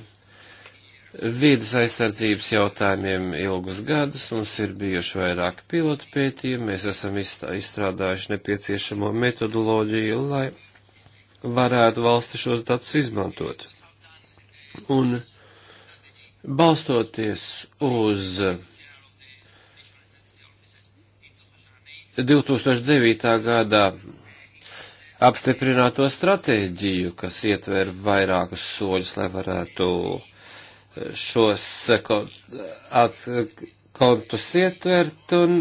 Vides aizsardzības jautājumiem ilgus gadus mums ir bijuši vairāki pilotu pētījumi, mēs esam izstrādājuši nepieciešamo metodoloģiju, lai varētu valsti šos datus izmantot. Un balstoties uz 2009. gadā apstiprināto stratēģiju, kas ietver vairākus soļus, lai varētu šos kontus ietvert, un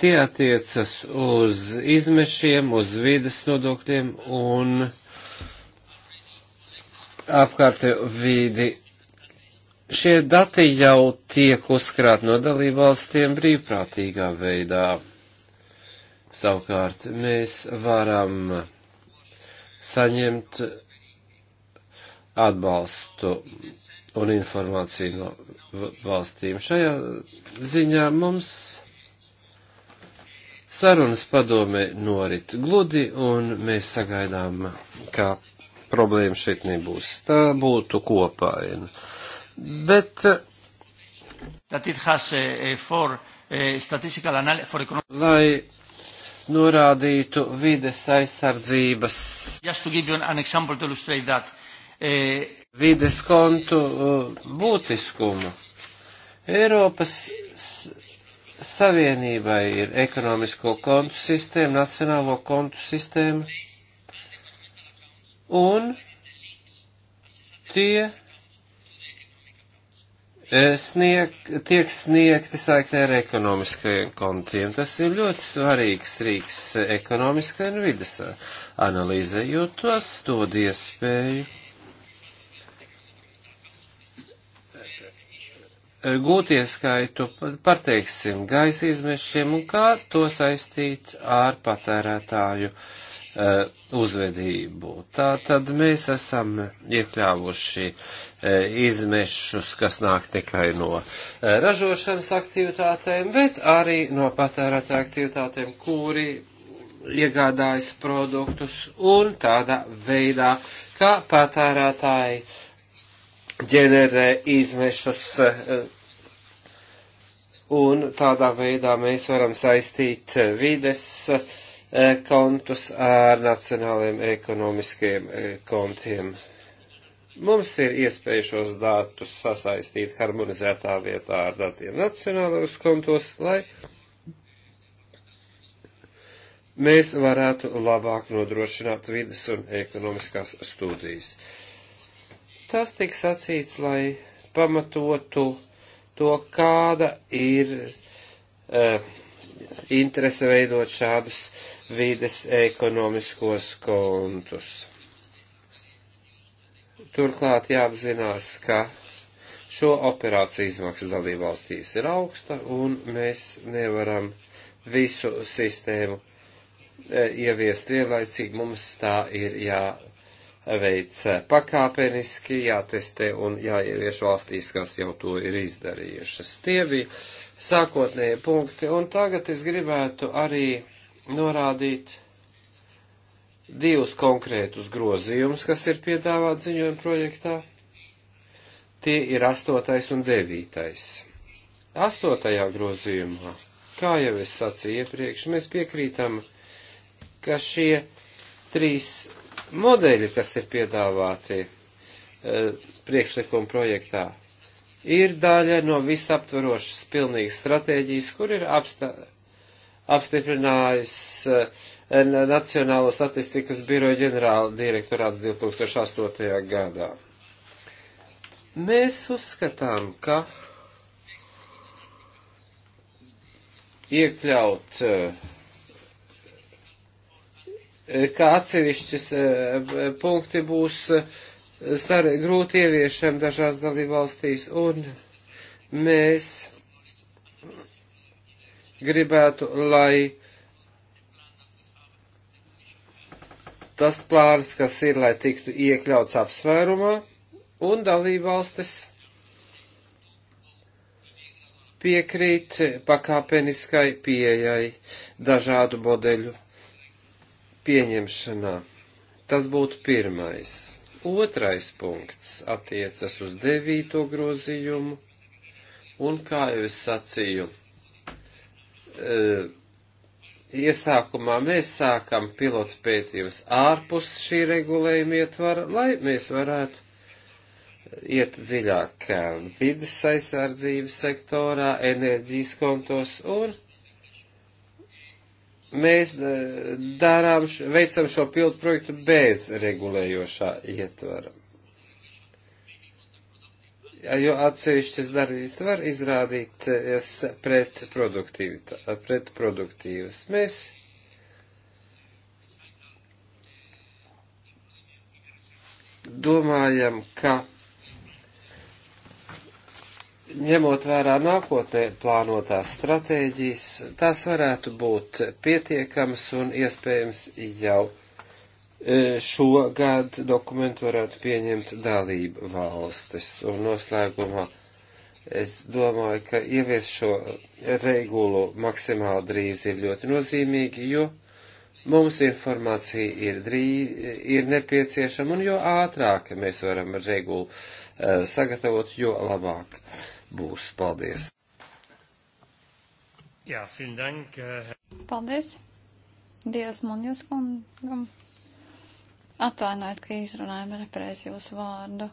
tie attiecas uz izmešiem, uz vides nodokļiem un apkārtējo vīdi Šie dati jau tiek uzkrāt no dalībvalstiem brīvprātīgā veidā. Savukārt mēs varam saņemt atbalstu un informāciju no valstīm. Šajā ziņā mums sarunas padome norit gludi, un mēs sagaidām, ka problēma šeit nebūs. Tā būtu kopaina. Ja Bet. Eh, has, uh, for, uh, for lai norādītu vides aizsardzības. That, uh, vides kontu eh, būtiskumu. Eiropas Savienībai ir ekonomisko kontu sistēma, nacionālo kontu sistēma, un tie snieg, tiek sniegti saiknē ar ekonomiskajiem kontiem. Tas ir ļoti svarīgs rīks ekonomiskai un vidas analīzē, jo tas dod iespēju gūt ieskaitu, pateiksim, gaisa izmešiem un kā to saistīt ar patērētāju uh, Uh, uzvedību. Tā tad mēs esam iekļāvuši uh, izmešus, kas nāk tikai no uh, ražošanas aktivitātēm, bet arī no patērētā aktivitātēm, kuri iegādājas produktus un tādā veidā, kā patērētāji ģenerē izmešus. Un tādā veidā mēs varam saistīt vides uh, E, kontus ar nacionāliem ekonomiskiem e, kontiem. Mums ir iespēja šos datus sasaistīt harmonizētā vietā ar datiem nacionālajos kontos, lai mēs varētu labāk nodrošināt vidas un ekonomiskās studijas. Tas tiks sacīts, lai pamatotu to, kāda ir eh, interese veidot šādus vides ekonomiskos kontus. Turklāt jāapzinās, ka šo operāciju izmaksas dalībvalstīs ir augsta, un mēs nevaram visu sistēmu e, ieviest vienlaicīgi. Mums tā ir jāveic pakāpeniski, jātestē un jāievieš valstīs, kas jau to ir izdarījušas. Tie bija sākotnēji punkti. Un tagad es gribētu arī norādīt divus konkrētus grozījumus, kas ir piedāvāt ziņojuma projektā. Tie ir astotais un devītais. Astotajā grozījumā, kā jau es sacīju iepriekš, mēs piekrītam, ka šie trīs modeļi, kas ir piedāvāti eh, priekšlikuma projektā, ir daļa no visaptvarošas pilnīgas stratēģijas, kur ir apsta, apstiprinājis uh, Nacionālo statistikas biroja ģenerāla direktorāts 2008. gadā. Mēs uzskatām, ka iekļaut, eh, ka atsevišķis eh, punkti būs uh, sar, grūti ieviešam dažās dalībvalstīs, un mēs gribētu, lai tas plāns, kas ir, lai tiktu iekļauts apsvērumā, un dalībvalstis piekrīt pakāpeniskai pieejai dažādu modeļu pieņemšanā. Tas būtu pirmais. Otrais punkts attiecas uz devīto grozījumu, un kā jau es sacīju, e, iesākumā mēs sākam pilotu pētījumus ārpus šī regulējuma ietvara, lai mēs varētu iet dziļāk e, vidas aizsardzības sektorā, enerģijas kontos un mēs e, darām, veicam šo pildu projektu bez regulējošā ietvara. Jo atsevišķas darbības var izrādīties pret, pret produktīvas. Mēs domājam, ka ņemot vērā nākotnē plānotās stratēģijas, tās varētu būt pietiekamas un iespējams jau e, šogad dokumentu varētu pieņemt dalību valstis. Un noslēgumā es domāju, ka ievies šo regulu maksimāli drīz ir ļoti nozīmīgi, jo mums informācija ir, drīz, ir nepieciešama un jo ātrāk mēs varam regulu e, sagatavot, jo labāk. Uh, būs. Paldies! Jā, dank, eh, Paldies! Dievs man jūs kungam. Atvainojiet, ka izrunājam reprēs jūsu vārdu.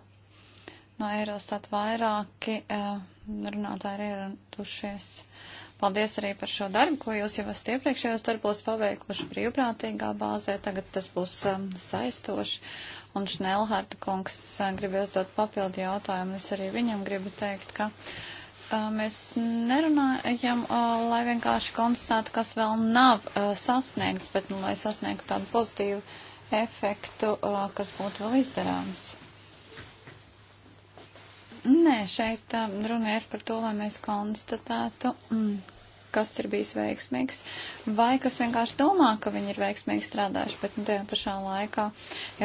No Eirostat vairāki uh, runātāji ir ieradušies. Paldies arī par šo darbu, ko jūs jau esat iepriekšējos darbos paveikuši brīvprātīgā bāzē. Tagad tas būs um, saistoši. Un Šnelhārta kungs uh, grib uzdot papildu jautājumu. Es arī viņam gribu teikt, ka uh, mēs nerunājam, uh, lai vienkārši konstatētu, kas vēl nav uh, sasniegts, bet nu, lai sasniegtu tādu pozitīvu efektu, uh, kas būtu vēl izdarāms. Nē, šeit um, runa ir par to, lai mēs konstatētu, mm, kas ir bijis veiksmīgs, vai kas vienkārši domā, ka viņi ir veiksmīgi strādājuši, bet nu, tajā pašā laikā,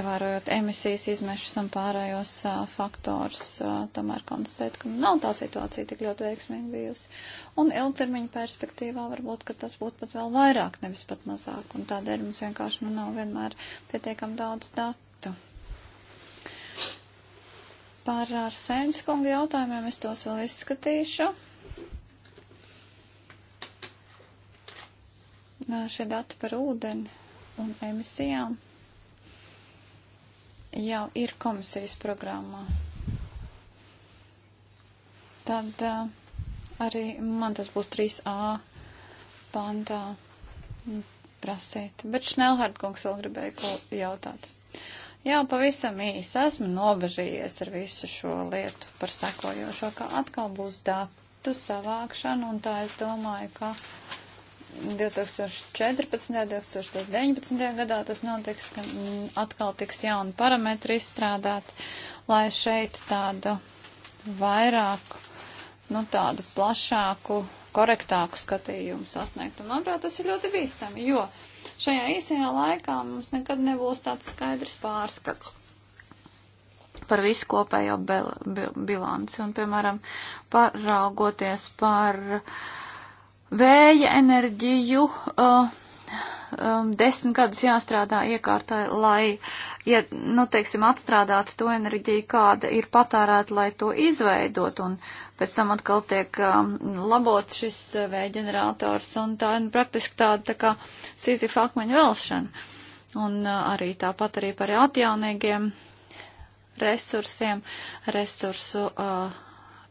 ievērojot emisijas izmešus un pārējos a, faktors, a, tomēr konstatēt, ka nav tā situācija tik ļoti veiksmīga bijusi. Un ilgtermiņa perspektīvā varbūt, ka tas būtu pat vēl vairāk, nevis pat mazāk, un tādēļ mums vienkārši nu, nav vienmēr pietiekam daudz datu. Par ar uh, sēņas kungu jautājumiem es tos vēl izskatīšu. Uh, šie dati par ūdeni un emisijām jau ir komisijas programmā. Tad uh, arī man tas būs 3A pantā prasīt. Bet Šnelhard kungs vēl gribēja ko jautāt. Jā, pavisam īsi esmu nobežījies ar visu šo lietu par sekojošo, ka atkal būs datu savākšana, un tā es domāju, ka 2014. 2019. gadā tas notiks, ka mm, atkal tiks jauni parametri izstrādāt, lai šeit tādu vairāk, nu tādu plašāku, korektāku skatījumu sasniegtu. Manuprāt, tas ir ļoti bīstami, jo. Uh, Šajā īsajā laikā mums nekad nebūs tāds skaidrs pārskats par visu kopējo bilanci un, piemēram, paraugoties par vēja enerģiju. Uh, um, desmit gadus jāstrādā iekārtā, lai, ja, nu, teiksim, atstrādātu to enerģiju, kāda ir patērēta, lai to izveidot, un pēc tam atkal tiek um, labots šis uh, vējģenerators, un tā ir nu, praktiski tāda tā kā sīzifa akmeņu velšana. Un uh, arī tāpat arī par atjaunīgiem resursiem, resursu uh,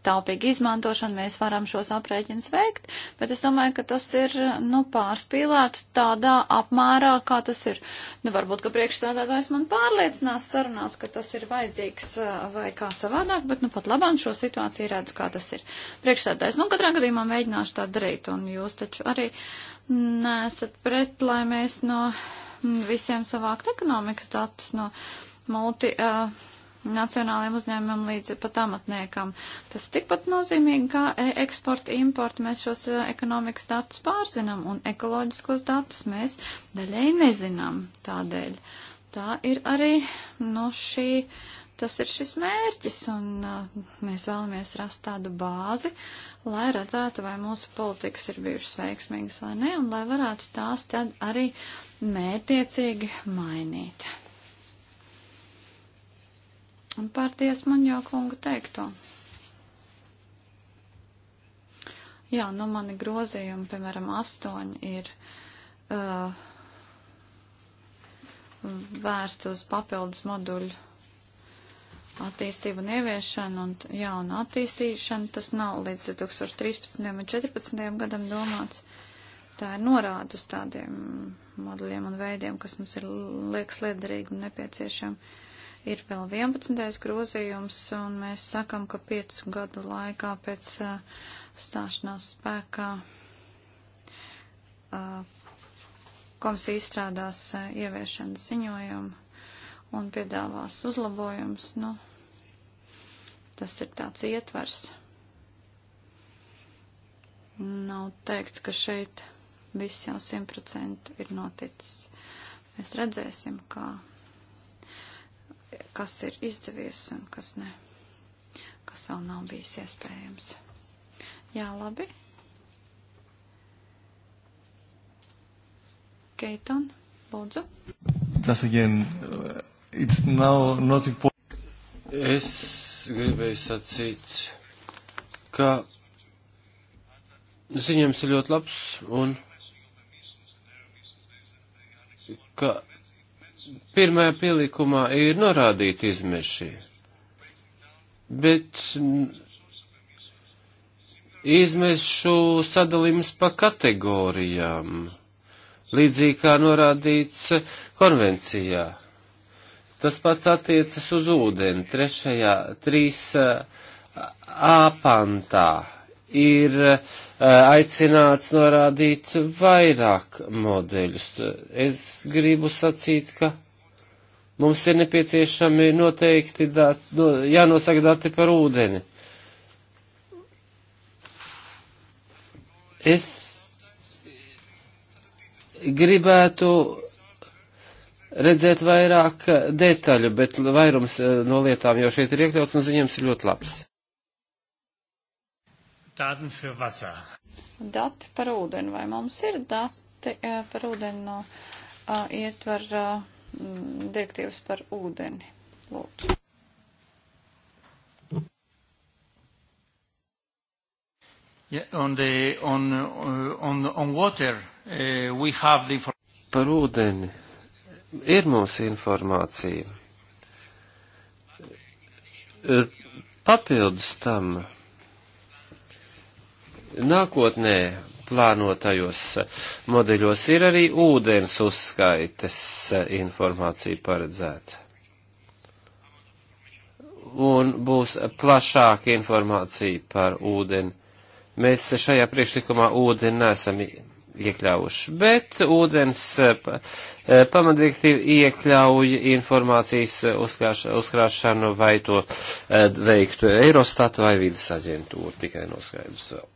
taupīgu izmantošanu, mēs varam šos aprēķinus veikt, bet es domāju, ka tas ir, nu, pārspīlēt tādā apmērā, kā tas ir. Nu, varbūt, ka priekšstādātājs man pārliecinās sarunās, ka tas ir vajadzīgs vai kā savādāk, bet, nu, pat labāk šo situāciju redzu, kā tas ir. Priekšstādājs, nu, katrā gadījumā mēģināšu tā darīt, un jūs taču arī nesat pret, lai mēs no visiem savākt ekonomikas datus no multi. Uh, nacionālajiem uzņēmumiem līdz pat amatniekam. Tas tikpat nozīmīgi, kā e- eksporta, importa, mēs šos e, ekonomikas datus pārzinām un ekoloģiskos datus mēs daļēji nezinām tādēļ. Tā ir arī, nu, šī, tas ir šis mērķis, un uh, mēs vēlamies rast tādu bāzi, lai redzētu, vai mūsu politikas ir bijušas veiksmīgas vai nē, un lai varētu tās tad arī mērtiecīgi mainīt. Un pārties man jau kunga teikto. Jā, nu mani grozījumi, piemēram, astoņi ir uh, vērst uz papildus moduļu attīstību un ieviešanu un jaunu attīstīšanu. Tas nav līdz 2013. un 2014. gadam domāts. Tā ir norāda uz tādiem moduļiem un veidiem, kas mums ir liekas liederīgi un nepieciešami. Ir vēl 11. grozījums, un mēs sakam, ka 5 gadu laikā pēc uh, stāšanās spēkā uh, komisija izstrādās uh, ieviešanas ziņojumu un piedāvās uzlabojumus. Nu, tas ir tāds ietvers. Nav teikts, ka šeit viss jau simtprocentīgi ir noticis. Mēs redzēsim, kā kas ir izdevies un kas nē, kas vēl nav bijis iespējams. Jā, labi. Keiton, lūdzu. Just again, it's now not important. Es gribēju sacīt, ka ziņojums ir ļoti labs un ka pirmajā pielikumā ir norādīti izmeši, bet izmešu sadalījums pa kategorijām, līdzīgi kā norādīts konvencijā. Tas pats attiecas uz ūdeni, trešajā, trīs āpantā. Uh, ir eh, aicināts norādīt vairāk modeļus. Es gribu sacīt, ka mums ir nepieciešami noteikti dati, no, jānosaka dati par ūdeni. Es gribētu redzēt vairāk detaļu, bet vairums eh, no lietām jau šeit ir iekļauts un ziņams ir ļoti labs. Daten für Wasser. Dati par ūdeni. Vai mums ir dati eh, par ūdeni no uh, ietver uh, direktīvas par ūdeni? Lūdzu. Yeah, on the, on, uh, on, on water, uh, we have the par ūdeni ir mums informācija. Uh, papildus tam nākotnē plānotajos modeļos ir arī ūdens uzskaites informācija paredzēta. Un būs plašāka informācija par ūdeni. Mēs šajā priekšlikumā ūdeni nesam iekļaujuši, bet ūdens eh, eh, pamatdirektīva iekļauj informācijas eh, uzkrāšanu vai to veiktu Eurostat vai vidas aģentūra, tikai noskaidrs vēl.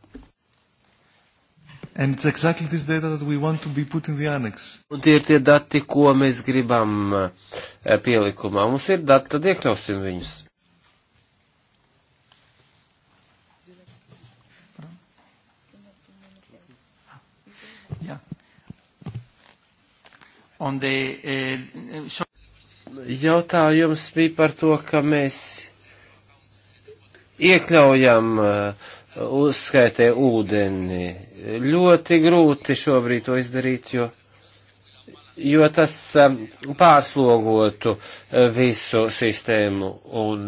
And it's exactly this data that we want to be put in the annex. Un tie ir tie dati, ko mēs gribam eh, pielikumā. Mums ir dati, tad iekļausim viņus. Eh, Jautājums bija par to, ka mēs iekļaujam uh, uzskaitē ūdeni. Ļoti grūti šobrīd to izdarīt, jo, jo tas um, pārslogotu uh, visu sistēmu un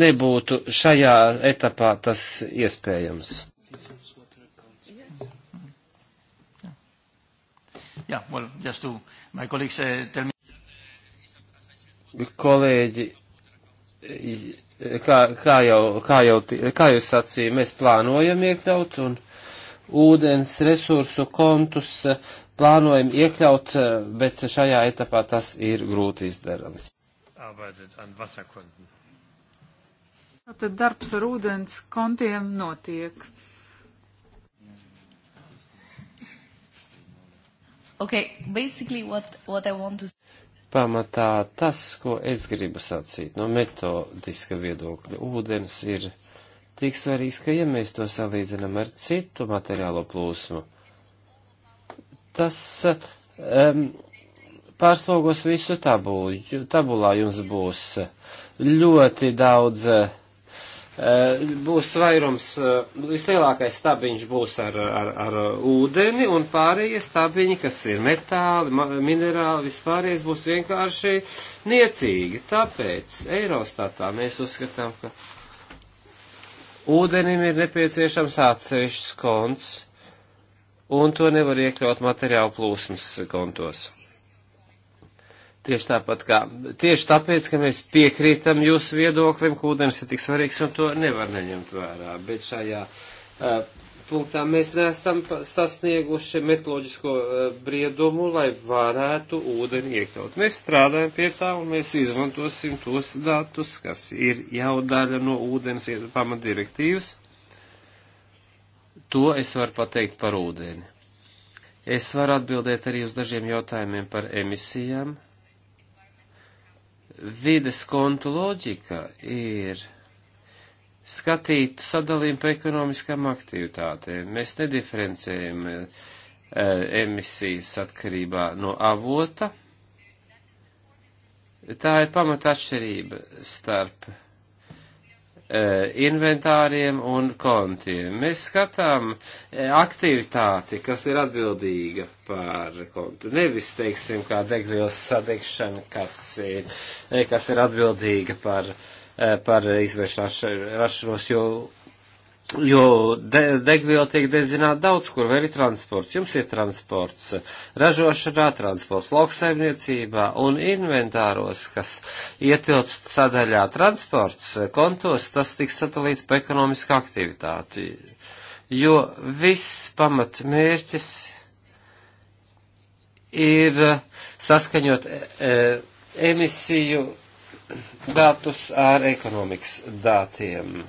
nebūtu šajā etapā tas iespējams. Yeah, well, just to my colleagues uh, tell me. Kolēģi, kā, kā, jau, kā, jau, kā jau sacīju, mēs plānojam iekļaut un ūdens resursu kontus eh, plānojam iekļaut, eh, bet šajā etapā tas ir grūti izdarams. Tad darbs ar ūdens kontiem notiek. Okay, basically what, what I want to pamatā tas, ko es gribu sacīt no metodiska viedokļa. Ūdens ir tik svarīgs, ka ja mēs to salīdzinām ar citu materiālo plūsmu, tas um, pārslogos visu tabulu. Tabulā jums būs ļoti daudz uh, Eh, būs vairums, eh, vislielākais stabiņš būs ar, ar, ar ūdeni un pārējie stabiņi, kas ir metāli, minerāli, vispārējais būs vienkārši niecīgi. Tāpēc Eirostatā mēs uzskatām, ka ūdenim ir nepieciešams atsevišķs konts un to nevar iekļaut materiālu plūsmas kontos. Tieši tāpat kā, tieši tāpēc, ka mēs piekrītam jūsu viedoklim, ka ūdens ir tik svarīgs un to nevar neņemt vērā. Bet šajā uh, punktā mēs neesam sasnieguši metoloģisko uh, briedumu, lai varētu ūdeni iekļaut. Mēs strādājam pie tā un mēs izmantosim tos datus, kas ir jau daļa no ūdens pamatdirektīvas. To es varu pateikt par ūdeni. Es varu atbildēt arī uz dažiem jautājumiem par emisijām vides kontu loģika ir skatīt sadalījumu pa ekonomiskām aktivitātēm. Mēs nediferencējam e, emisijas atkarībā no avota. Tā ir pamata atšķirība starp Eh, inventāriem un kontiem. Mēs skatām eh, aktivitāti, kas ir atbildīga par kontu. Nevis, teiksim, kā degvielas sadegšana, kas ir, eh, kas ir atbildīga par, par izvēršanās rašanos, jo Jo de, degviela tiek dezināta daudz kur, vai arī transports. Jums ir transports, ražošanā, transports lauksaimniecībā un inventāros, kas ietilpst sadaļā transports, kontos, tas tiks sadalīts pa ekonomisku aktivitāti. Jo viss pamatmērķis ir saskaņot e, e, emisiju datus ar ekonomikas datiem.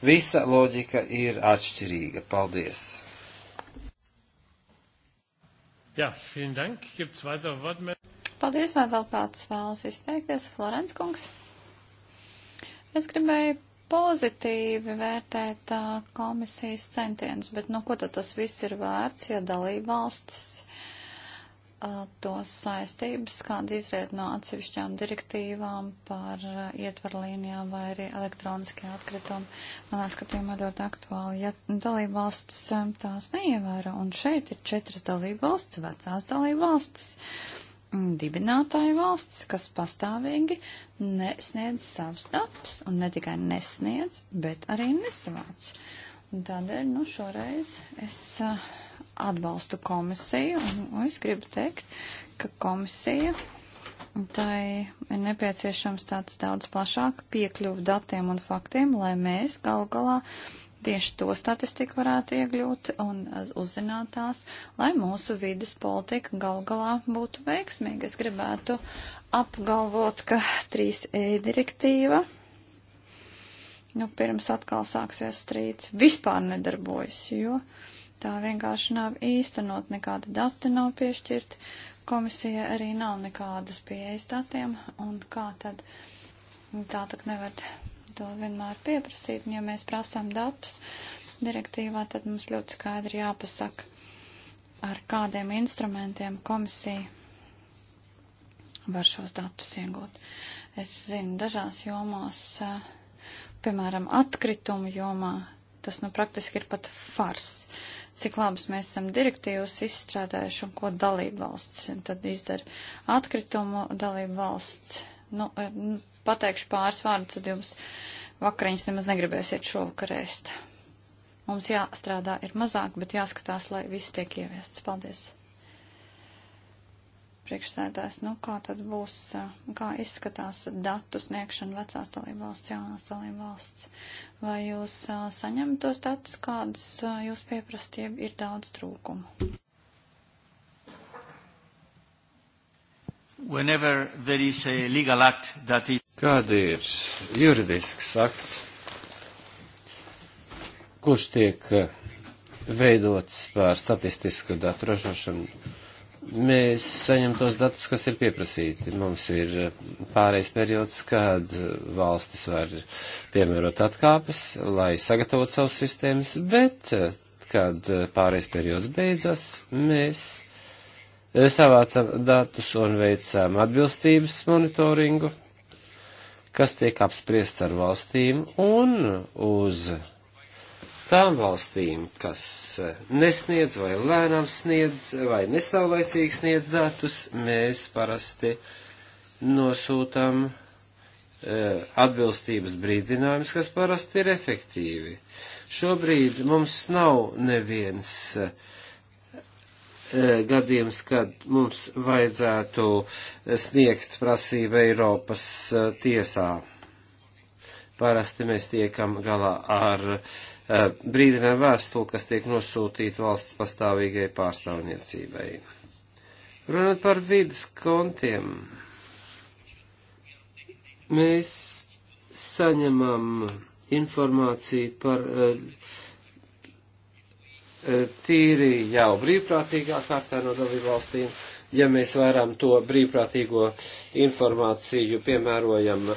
Visa loģika ir atšķirīga. Paldies! Jā, vielen dank. Gibt's weitere Wortmeldungen? Paldies, vai vēl kāds vēlas izteikties? Florence kungs. Es gribēju pozitīvi vērtēt komisijas centienus, bet no nu, ko tad tas viss ir vērts, ja dalība valsts Uh, tos saistības, kāda izriet no atsevišķām direktīvām par uh, ietvaru līnijām vai arī elektroniskie atkritumi. Manā skatījumā ļoti aktuāli, ja dalība valsts um, tās neievēro. Un šeit ir četras dalība valsts, vecās dalība valsts, mm, dibinātāja valsts, kas pastāvīgi nesniedz savus datus un ne tikai nesniedz, bet arī nesavāc. Un tādēļ, nu, šoreiz es. Uh, atbalstu komisiju, un es gribu teikt, ka komisija tai ir nepieciešams tāds daudz plašāk piekļuvu datiem un faktiem, lai mēs galu galā tieši to statistiku varētu iegļūt un uzzināt tās, lai mūsu vides politika gal galā būtu veiksmīga. Es gribētu apgalvot, ka 3E direktīva, nu, pirms atkal sāksies strīds, vispār nedarbojas, jo. Uh, Tā vienkārši nav īstenot, nekādi dati nav piešķirti, komisija arī nav nekādas pieejas datiem, un kā tad tā tak nevar to vienmēr pieprasīt, un ja mēs prasām datus direktīvā, tad mums ļoti skaidri jāpasaka, ar kādiem instrumentiem komisija var šos datus iegūt. Es zinu, dažās jomās, eh, piemēram, atkritumu jomā, tas nu praktiski ir pat fars. Uh, cik labas mēs esam direktīvas izstrādājuši un ko dalība valsts. Un tad izdara atkritumu dalība valsts. Nu, e, nu, pateikšu pāris vārdus, tad jums vakariņas nemaz negribēsiet šovakar ēst. Mums jāstrādā ir mazāk, bet jāskatās, lai viss tiek ieviests. Paldies! priekšsēdētājs, nu kā tad būs, kā izskatās datu sniegšana vecās dalībvalsts, jaunās dalībvalsts? Vai jūs saņemat tos datus, kādas jūs pieprastība ir daudz trūkumu? Whenever there is a legal act that is... Kāda ir juridisks akts, kurš tiek veidots par statistisku datu ražošanu? mēs saņem tos datus, kas ir pieprasīti. Mums ir eh, pārējais periods, kad eh, valstis var piemērot atkāpes, lai sagatavot savus sistēmas, bet, eh, kad pārējais periods beidzas, mēs savācam datus un veicam atbilstības monitoringu, kas tiek apspriests ar valstīm un uz tām valstīm, kas eh, nesniedz vai lēnām sniedz vai nesaulēcīgi sniedz datus, mēs parasti nosūtam e, atbilstības brīdinājums, kas parasti ir efektīvi. Šobrīd mums nav neviens e, gadījums, kad mums vajadzētu sniegt prasību Eiropas tiesā Parasti mēs tiekam galā ar eh, brīdinājumu vēstuli, kas tiek nosūtīta valsts pastāvīgai pārstāvniecībai. Runāt par vidas kontiem. Mēs saņemam informāciju par eh, eh, tīri jau brīvprātīgā kārtā no dalību valstīm. Ja mēs varam to brīvprātīgo informāciju piemērojam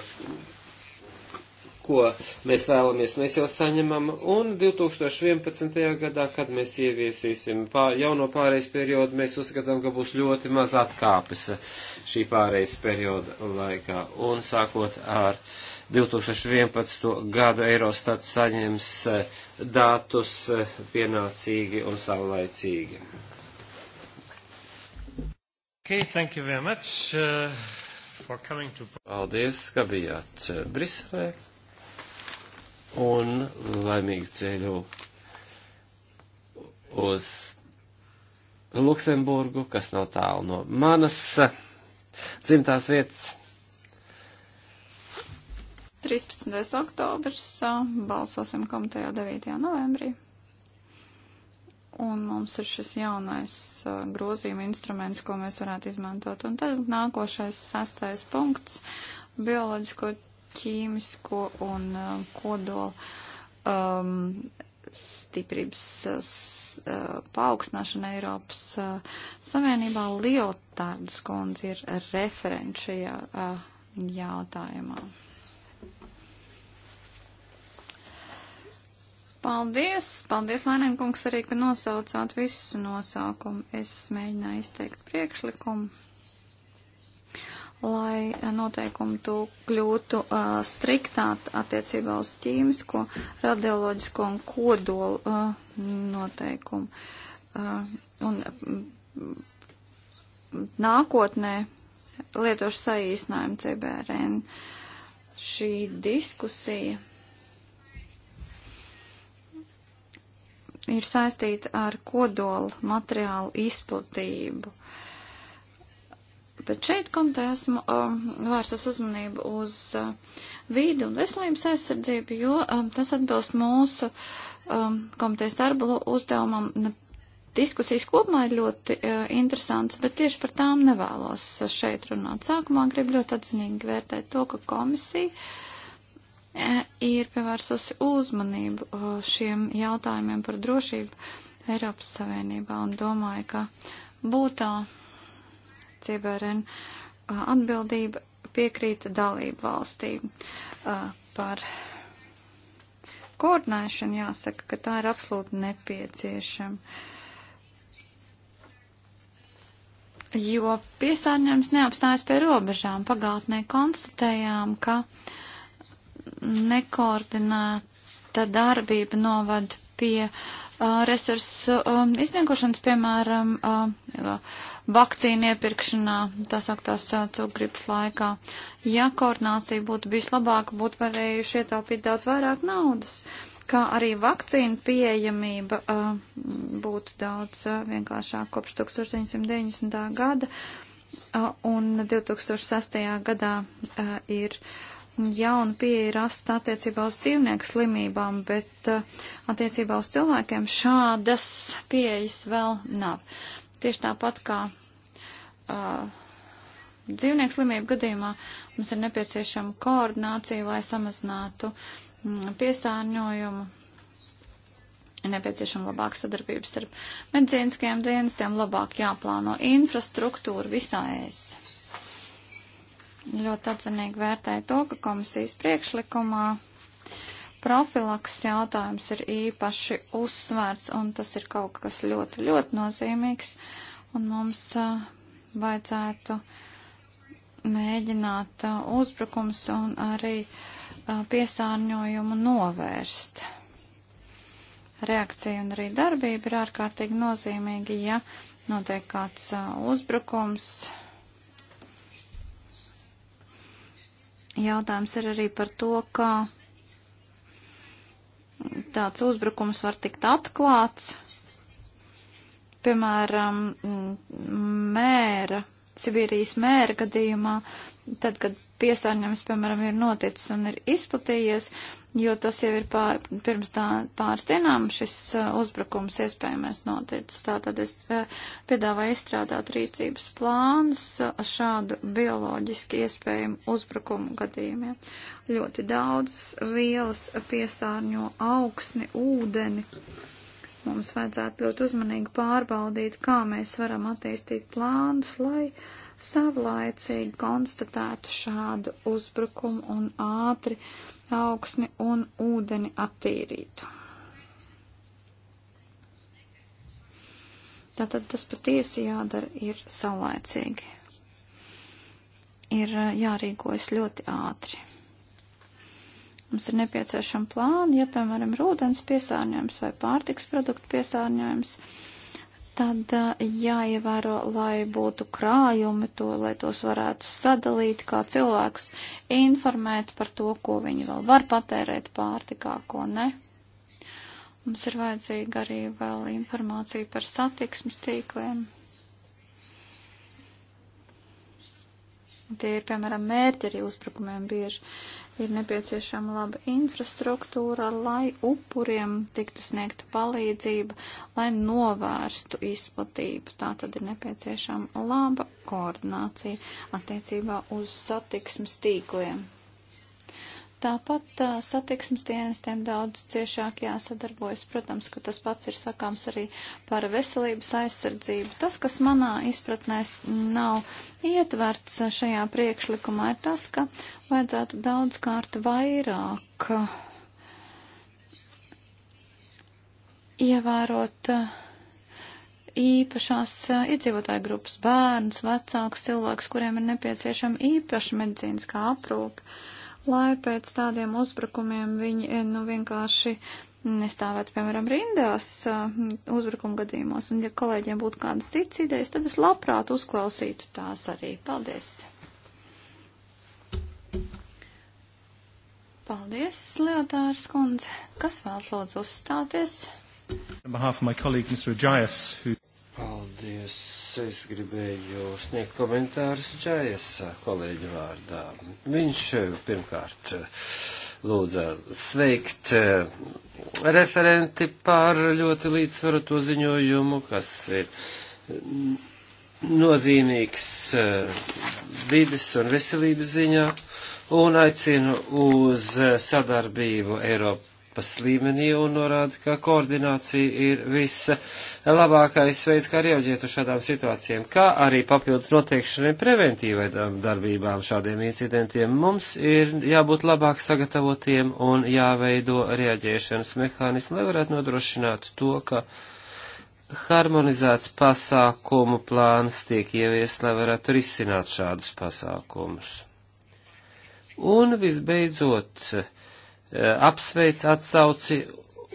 ko mēs vēlamies, mēs jau saņemam, un 2011. gadā, kad mēs ieviesīsim pār, jauno pārejas periodu, mēs uzskatām, ka būs ļoti maz atkāpes šī pārejas perioda laikā, un sākot ar 2011. gadu Eurostat saņems eh, datus eh, pienācīgi un savlaicīgi. Okay, thank you very much. Uh... To... Paldies, ka bijāt eh, Briselē un laimīgu ceļu uz Luksemburgu, kas nav tālu no manas dzimtās vietas. 13. oktobrs balsosim komitejā 9. novembrī. Un mums ir šis jaunais grozījuma instruments, ko mēs varētu izmantot. Un tad nākošais sastais punkts - bioloģisko ķīmisko un uh, kodola um, stiprības uh, paaugstināšana Eiropas uh, Savienībā. Liotārdas kundze ir referents šajā uh, jautājumā. Paldies! Paldies, Lainēn kungs, arī, ka nosaucāt visu nosaukumu. Es mēģināju izteikt priekšlikumu lai eh, noteikumi tu kļūtu uh, striktāt attiecībā uz ķīmisko, radioloģisko un kodolu uh, noteikumu. Uh, un mm, nākotnē lietošu saīsinājumu CBRN šī diskusija ir saistīta ar kodolu materiālu izplatību. Uh, Bet šeit komitē esmu um, vērsas uzmanību uz uh, vīdu un veselības aizsardzību, jo um, tas atbilst mūsu um, komitejas darbu uzdevumam. Nu, diskusijas kopumā ir ļoti uh, interesants, bet tieši par tām nevēlos šeit runāt. Sākumā gribu ļoti atzinīgi vērtēt to, ka komisija uh, ir pievērsusi uzmanību uh, šiem jautājumiem par drošību Eiropas Savienībā un domāju, ka būtā. Uh, CBRN uh, atbildība piekrīt dalību valstīm uh, par koordinēšanu. Jāsaka, ka tā ir absolūti nepieciešama. Jo piesārņojums neapstājas pie robežām. Pagātnē konstatējām, ka nekoordinēta darbība novad pie uh, resursu izniekošanas, piemēram, vakcīnu iepirkšanā, tā sauktās cūkgripas laikā. Ja koordinācija būtu bijusi labāka, būtu varējuši ietaupīt daudz vairāk naudas, kā arī vakcīnu pieejamība būtu daudz vienkāršāk kopš 1990. gada un 2006. gadā ir jauna pieeja rasta attiecībā uz dzīvnieku slimībām, bet uh, attiecībā uz cilvēkiem šādas pieejas vēl nav. Tieši tāpat kā uh, dzīvnieku slimību gadījumā mums ir nepieciešama koordinācija, lai samazinātu mm, piesārņojumu. Ir nepieciešama labāka sadarbība starp medicīniskajiem dienestiem, labāk jāplāno infrastruktūra visā ēst ļoti atzinīgi vērtēja to, ka komisijas priekšlikumā profilaks jautājums ir īpaši uzsvērts, un tas ir kaut kas ļoti, ļoti nozīmīgs, un mums uh, vajadzētu mēģināt uh, uzbrukums un arī uh, piesārņojumu novērst. Reakcija un arī darbība ir ārkārtīgi nozīmīga, ja notiek kāds uzbrukums, Jautājums ir arī par to, kā tāds uzbrukums var tikt atklāts. Piemēram, mēra, Sibīrijas mēra gadījumā, tad, kad piesārņojums, piemēram, ir noticis un ir izplatījies, uh, jo tas jau ir pār, pirms tā, pāris dienām šis uh, uzbrukums iespējamais noticis. Tātad es uh, piedāvāju izstrādāt rīcības plānus uh, šādu bioloģiski iespējamu uzbrukumu gadījumiem. Ļoti daudz vielas piesārņo augsni, ūdeni. Mums vajadzētu ļoti uzmanīgi pārbaudīt, kā mēs varam attīstīt plānus, lai savlaicīgi konstatētu šādu uzbrukumu un ātri uh, augsni un ūdeni attīrītu. Tātad tas patiesi jādara ir saulēcīgi. Ir jārīkojas ļoti ātri. Mums ir nepieciešama plāna, ja, piemēram, ir ūdens piesārņojums vai pārtiks produktu piesārņojums. Uh, tad jāievēro, lai būtu krājumi to, lai tos varētu sadalīt, kā cilvēkus informēt par to, ko viņi vēl var patērēt pārtikā, ko ne. Mums ir vajadzīga arī vēl informācija par satiksmes tīkliem. Tie ir, piemēram, mērķi arī uzbrukumiem bieži. Uh, ir nepieciešama laba infrastruktūra, lai upuriem tiktu sniegta palīdzība, lai novērstu izplatību. Tā tad ir nepieciešama laba koordinācija attiecībā uz satiksmes tīkliem. Tāpat uh, satiksmes dienestiem daudz ciešāk jāsadarbojas. Protams, ka tas pats ir sakāms arī par veselības aizsardzību. Tas, kas manā izpratnē nav ietverts šajā priekšlikumā, ir tas, ka vajadzētu daudz kārt vairāk ievērot īpašās iedzīvotāju grupas bērns, vecāks cilvēks, kuriem ir nepieciešama īpaša medicīniskā aprūpa. Uh, lai pēc tādiem uzbrukumiem viņi eh, nu, vienkārši nestāvētu, piemēram, rindās eh, uzbrukuma gadījumos. Un, ja kolēģiem būtu kādas citas idejas, tad es labprāt uzklausītu tās arī. Paldies! Paldies, Leotārs kundze. Kas vēlas lūdzu uzstāties? Paldies! es gribēju sniegt komentārus Džajas kolēģi vārdā. Viņš eh, pirmkārt eh, lūdza sveikt eh, referenti par ļoti līdzsvaroto ziņojumu, kas ir nozīmīgs vides un veselības ziņā, un aicinu uz sadarbību Eiropas Eiropas līmenī un norāda, ka koordinācija ir vislabākais veids, kā rieģēt uz šādām situācijām, kā arī papildus noteikšanai preventīvai darbībām šādiem incidentiem. Mums ir jābūt labāk sagatavotiem un jāveido rieģēšanas mehānismi, lai varētu nodrošināt to, ka harmonizēts pasākumu plāns tiek ieviest, lai varētu risināt šādus pasākumus. Un visbeidzot, Eh, apsveic atsauci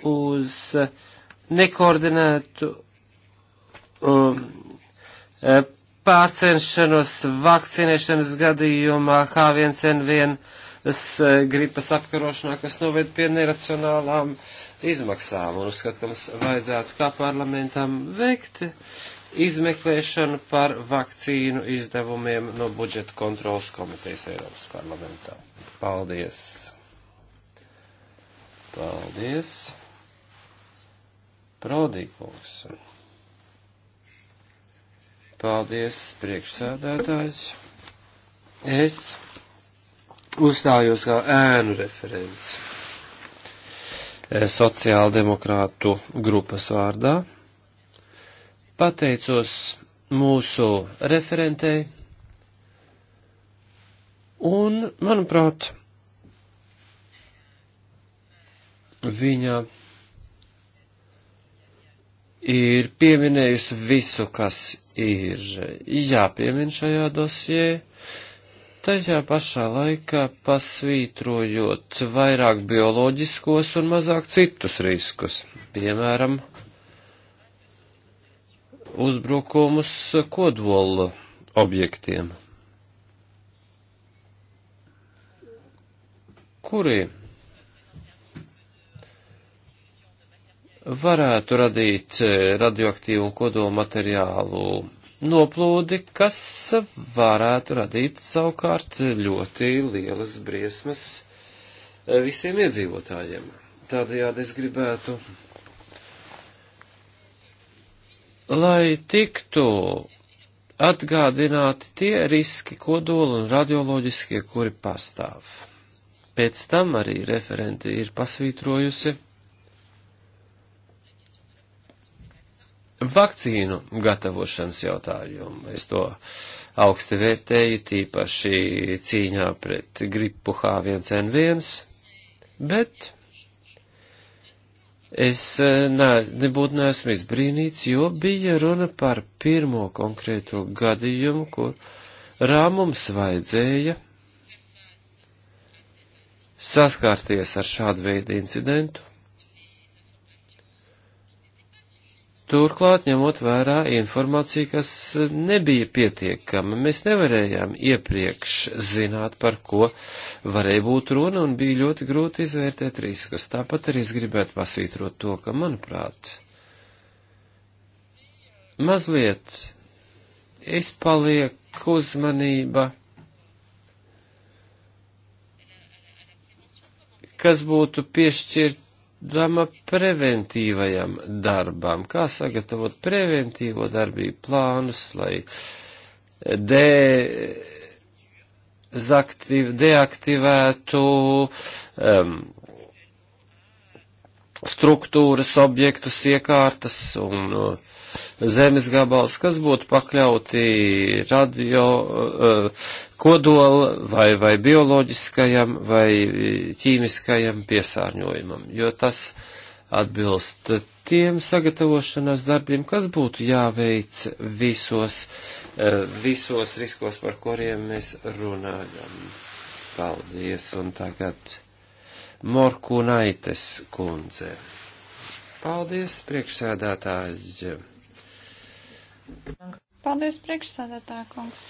uz nekoordinētu um, eh, pārcenšanos vakcinēšanas gadījumā H1N1 eh, gripas apkarošanā, kas noved pie neracionālām izmaksām. Un uzskat, ka mums vajadzētu kā parlamentam veikt izmeklēšanu par vakcīnu izdevumiem no budžeta kontrolas komitejas Eiropas parlamentā. Paldies! Paldies. Prodīkums. Paldies, priekšsēdētājs. Es uzstājos kā ēnu referents eh, sociāldemokrātu grupas vārdā. Pateicos mūsu referentei un, manuprāt, Viņa ir pieminējusi visu, kas ir jāpiemin šajā dosjē, tajā pašā laikā pasvītrojot vairāk bioloģiskos un mazāk citus riskus, piemēram, uzbrukumus kodola objektiem. Kuri varētu radīt e, radioaktīvu un kodolu materiālu noplūdi, kas varētu radīt savukārt ļoti lielas briesmas e, visiem iedzīvotājiem. Tādējādi es gribētu, lai tiktu atgādināti tie riski kodoli un radioloģiskie, kuri pastāv. Pēc tam arī referenti ir pasvītrojusi vakcīnu gatavošanas jautājumu. Es to augsti vērtēju, tīpaši cīņā pret gripu H1N1, bet es eh, ne, nebūtu neesmu izbrīnīts, jo bija runa par pirmo konkrēto gadījumu, kur rāmums vajadzēja saskārties ar šādu veidu incidentu, Turklāt, ņemot vērā informāciju, kas nebija pietiekama, mēs nevarējām iepriekš zināt, par ko varēja būt runa, un bija ļoti grūti izvērtēt riskus. Tāpat arī es gribētu pasvītrot to, ka, manuprāt, mazliet izpaliek uzmanība, kas būtu piešķirt doma preventīvajam darbam, kā sagatavot preventīvo darbību plānus, lai de, zaktiv, deaktivētu um, struktūras, objektus, iekārtas un uh, zemes gabals, kas būtu pakļauti radio uh, kodola vai, vai bioloģiskajam vai ķīmiskajam piesārņojumam, jo tas atbilst tiem sagatavošanās darbiem, kas būtu jāveic visos, eh, visos riskos, par kuriem mēs runājam. Paldies, un tagad Morkunaites kundze. Paldies, priekšsēdētāji. Paldies, priekšsādātā kungs.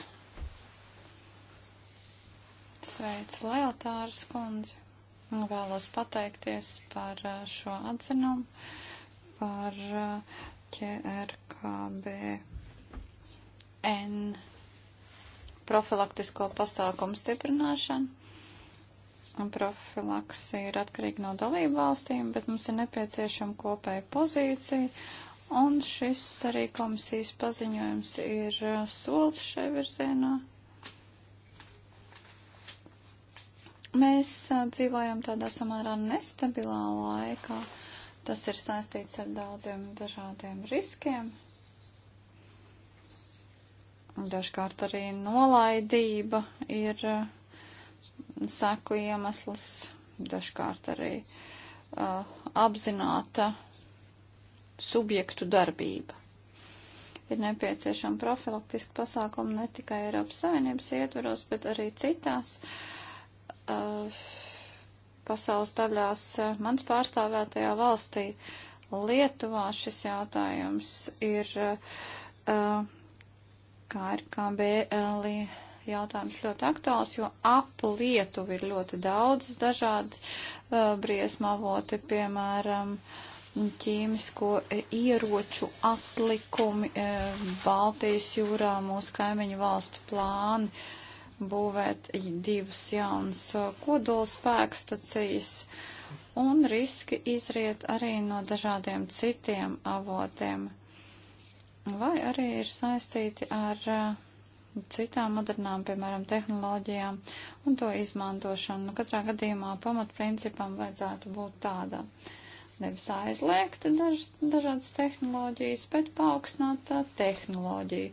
Sveic, Leotāras kundze. Vēlos pateikties par uh, šo atzinumu, par uh, ķerkbn profilaktisko pasākumu stiprināšanu. Profilaksi ir atkarīga no dalību valstīm, bet mums ir nepieciešama kopēja pozīcija Un šis arī komisijas paziņojums ir uh, solis šai virzienā. Mēs uh, dzīvojam tādā samērā nestabilā laikā. Tas ir saistīts ar daudziem dažādiem riskiem. Dažkārt arī nolaidība ir uh, seku iemesls, dažkārt arī uh, apzināta subjektu darbība. Ir nepieciešama profilaktiska pasākuma ne tikai Eiropas Savienības ietvaros, bet arī citās uh, pasaules daļās. Mans pārstāvētajā valstī Lietuvā šis jautājums ir uh, KRKB uh, jautājums ļoti aktuāls, jo ap Lietuvu ir ļoti daudz dažādi uh, briesmavoti, piemēram, uh, ķīmisko e, ieroču atlikumi e, Baltijas jūrā, mūsu kaimiņu valstu plāni būvēt divas jaunas e, kodolspēkstacijas un riski izriet arī no dažādiem citiem avotiem vai arī ir saistīti ar citām modernām, piemēram, tehnoloģijām un to izmantošanu. Nu, katrā gadījumā pamatprincipam vajadzētu būt tādam. Uh, nevis aizliegt daž, dažādas tehnoloģijas, bet paaugstināt uh, tehnoloģiju.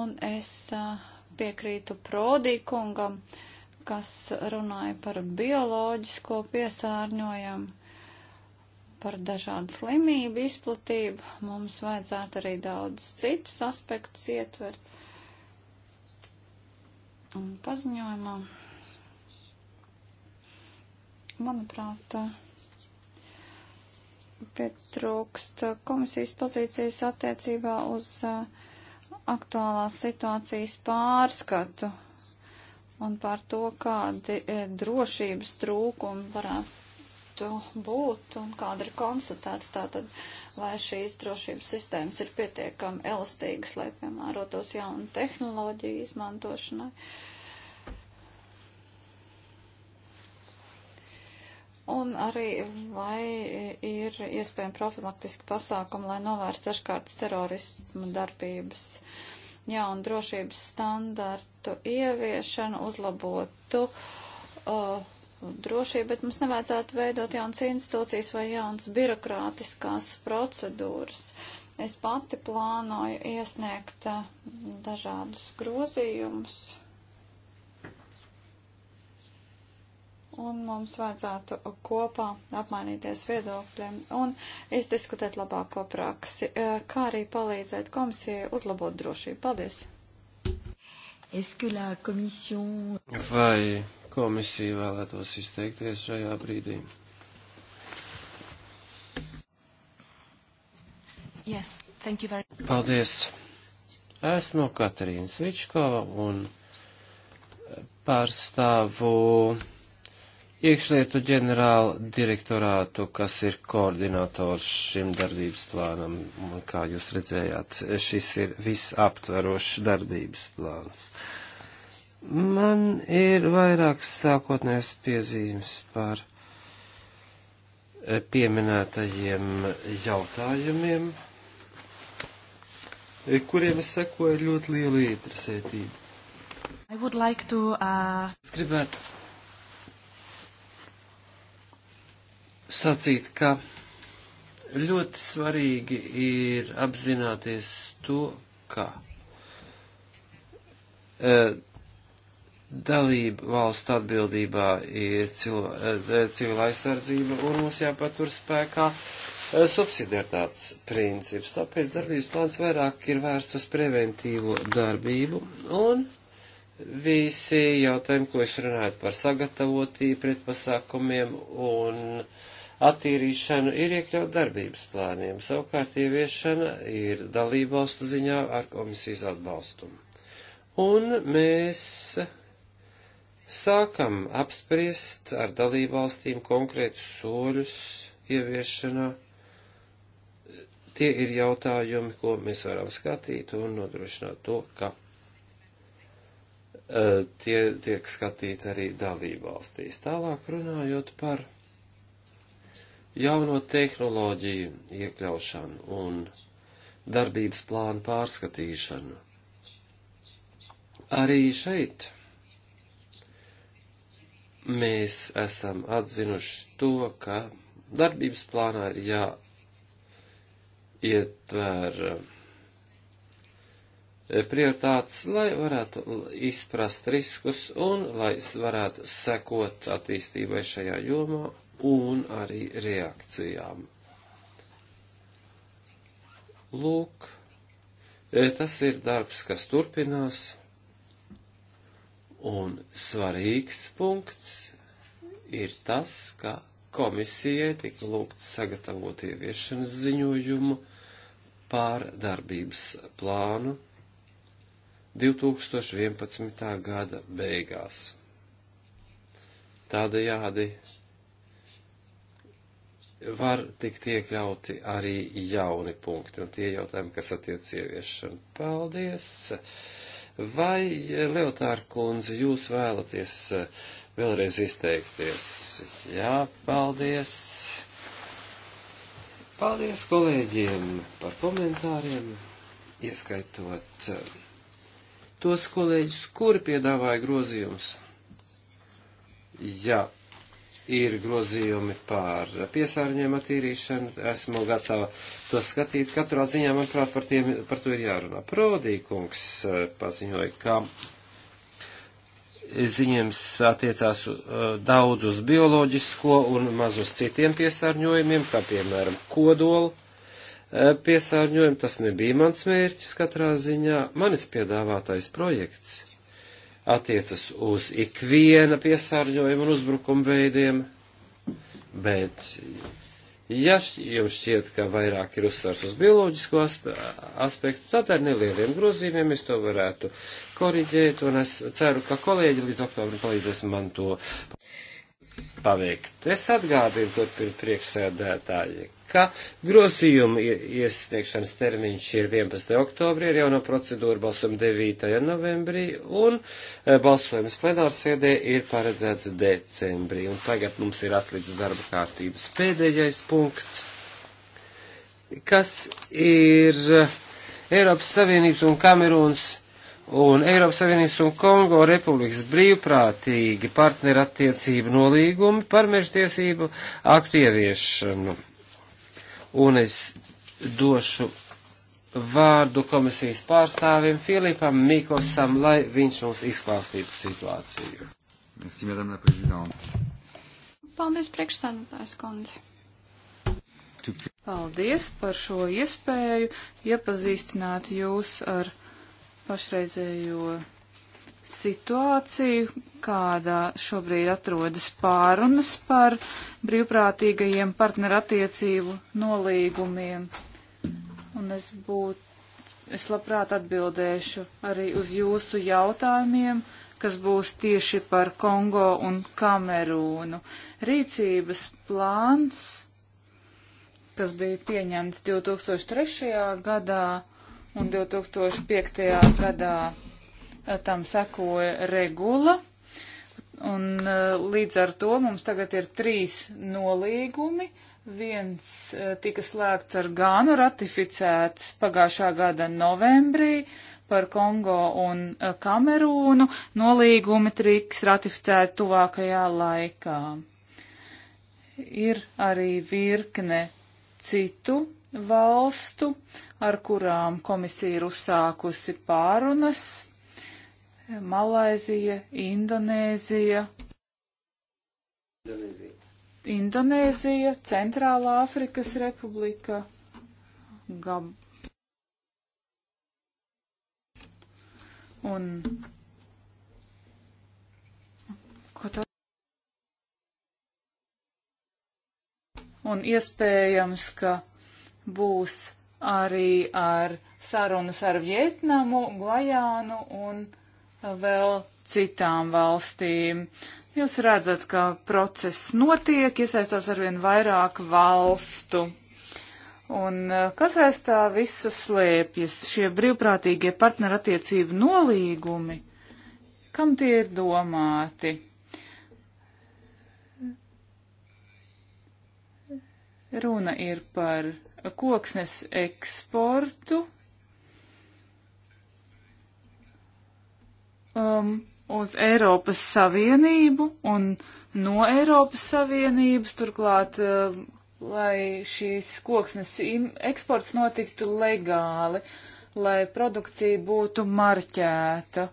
Un es uh, piekrītu Prodī kungam, kas runāja par bioloģisko piesārņojumu, par dažādu slimību izplatību. Mums vajadzētu arī daudz citus aspektus ietvert. Un paziņojumā, manuprāt, uh, pietrūkst komisijas pozīcijas attiecībā uz uh, aktuālās situācijas pārskatu un par to, kādi eh, drošības trūkumi varētu būt un kāda ir konstatēta. Tātad, vai šīs drošības sistēmas ir pietiekami elastīgas, lai piemērotos jaunu tehnoloģiju izmantošanai. Uh, Un arī vai ir iespējami profilaktiski pasākumi, lai novērstu dažkārtas terorismu darbības. Jā, un drošības standartu ieviešanu uzlabotu uh, drošību, bet mums nevajadzētu veidot jaunas institūcijas vai jaunas birokrātiskās procedūras. Es pati plānoju iesniegt uh, dažādus grozījumus. un mums vajadzētu kopā apmainīties viedokļiem un izdiskutēt labāko praksi, eh, kā arī palīdzēt komisijai uzlabot drošību. Paldies! Vai komisija vēlētos izteikties šajā brīdī? Yes, thank you very much. Paldies! Esmu Katarīna Svičkova un pārstāvu iekšlietu ģenerāla direktorātu, kas ir koordinators šim darbības plānam. Un kā jūs redzējāt, šis ir visaptverošs darbības plāns. Man ir vairākas sākotnēs piezīmes par eh, pieminētajiem jautājumiem, eh, kuriem es sekoju ļoti lielu interesētību. Like to, uh... Es gribētu sacīt, ka ļoti svarīgi ir apzināties to, ka e, dalība valsts atbildībā ir e, civila aizsardzība un mums jāpatur spēkā e, subsidiartāts princips. Tāpēc darbības plāns vairāk ir vērsts uz preventīvo darbību un visi jautājumi, ko es runāju par sagatavotību, pretpasākumiem un uh, attīrīšanu ir iekļaut darbības plāniem, savukārt ieviešana ir dalībvalstu ziņā ar komisijas atbalstu. Un mēs sākam apspriest ar dalībvalstīm konkrētus soļus ieviešanā. Tie ir jautājumi, ko mēs varam skatīt un nodrošināt to, ka uh, tie tiek skatīti arī dalībvalstīs. Tālāk runājot par jauno tehnoloģiju iekļaušanu un darbības plānu pārskatīšanu. Arī šeit mēs esam atzinuši to, ka darbības plānā ir jāietver eh, prioritātes, lai varētu izprast riskus un lai varētu sekot attīstībai šajā jomā un arī reakcijām. Lūk, e, tas ir darbs, kas turpinās, un svarīgs punkts ir tas, ka komisijai tika lūgts sagatavot ieviešanas ziņojumu pār darbības plānu 2011. gada beigās. Tādējādi var tikt iekļauti arī jauni punkti un tie jautājumi, kas attiec sieviešanu. Paldies! Vai, Leotāra kundze, jūs vēlaties eh, vēlreiz izteikties? Jā, paldies! Paldies kolēģiem par komentāriem, ieskaitot eh, tos kolēģus, kuri piedāvāja grozījumus. Jā. Ja ir grozījumi par piesārņojumu attīrīšanu. Esmu gatava to skatīt. Katrā ziņā, manuprāt, par, tiem, par to ir jārunā. Prodīkungs eh, paziņoja, ka ziņojums attiecās eh, daudz uz bioloģisko un maz uz citiem piesārņojumiem, kā piemēram kodolu eh, piesārņojumu. Tas nebija mans mērķis katrā ziņā. Manis piedāvātais projekts attiecas uz ikviena piesārņojuma un uzbrukuma veidiem, bet ja jums šķiet, ka vairāk ir uzsvars uz bioloģisko aspektu, tad ar nelieliem grozījumiem es to varētu koriģēt, un es ceru, ka kolēģi līdz oktobrim palīdzēs man to paveikt. Es atgādinu turpin priekšsēdētāji, ka grozījuma iesniegšanas termiņš ir 11. oktobrī, ir jauna procedūra balsojuma 9. novembrī, un e, balsojums plenārsēdē ir paredzēts decembrī. Un tagad mums ir atlicis darba kārtības pēdējais punkts, kas ir e, Eiropas Savienības un Kamerūnas un Eiropas Savienības un Kongo Republikas brīvprātīgi partnerattiecību nolīgumi par mežtiesību aktu ieviešanu un es došu vārdu komisijas pārstāvim Filipam Mikosam, lai viņš mums izklāstītu situāciju. Merci, madame la présidente. Paldies, priekšsēdētājs kundze. Paldies par šo iespēju iepazīstināt jūs ar pašreizējo situāciju, kādā šobrīd atrodas pārunas par brīvprātīgajiem partnerattiecību nolīgumiem. Un es būtu, es labprāt atbildēšu arī uz jūsu jautājumiem, kas būs tieši par Kongo un Kamerūnu. Rīcības plāns, kas bija pieņemts 2003. gadā un 2005. gadā tam sekoja regula, un eh, līdz ar to mums tagad ir trīs nolīgumi. Viens eh, tika slēgts ar Gānu, ratificēts pagājušā gada novembrī, par Kongo un eh, Kamerūnu nolīgumi triks ratificēt tuvākajā laikā. Ir arī virkne citu valstu, ar kurām komisija ir uzsākusi pārunas. Malaizija, Indonēzija. Indonēzija, Indonēzija Centrālā Afrikas Republika, Gab. Un un iespējams, ka būs arī ar sarunas ar Vietnamu, Gvajānu un vēl citām valstīm. Jūs redzat, ka process notiek, iesaistās arvien vairāk valstu. Un e, kas aiz tā visa slēpjas? Šie brīvprātīgie partnerattiecību nolīgumi, kam tie ir domāti? Runa ir par koksnes eksportu um, uz Eiropas Savienību un no Eiropas Savienības, turklāt, um, lai šīs koksnes eksports notiktu legāli, lai produkcija būtu marķēta.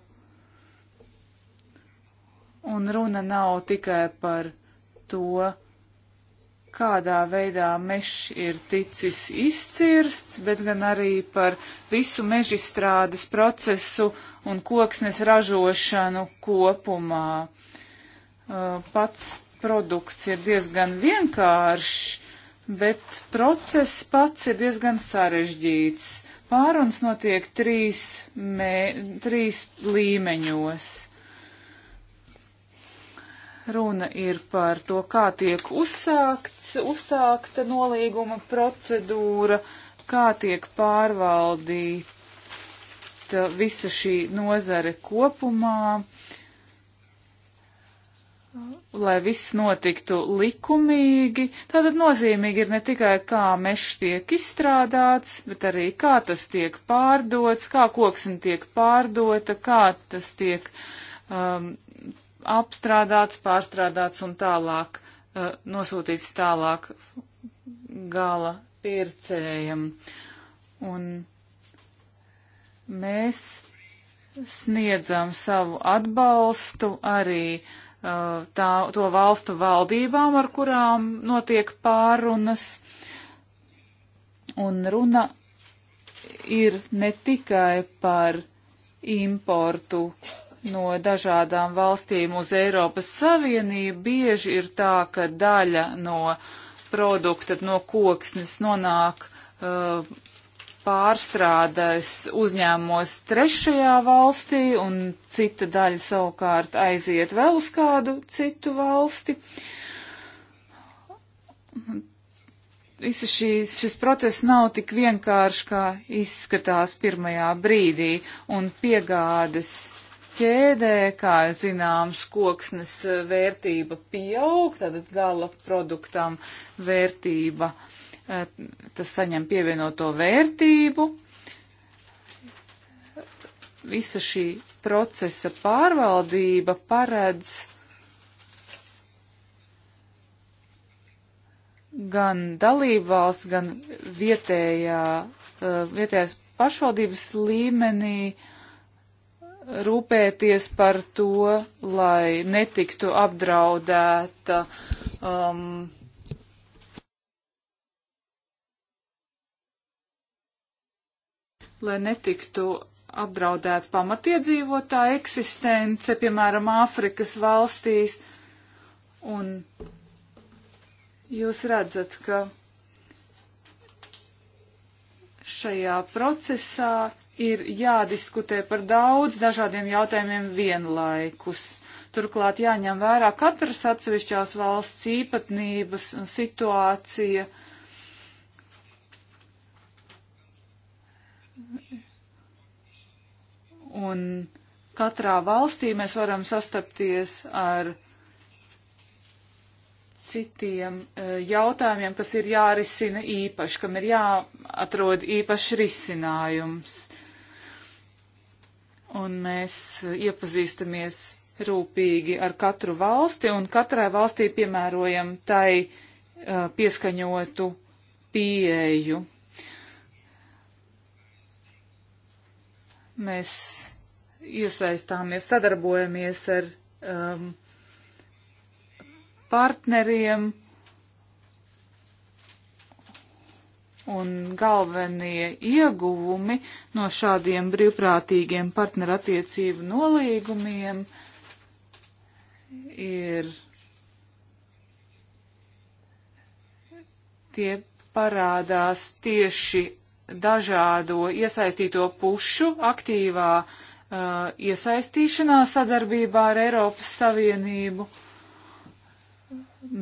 Un runa nav tikai par to, kādā veidā mežs ir ticis izcirsts, bet gan arī par visu mežstrādes procesu un koksnes ražošanu kopumā. Uh, pats produkts ir diezgan vienkāršs, bet process pats ir diezgan sarežģīts. Pārunas notiek trīs, mē, trīs līmeņos Runa ir par to, kā tiek uzsākts, uzsākta nolīguma procedūra, kā tiek pārvaldīta visa šī nozare kopumā, lai viss notiktu likumīgi. Tātad nozīmīgi ir ne tikai, kā mešs tiek izstrādāts, bet arī, kā tas tiek pārdots, kā koksne tiek pārdota, kā tas tiek um, apstrādāts, pārstrādāts un tālāk uh, nosūtīts tālāk gala pircējam. Un mēs sniedzam savu atbalstu arī uh, tā, to valstu valdībām, ar kurām notiek pārunas. Un runa ir ne tikai par importu no dažādām valstīm uz Eiropas Savienību, bieži ir tā, ka daļa no produkta, no koksnes nonāk uh, pārstrādes uzņēmumos trešajā valstī un cita daļa savukārt aiziet vēl uz kādu citu valsti. Visa šīs, šis process nav tik vienkārši, kā izskatās pirmajā brīdī, un piegādes ķēdē, kā zināms, koksnes eh, vērtība pieaug, tad gala produktam vērtība, eh, tas saņem pievienoto vērtību. Visa šī procesa pārvaldība paredz gan dalībvalsts, gan vietējā, eh, vietējās pašvaldības līmenī uh, rūpēties par to, lai netiktu apdraudēta um, lai netiktu apdraudēta pamatiedzīvotā eksistence, piemēram, Āfrikas valstīs. Un jūs redzat, ka šajā procesā ir jādiskutē par daudz dažādiem jautājumiem vienlaikus. Turklāt jāņem vērā katras atsevišķās valsts īpatnības un situācija. Un katrā valstī mēs varam sastapties ar citiem e, jautājumiem, kas ir jārisina īpaši, kam ir jāatrod īpašs risinājums un mēs iepazīstamies rūpīgi ar katru valsti un katrai valstī piemērojam tai uh, pieskaņotu pieeju. Mēs iesaistāmies, sadarbojamies ar um, partneriem un galvenie ieguvumi no šādiem brīvprātīgiem partnerattiecību nolīgumiem ir tie parādās tieši dažādo iesaistīto pušu aktīvā uh, iesaistīšanā sadarbībā ar Eiropas Savienību. Uh,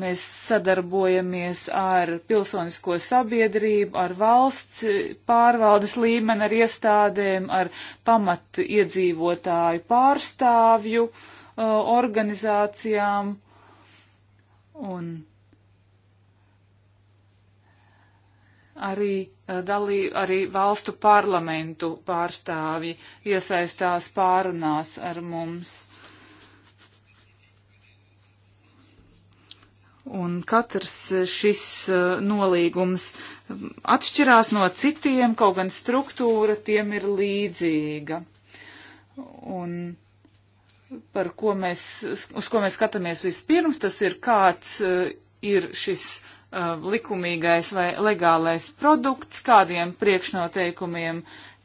Mēs sadarbojamies ar pilsonisko sabiedrību, ar valsts pārvaldes līmeni, ar iestādēm, ar pamat iedzīvotāju pārstāvju uh, organizācijām. Un arī, uh, dalī, arī valstu parlamentu pārstāvji iesaistās pārunās ar mums. Un katrs e, šis e, nolīgums atšķirās no citiem, kaut gan struktūra tiem ir līdzīga. Un par ko mēs, uz ko mēs skatāmies vispirms, tas ir kāds e, ir šis likumīgais vai legālais produkts, kādiem priekšnoteikumiem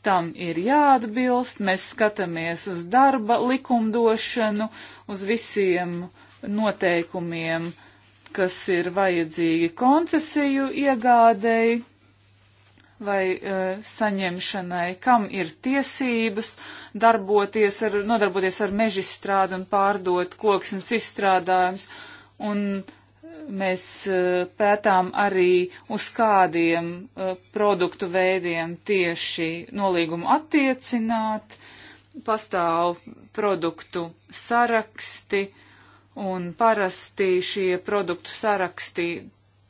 tam ir jāatbilst. Mēs skatāmies uz darba likumdošanu, uz visiem noteikumiem, uh, kas ir vajadzīgi koncesiju iegādēji vai uh, saņemšanai, kam ir tiesības darboties ar, nodarboties ar mežizstrādu un pārdot koksnes izstrādājums. Un mēs uh, pētām arī uz kādiem uh, produktu veidiem tieši nolīgumu attiecināt. Pastāv produktu saraksti, uh, Un parasti šie produktu saraksti,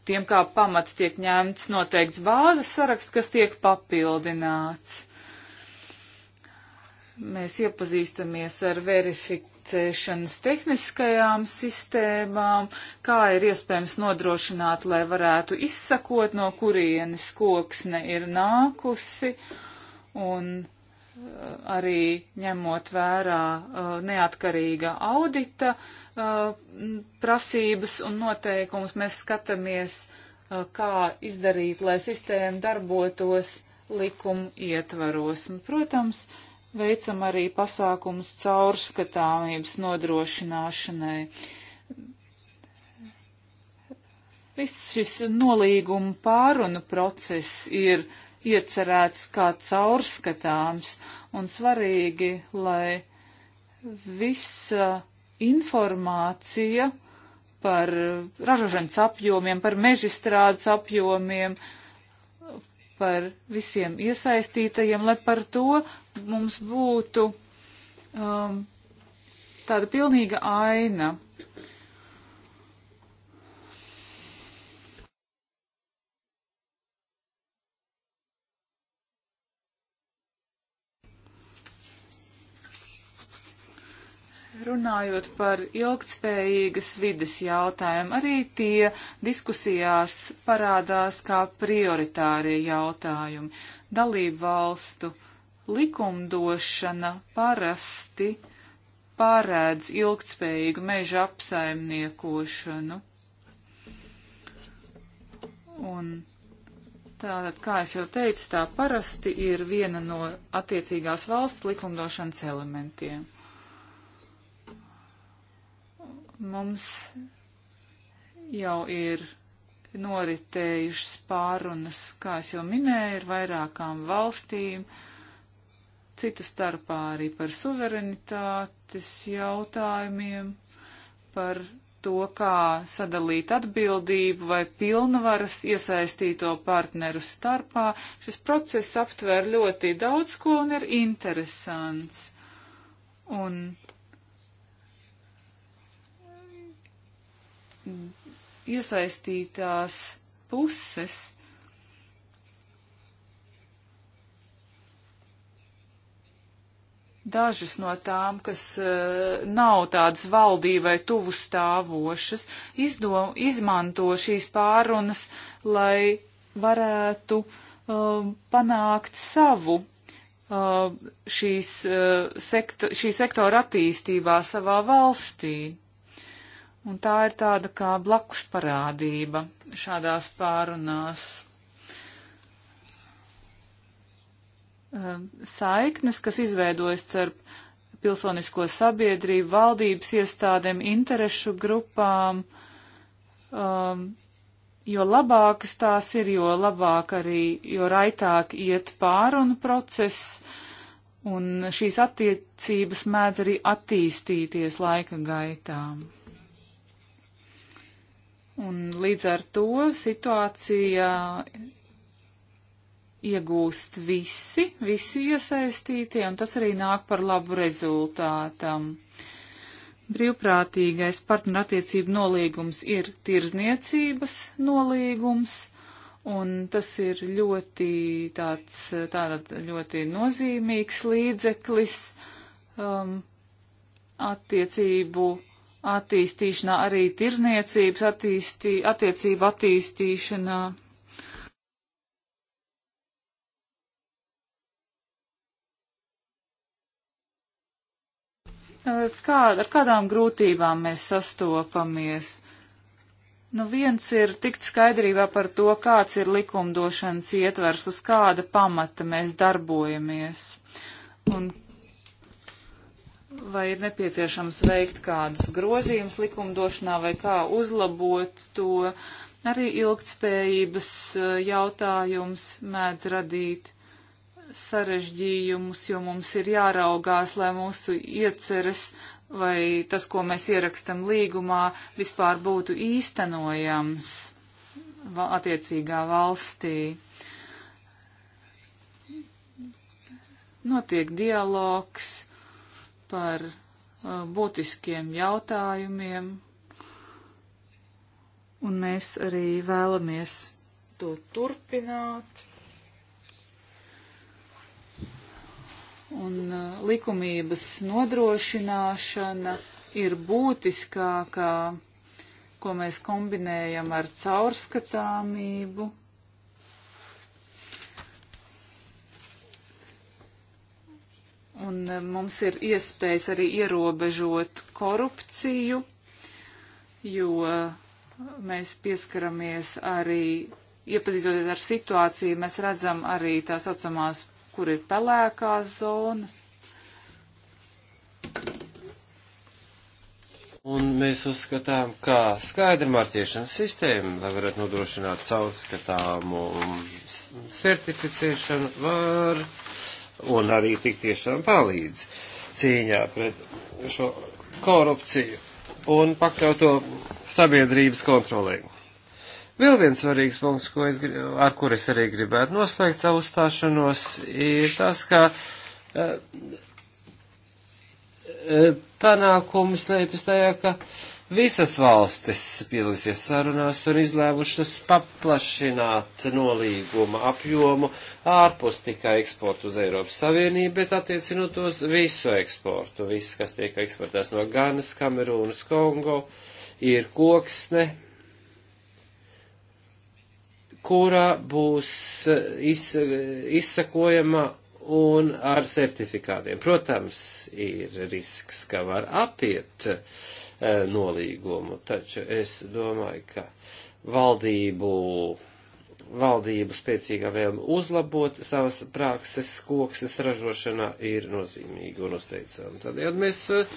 tiem kā pamats tiek ņemts noteikts bāzes saraksts, kas tiek papildināts. Mēs iepazīstamies ar verificēšanas tehniskajām sistēmām, kā ir iespējams nodrošināt, lai varētu izsakot, no kurienes koksne ir nākusi. Un arī ņemot vērā uh, neatkarīga audita uh, prasības un noteikumus, mēs skatāmies, uh, kā izdarīt, lai sistēma darbotos likuma ietvaros. Un, protams, veicam arī pasākumus caurskatāmības nodrošināšanai. Viss šis nolīguma pārunu process ir uh, iecerēts kā caurskatāms un svarīgi, lai visa informācija par ražošanas apjomiem, par mežistrādes apjomiem, par visiem iesaistītajiem, lai par to mums būtu um, tāda pilnīga aina. runājot par ilgtspējīgas vides jautājumu, arī tie diskusijās parādās kā prioritārie jautājumi. Dalību valstu likumdošana parasti pārēdz ilgtspējīgu meža apsaimniekošanu. Un tātad, kā es jau teicu, tā parasti ir viena no attiecīgās valsts likumdošanas elementiem mums jau ir noritējušas pārunas, kā es jau minēju, ar vairākām valstīm, cita starpā arī par suverenitātes jautājumiem, par to, kā sadalīt atbildību vai pilnvaras iesaistīto partneru starpā. Šis process aptver ļoti daudz ko un ir interesants. Un iesaistītās puses dažas no tām, kas uh, nav tādas valdībai tuvu stāvošas, izdo, izmanto šīs pārunas, lai varētu uh, panākt savu uh, šīs, sektor, šī sektora attīstībā savā valstī. Un tā ir tāda kā blakus parādība šādās pārunās. Ehm, saiknes, kas izveidojas ar pilsonisko sabiedrību, valdības iestādēm, interešu grupām, um, jo labākas tās ir, jo labāk arī, jo raitāk iet pārunu process, un šīs attiecības mēdz arī attīstīties laika gaitām. Un līdz ar to situācija iegūst visi, visi iesaistītie, un tas arī nāk par labu rezultātam. Brīvprātīgais partnerattiecību nolīgums ir tirzniecības nolīgums, un tas ir ļoti tāds, tātad ļoti nozīmīgs līdzeklis um, attiecību attīstīšanā, arī tirniecības attīstī, attiecību attīstīšanā. Kā, ar kādām grūtībām mēs sastopamies? Nu, viens ir tikt skaidrībā par to, kāds ir likumdošanas ietvers, uz kāda pamata mēs darbojamies un vai ir nepieciešams veikt kādus grozījumus likumdošanā vai kā uzlabot to. Arī ilgtspējības eh, jautājums mēdz radīt sarežģījumus, jo mums ir jāraugās, lai mūsu ieceres vai tas, ko mēs ierakstam līgumā, vispār būtu īstenojams attiecīgā valstī. Notiek dialogs par uh, būtiskiem jautājumiem, un mēs arī vēlamies to turpināt. Un uh, likumības nodrošināšana ir būtiskākā, ko mēs kombinējam ar caurskatāmību Un eh, mums ir iespējas arī ierobežot korupciju, jo eh, mēs pieskaramies arī, iepazīstoties ar situāciju, mēs redzam arī tā saucamās, kur ir pelēkās zonas. Un mēs uzskatām, ka skaidra marķēšanas sistēma, lai varētu nodrošināt caurskatāmu certificēšanu, var un arī tik tiešām palīdz cīņā pret šo korupciju un pakļauto sabiedrības kontrolē. Vēl viens svarīgs punkts, ko es, ar kur es arī gribētu noslēgt savu stāšanos, ir tas, ka eh, eh, panākums slēpjas tajā, ka visas valstis piedalīsies sarunās un izlēmušas paplašināt nolīguma apjomu ārpus tikai eksportu uz Eiropas Savienību, bet attiecinot uz visu eksportu. Viss, kas tiek eksportēts no Ganas, Kamerūnas, Kongo, ir koksne, kurā būs eh, iz, izsakojama un ar certifikātiem. Protams, ir risks, ka var apiet e, nolīgumu, taču es domāju, ka valdību valdību spēcīgā vēlme uzlabot savas prakses koksnes ražošanā ir nozīmīga un uzteicama. Tādējādi mēs eh,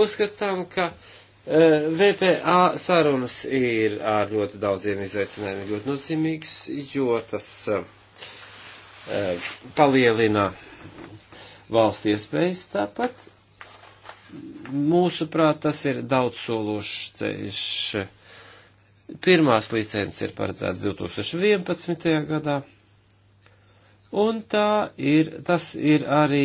uzskatām, ka eh, VPA sarunas ir ar ļoti daudziem izaicinājumiem ļoti nozīmīgs, jo tas eh, palielina valsts iespējas tāpat. Mūsuprāt, tas ir daudz sološs ceļš Pirmās licences ir paredzētas 2011. gadā. Un tā ir, tas ir arī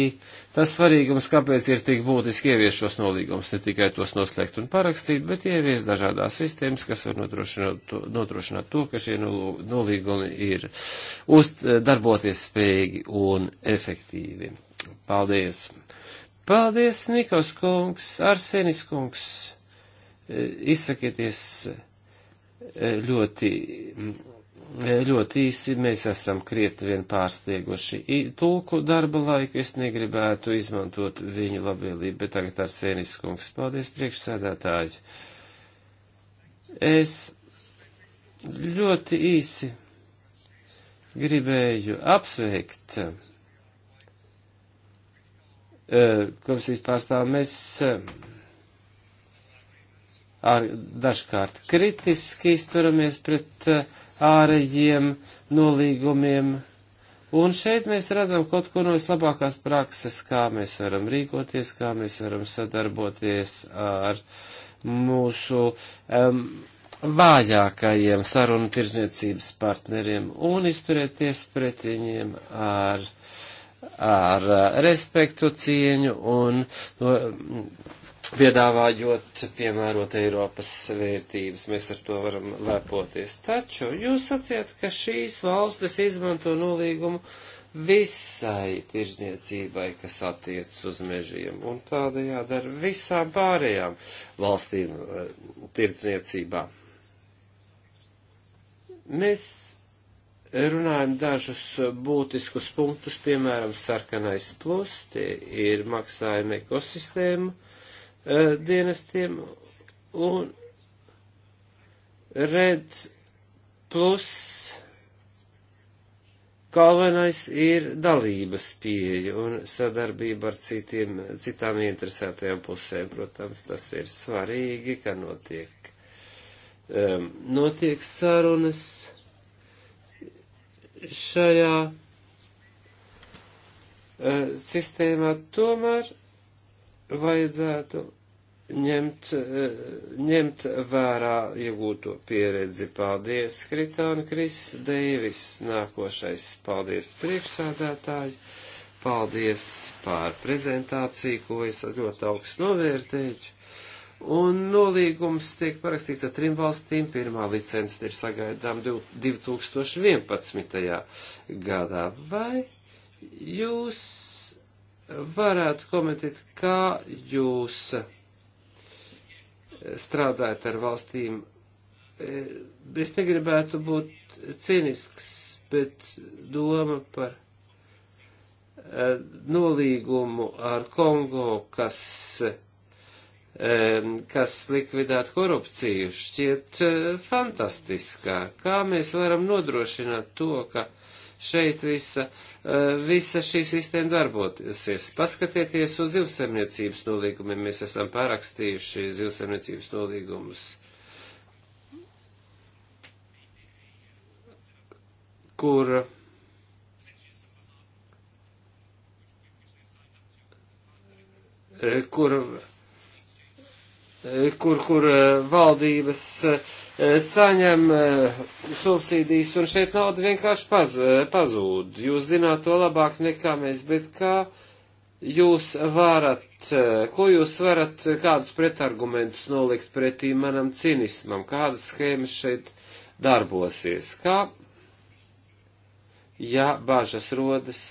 tas svarīgums, kāpēc ir tik būtiski ievies šos nolīgumus, ne tikai tos noslēgt un parakstīt, bet ievies dažādās sistēmas, kas var nodrošināt to, nodrošināt to ka šie nolīgumi ir uzt, darboties spējīgi un efektīvi. Paldies! Paldies, Nikos kungs, Arsenis kungs, e, izsakieties! ļoti, mm, ļoti īsi. Mēs esam krietni vien pārsnieguši tulku darba laiku. Es negribētu izmantot viņu labvēlību, bet tagad ar sēnis kungs. Paldies, priekšsēdētāji. Es ļoti īsi gribēju apsveikt eh, komisijas pārstāvu. Mēs eh, ar dažkārt kritiski izturamies pret eh, ārējiem nolīgumiem. Un šeit mēs redzam kaut ko no vislabākās prakses, kā mēs varam rīkoties, kā mēs varam sadarboties ar mūsu um, vājākajiem sarunu tirzniecības partneriem un izturēties pret viņiem ar, ar eh, respektu, cieņu un. No, piedāvājot piemērot Eiropas vērtības, mēs ar to varam lepoties. Taču jūs sacījat, ka šīs valstis izmanto nolīgumu visai tirzniecībai, kas attiec uz mežiem, un tāda jādara visām pārējām valstīm eh, tirzniecībā. Mēs runājam dažus būtiskus punktus, piemēram, sarkanais plus, tie ir maksājumi ekosistēmu, Uh, dienestiem un redz plus galvenais ir dalības pieeja un sadarbība ar citiem, citām interesētajām pusēm. Protams, tas ir svarīgi, ka notiek, um, notiek sarunas šajā uh, sistēmā. Tomēr vajadzētu ņemt, eh, ņemt vērā iegūto pieredzi. Paldies, Kritāna Kris Deivis, nākošais. Paldies, priekšsādātāji. Paldies par prezentāciju, ko es ļoti augstu novērtēju. Un nolīgums tiek parakstīts ar trim valstīm. Pirmā licence ir sagaidām 2011. gadā. Vai jūs varētu komentēt, kā jūs strādājat ar valstīm. Eh, es negribētu būt cīnisks, bet doma par eh, nolīgumu ar Kongo, kas, eh, kas likvidētu korupciju, šķiet fantastiskā. Kā mēs varam nodrošināt to, ka šeit visa, eh, visa šī sistēma darbosies. Paskatieties uz zivsemniecības nolīgumiem. Mēs esam pārakstījuši zivsemniecības nolīgumus. kur eh, eh, kur kur, kur valdības uh, Eh, saņem eh, subsīdijas un šeit nauda vienkārši paz, eh, pazūd. Jūs zināt to labāk nekā mēs, bet kā jūs varat, ko jūs varat, kādus pretargumentus nolikt pretī manam cinismam, kādas schēmas šeit darbosies, kā, ja bāžas rodas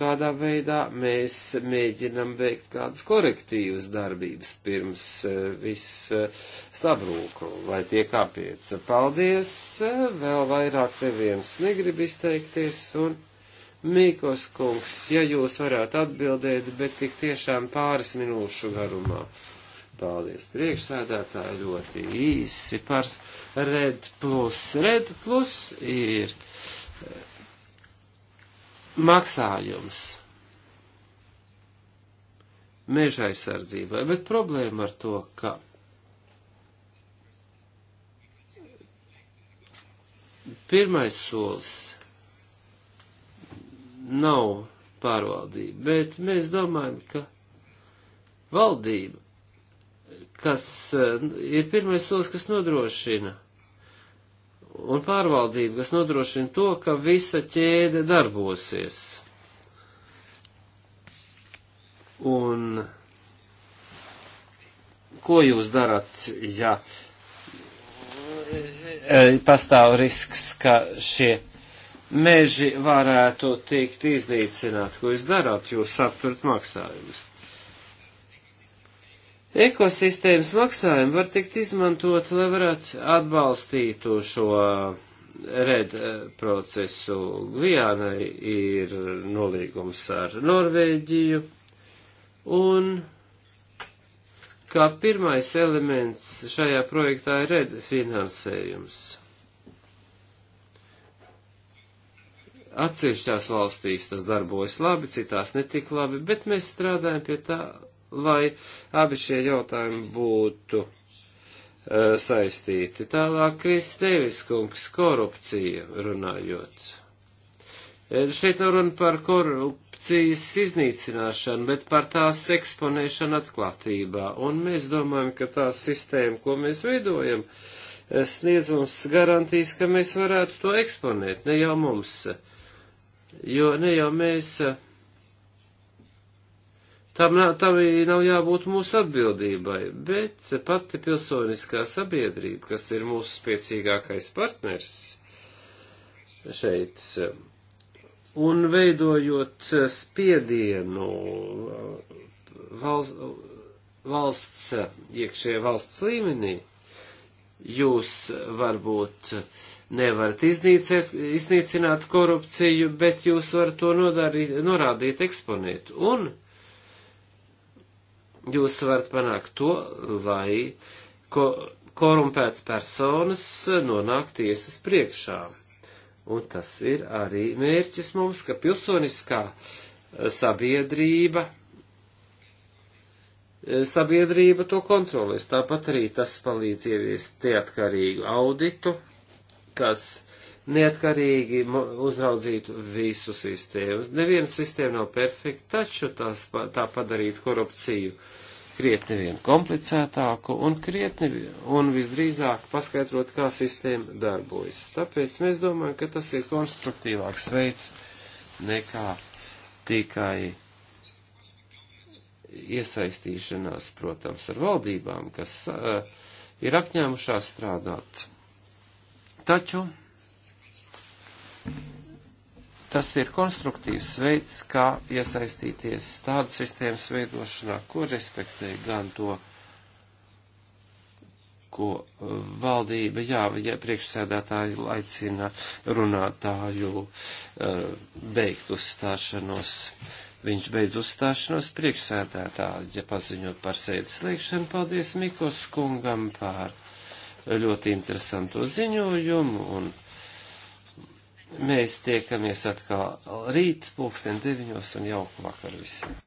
kādā veidā mēs mēģinam veikt kādas korektīvas darbības pirms eh, viss eh, sabrūk vai tiek apiets. Paldies, vēl vairāk neviens negrib izteikties un Mīkos kungs, ja jūs varētu atbildēt, bet tik tiešām pāris minūšu garumā. Paldies, priekšsēdētāji, ļoti īsi par Red Plus. Red Plus ir maksājums meža aizsardzībai, bet problēma ar to, ka pirmais solis nav pārvaldība, bet mēs domājam, ka valdība, kas eh, ir pirmais solis, kas nodrošina un pārvaldību, kas nodrošina to, ka visa ķēde darbosies. Un ko jūs darat, ja e, pastāv risks, ka šie meži varētu tikt iznīcināti? Ko jūs darat? Jūs apturat maksājumus. Ekosistēmas maksājumi var tikt izmantot, lai varētu atbalstīt šo eh, red eh, procesu. Gvijānai ir nolīgums ar Norvēģiju, un kā pirmais elements šajā projektā ir red finansējums. Atsevišķās valstīs tas darbojas labi, citās netik labi, bet mēs strādājam pie tā, lai abi šie jautājumi būtu uh, saistīti. Tālāk Kris Deviskungs, korupcija runājot. Eh, šeit nav runa par korupcijas iznīcināšanu, bet par tās eksponēšanu atklātībā. Un mēs domājam, ka tā sistēma, ko mēs veidojam, eh, sniedz mums garantīs, ka mēs varētu to eksponēt, ne jau mums. Jo ne jau mēs uh, Tam, tam nav jābūt mūsu atbildībai, bet pati pilsoniskā sabiedrība, kas ir mūsu spēcīgākais partners šeit, un veidojot spiedienu valsts, valsts iekšējā valsts līmenī, jūs varbūt nevarat iznīcēt, iznīcināt korupciju, bet jūs varat to nodarīt, norādīt, eksponēt. Un jūs varat panākt to, lai ko, korumpēts personas nonāk tiesas priekšā. Un tas ir arī mērķis mums, ka pilsoniskā eh, sabiedrība, eh, sabiedrība to kontrolēs. Tāpat arī tas palīdz ieviest neatkarīgu auditu, kas neatkarīgi uzraudzītu visu sistēmu. Neviena sistēma nav perfekta, taču tās, tā padarītu korupciju uh, krietni vien komplicētāku un krietni un visdrīzāk paskaidrot, kā sistēma darbojas. Tāpēc mēs domājam, ka tas ir konstruktīvāks veids nekā tikai iesaistīšanās, protams, ar valdībām, kas uh, ir apņēmušās strādāt. Taču Tas ir konstruktīvs veids, kā iesaistīties tādas sistēmas veidošanā, ko respektē gan to, ko uh, valdība, jā, ja priekšsēdētāji aicina runātāju uh, beigt uzstāšanos. Viņš beidz uzstāšanos priekšsēdētāja paziņot par sēdes slēgšanu. Paldies Mikos kungam par ļoti interesantu ziņojumu. Un, uh, Mēs tiekamies atkal rīt, pulksten deviņos un jauku vakaru visiem.